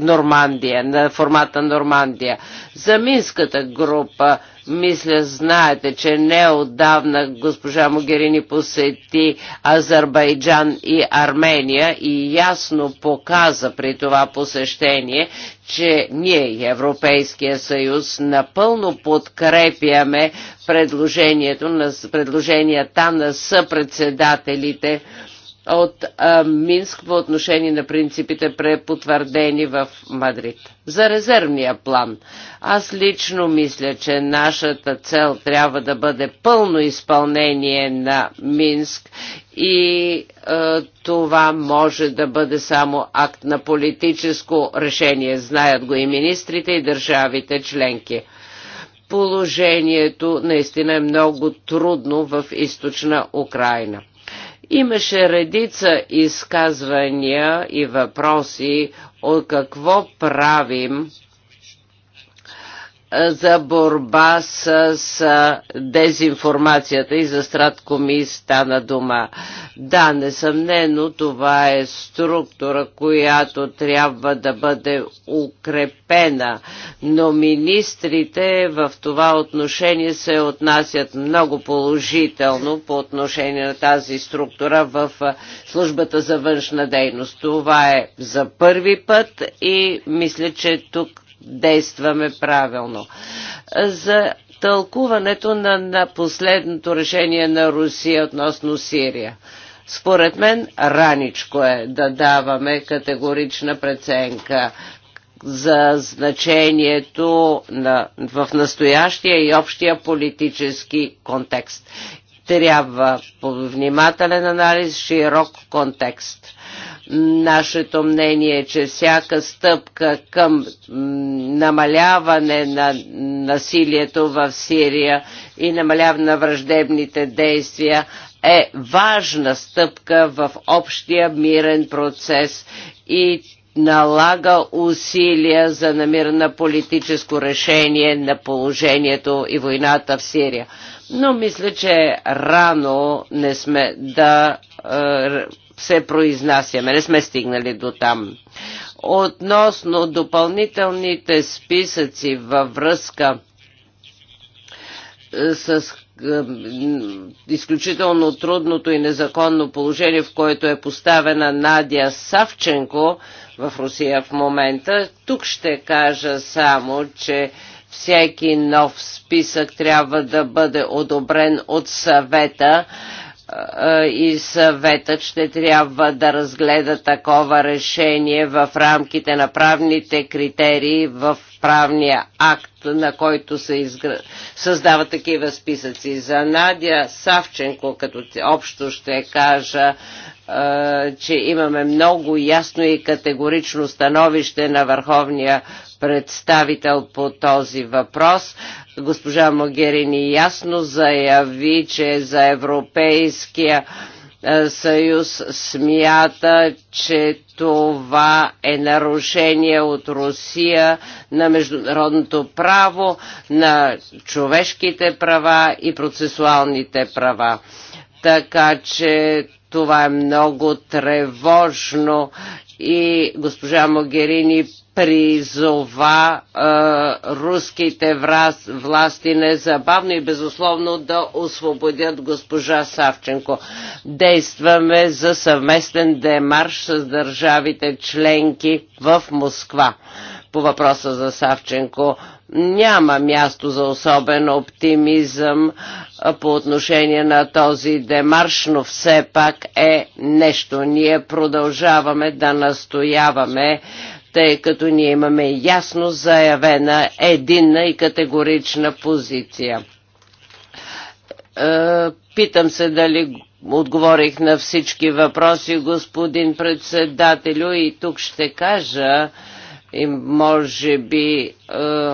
Нормандия, на формата Нормандия. За Минската група, мисля, знаете, че не отдавна госпожа Могерини посети Азербайджан и Армения и ясно показа при това посещение, че ние, Европейския съюз, напълно подкрепяме предложението на, предложенията на съпредседателите от а, Минск по отношение на принципите препотвърдени в Мадрид. За резервния план. Аз лично мисля, че нашата цел трябва да бъде пълно изпълнение на Минск и а, това може да бъде само акт на политическо решение. Знаят го и министрите, и държавите членки положението наистина е много трудно в източна Украина. Имаше редица изказвания и въпроси от какво правим за борба с дезинформацията и за страткоми стана дума. Да, несъмнено това е структура, която трябва да бъде укрепена, но министрите в това отношение се отнасят много положително по отношение на тази структура в службата за външна дейност. Това е за първи път и мисля, че тук действаме правилно. За тълкуването на, на последното решение на Русия относно Сирия. Според мен раничко е да даваме категорична преценка за значението на, в настоящия и общия политически контекст. Трябва внимателен анализ, широк контекст. Нашето мнение е, че всяка стъпка към намаляване на насилието в Сирия и намаляване на враждебните действия е важна стъпка в общия мирен процес и налага усилия за намиране на политическо решение на положението и войната в Сирия. Но мисля, че рано не сме да е, се произнасяме. Не сме стигнали до там. Относно допълнителните списъци във връзка е, с е, изключително трудното и незаконно положение, в което е поставена Надя Савченко в Русия в момента. Тук ще кажа само, че всеки нов списък трябва да бъде одобрен от съвета и съветът ще трябва да разгледа такова решение в рамките на правните критерии в правния акт, на който се изгра... създава такива списъци. За Надя Савченко, като общо ще кажа, е, че имаме много ясно и категорично становище на Върховния представител по този въпрос. Госпожа Могерини ясно заяви, че за европейския е, съюз смята, че това е нарушение от Русия на международното право, на човешките права и процесуалните права. Така че това е много тревожно и госпожа Могерини призова а, руските враз, власти незабавно и безусловно да освободят госпожа Савченко. Действаме за съвместен демарш с държавите членки в Москва. По въпроса за Савченко няма място за особен оптимизъм по отношение на този демарш, но все пак е нещо. Ние продължаваме да настояваме тъй като ние имаме ясно заявена единна и категорична позиция. Е, питам се дали отговорих на всички въпроси, господин председателю, и тук ще кажа, и може би е,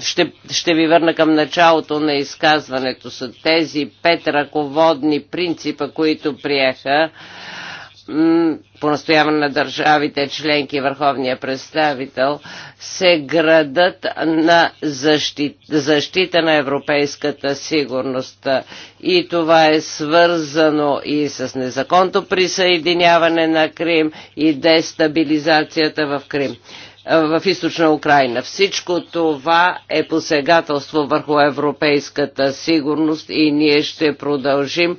ще, ще ви върна към началото на изказването с тези пет ръководни принципа, които приеха по настояване на държавите членки и върховния представител се градат на защита, защита на европейската сигурност. И това е свързано и с незаконното присъединяване на Крим и дестабилизацията в Крим в източна Украина. Всичко това е посегателство върху европейската сигурност и ние ще продължим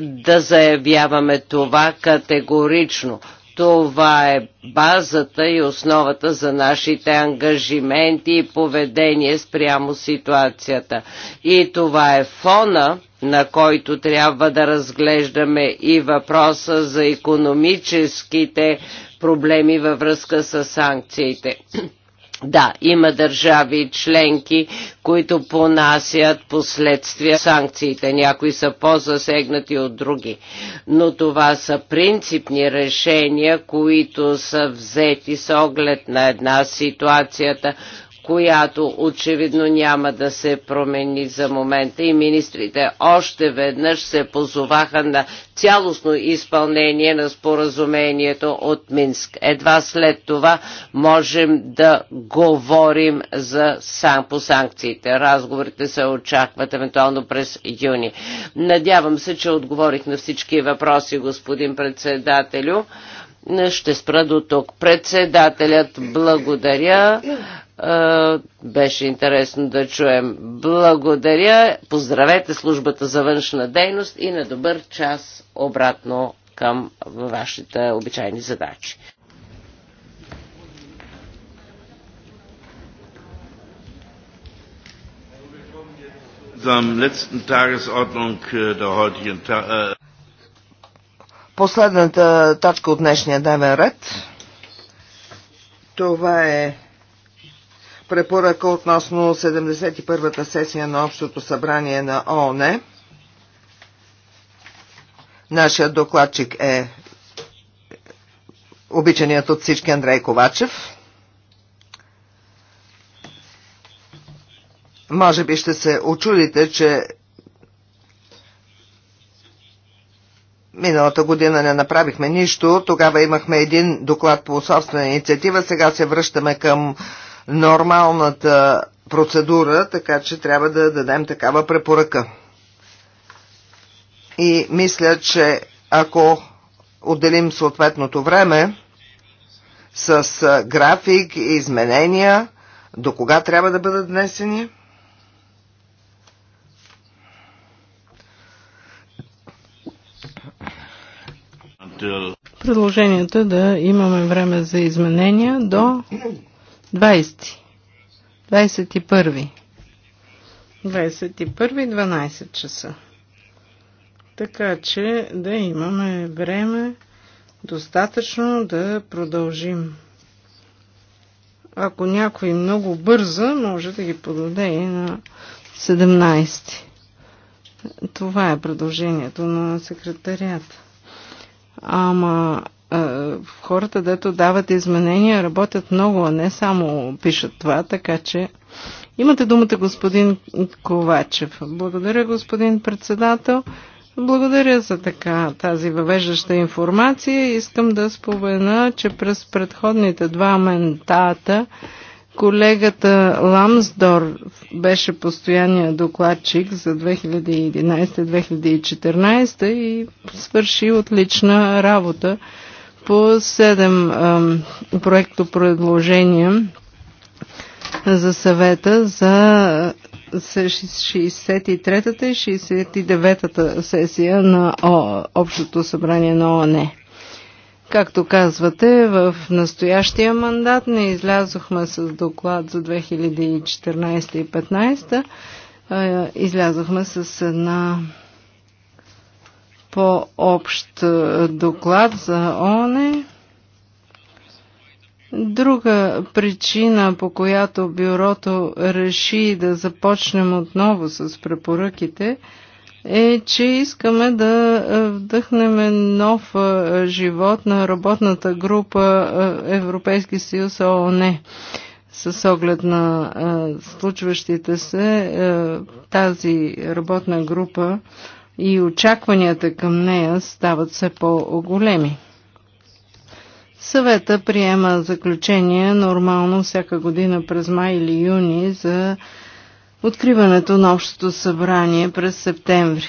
да заявяваме това категорично. Това е базата и основата за нашите ангажименти и поведение спрямо ситуацията. И това е фона, на който трябва да разглеждаме и въпроса за економическите проблеми във връзка с санкциите. Да, има държави членки, които понасят последствия санкциите. Някои са по-засегнати от други. Но това са принципни решения, които са взети с оглед на една ситуацията, която очевидно няма да се промени за момента и министрите още веднъж се позоваха на цялостно изпълнение на споразумението от Минск. Едва след това можем да говорим за сам, по санкциите. Разговорите се очакват евентуално през юни. Надявам се, че отговорих на всички въпроси, господин председателю. Ще спра до тук. Председателят, благодаря. Беше интересно да чуем. Благодаря. Поздравете службата за външна дейност и на добър час обратно към вашите обичайни задачи. Zum letzten Tagesordnung äh, der heutigen äh, Последната точка от днешния дневен ред. Това е препоръка относно 71-та сесия на Общото събрание на ООН. Нашият докладчик е обичаният от всички Андрей Ковачев. Може би ще се очудите, че Миналата година не направихме нищо, тогава имахме един доклад по собствена инициатива, сега се връщаме към нормалната процедура, така че трябва да дадем такава препоръка. И мисля, че ако отделим съответното време с график и изменения, до кога трябва да бъдат внесени? Предложението да имаме време за изменения до 20. 21. 21-12 часа. Така че да имаме време достатъчно да продължим. Ако някой много бърза, може да ги подаде и на 17. Това е предложението на секретарията. Ама хората, дето дават изменения, работят много, а не само пишат това, така че имате думата господин Ковачев. Благодаря, господин председател. Благодаря за така тази въвеждаща информация. Искам да спомена, че през предходните два ментата Колегата Ламсдор беше постоянния докладчик за 2011-2014 и свърши отлична работа по 7 проекто предложения за съвета за 63-та и 69-та сесия на Общото събрание на ОНЕ. Както казвате, в настоящия мандат не излязохме с доклад за 2014 и 2015. Излязохме с една по-общ доклад за ОНЕ. Друга причина, по която бюрото реши да започнем отново с препоръките, е, е, че искаме да е, вдъхнем нов е, живот на работната група е, Европейски съюз ООН с оглед на случващите се. Тази работна група и очакванията към нея стават все по-големи. Съвета приема заключение нормално всяка година през май или юни за откриването на общото събрание през септември.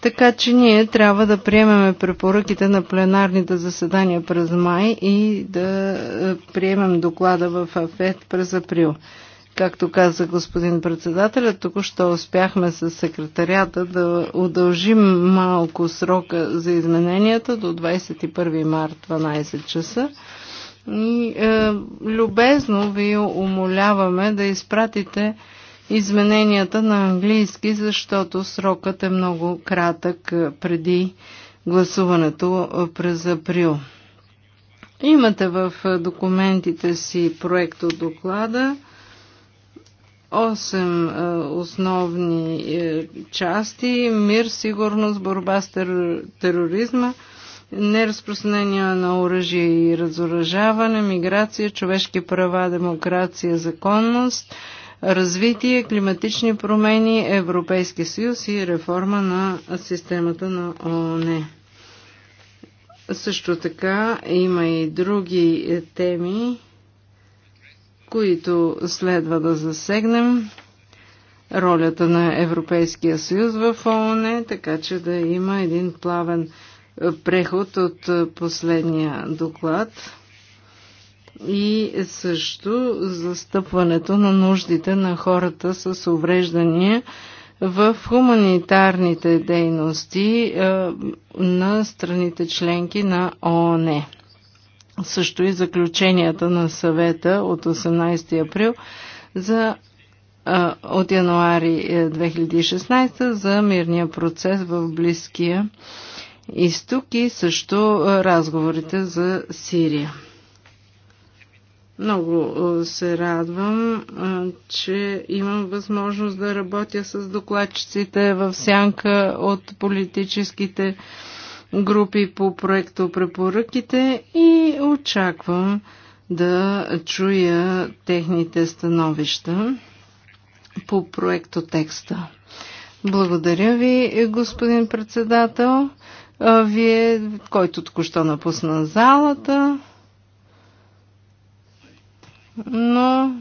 Така че ние трябва да приемеме препоръките на пленарните заседания през май и да е, приемем доклада в АФЕД през април. Както каза господин председател, току-що успяхме с секретарята да удължим малко срока за измененията до 21 март 12 часа. И, е, любезно ви умоляваме да изпратите измененията на английски, защото срокът е много кратък преди гласуването през април. Имате в документите си проект от доклада. 8 основни е, части мир, сигурност, борба с тероризма, неразпространение на оръжие и разоръжаване, миграция, човешки права, демокрация, законност, развитие, климатични промени, Европейски съюз и реформа на системата на ООН. Също така има и други теми, които следва да засегнем. Ролята на Европейския съюз в ООН, така че да има един плавен преход от последния доклад и също застъпването на нуждите на хората с увреждания в хуманитарните дейности на страните членки на ООН. Също и заключенията на съвета от 18 април за от януари 2016 е, за мирния процес в Близкия изток и също разговорите за Сирия. Много е, се радвам, е, че имам възможност да работя с докладчиците в сянка от политическите групи по проекто препоръките и очаквам да чуя техните становища по проекто текста. Благодаря ви, господин председател. Е, вие, който току-що напусна залата, но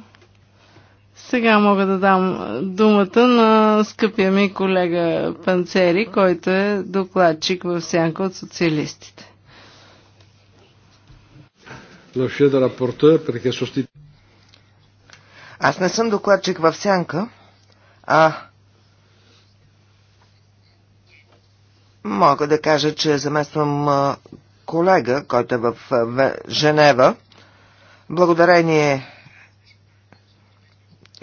сега мога да дам думата на скъпия ми колега Панцери, който е докладчик в сянка от социалистите. Аз не съм докладчик в сянка, а мога да кажа, че замествам колега, който е в Женева благодарение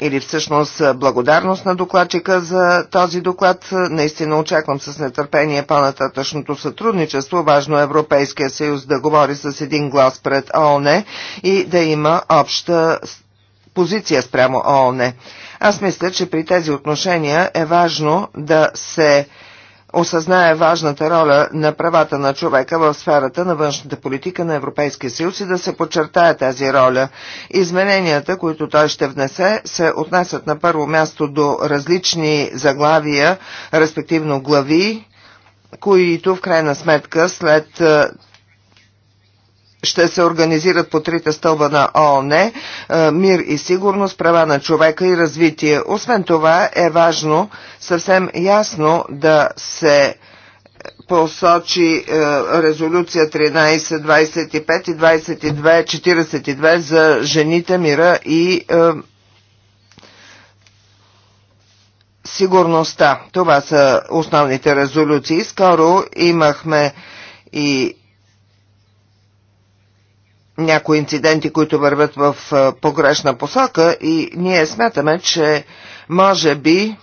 или всъщност благодарност на докладчика за този доклад. Наистина очаквам с нетърпение по-нататъчното сътрудничество. Важно е Европейския съюз да говори с един глас пред ООН и да има обща позиция спрямо ООН. Аз мисля, че при тези отношения е важно да се осъзнае важната роля на правата на човека в сферата на външната политика на Европейския съюз и да се подчертае тази роля. Измененията, които той ще внесе, се отнасят на първо място до различни заглавия, респективно глави, които в крайна сметка след ще се организират по трите стълба на ООН е, – мир и сигурност, права на човека и развитие. Освен това е важно съвсем ясно да се посочи е, резолюция 25 и 22 42 за жените, мира и е, сигурността. Това са основните резолюции. Скоро имахме и някои инциденти, които върват в погрешна посока и ние смятаме, че може би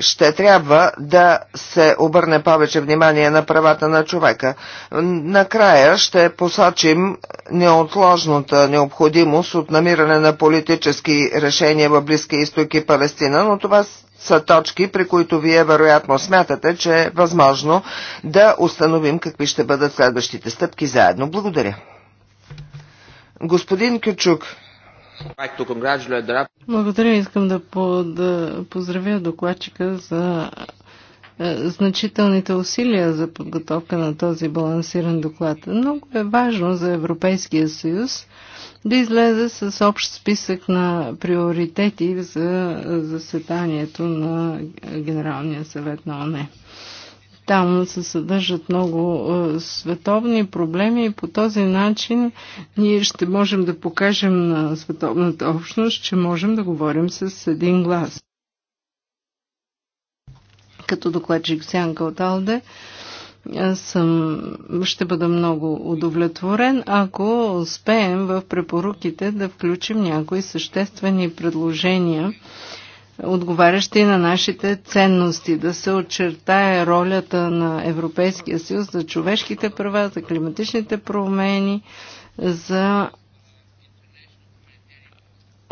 ще трябва да се обърне повече внимание на правата на човека. Накрая ще посочим неотложната необходимост от намиране на политически решения в Близкия изток и Палестина, но това са точки, при които вие вероятно смятате, че е възможно да установим какви ще бъдат следващите стъпки заедно. Благодаря. Господин Кючук. Благодаря. Искам да, по, да поздравя докладчика за е, значителните усилия за подготовка на този балансиран доклад. Много е важно за Европейския съюз да излезе с общ списък на приоритети за заседанието на Генералния съвет на ОНЕ. Там се съдържат много е, световни проблеми и по този начин ние ще можем да покажем на световната общност, че можем да говорим с един глас. Като докладчик Сянка от Алде, аз съм, ще бъда много удовлетворен, ако успеем в препоруките да включим някои съществени предложения отговарящи на нашите ценности, да се очертае ролята на Европейския съюз за човешките права, за климатичните промени, за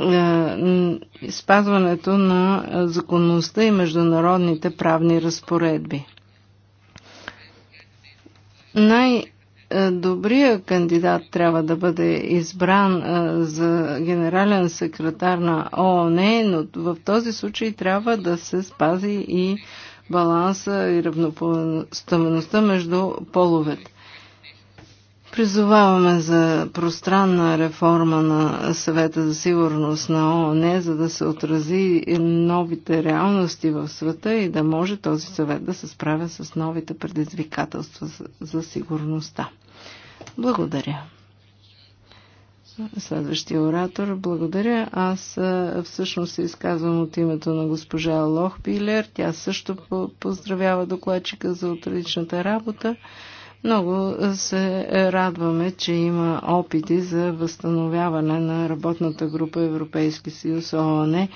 е, спазването на законността и международните правни разпоредби. Най- е, добрия кандидат трябва да бъде избран е, за генерален секретар на ООН, но в този случай трябва да се спази и баланса и равнопоставеността между половете. Призоваваме за пространна реформа на съвета за сигурност на ООН, за да се отрази новите реалности в света и да може този съвет да се справя с новите предизвикателства за сигурността. Благодаря. Следващия оратор. Благодаря. Аз всъщност се изказвам от името на госпожа Лохпилер. Тя също поздравява докладчика за отличната работа. Много се радваме, че има опити за възстановяване на работната група Европейски съюз ООН.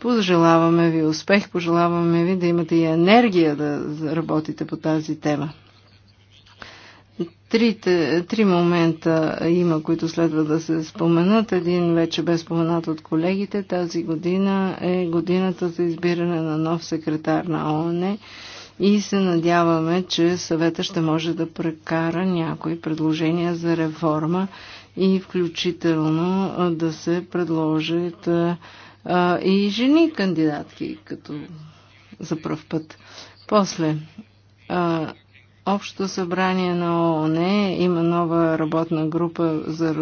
Пожелаваме ви успех, пожелаваме ви да имате и енергия да работите по тази тема. Трите, три момента има, които следва да се споменат. Един вече бе споменат от колегите. Тази година е годината за избиране на нов секретар на ООН и се надяваме, че съвета ще може да прекара някои предложения за реформа и включително да се предложат и жени кандидатки като за пръв път. После, Общото събрание на ООН има нова работна група за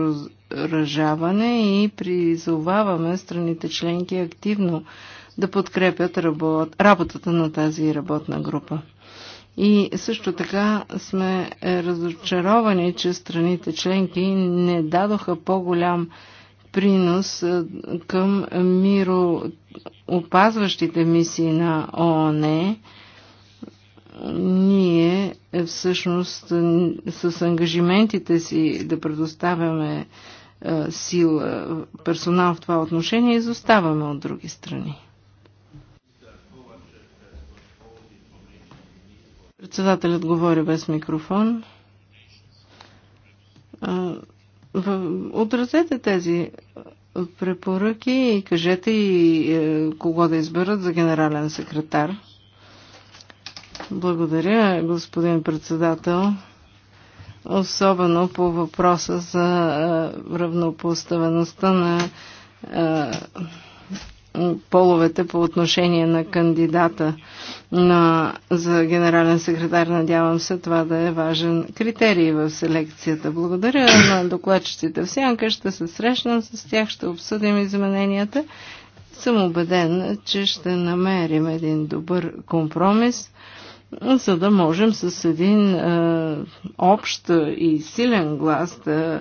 разражаване и призоваваме страните членки активно да подкрепят работ, работата на тази работна група. И също така сме разочаровани, че страните членки не дадоха по-голям принос е, към мироопазващите мисии на ООН. Ние е, всъщност с ангажиментите си да предоставяме е, сила, персонал в това отношение, изоставаме от други страни. Председателят говори без микрофон. Отразете тези препоръки и кажете и е, кого да изберат за генерален секретар. Благодаря, господин председател. Особено по въпроса за е, равнопоставеността на е, половете по отношение на кандидата на, за генерален секретар. Надявам се това да е важен критерий в селекцията. Благодаря на докладчиците в Сянка. Ще се срещнам с тях, ще обсъдим измененията. Съм убеден, че ще намерим един добър компромис за да можем с един е, общ и силен глас да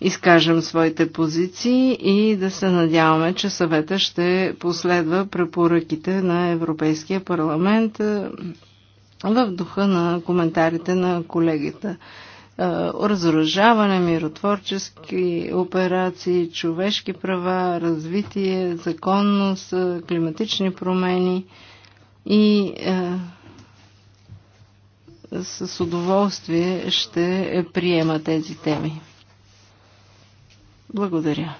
изкажем своите позиции и да се надяваме, че съвета ще последва препоръките на Европейския парламент е, в духа на коментарите на колегите. Е, разоръжаване, миротворчески операции, човешки права, развитие, законност, е, климатични промени и с удоволствие ще приема тези теми. Благодаря.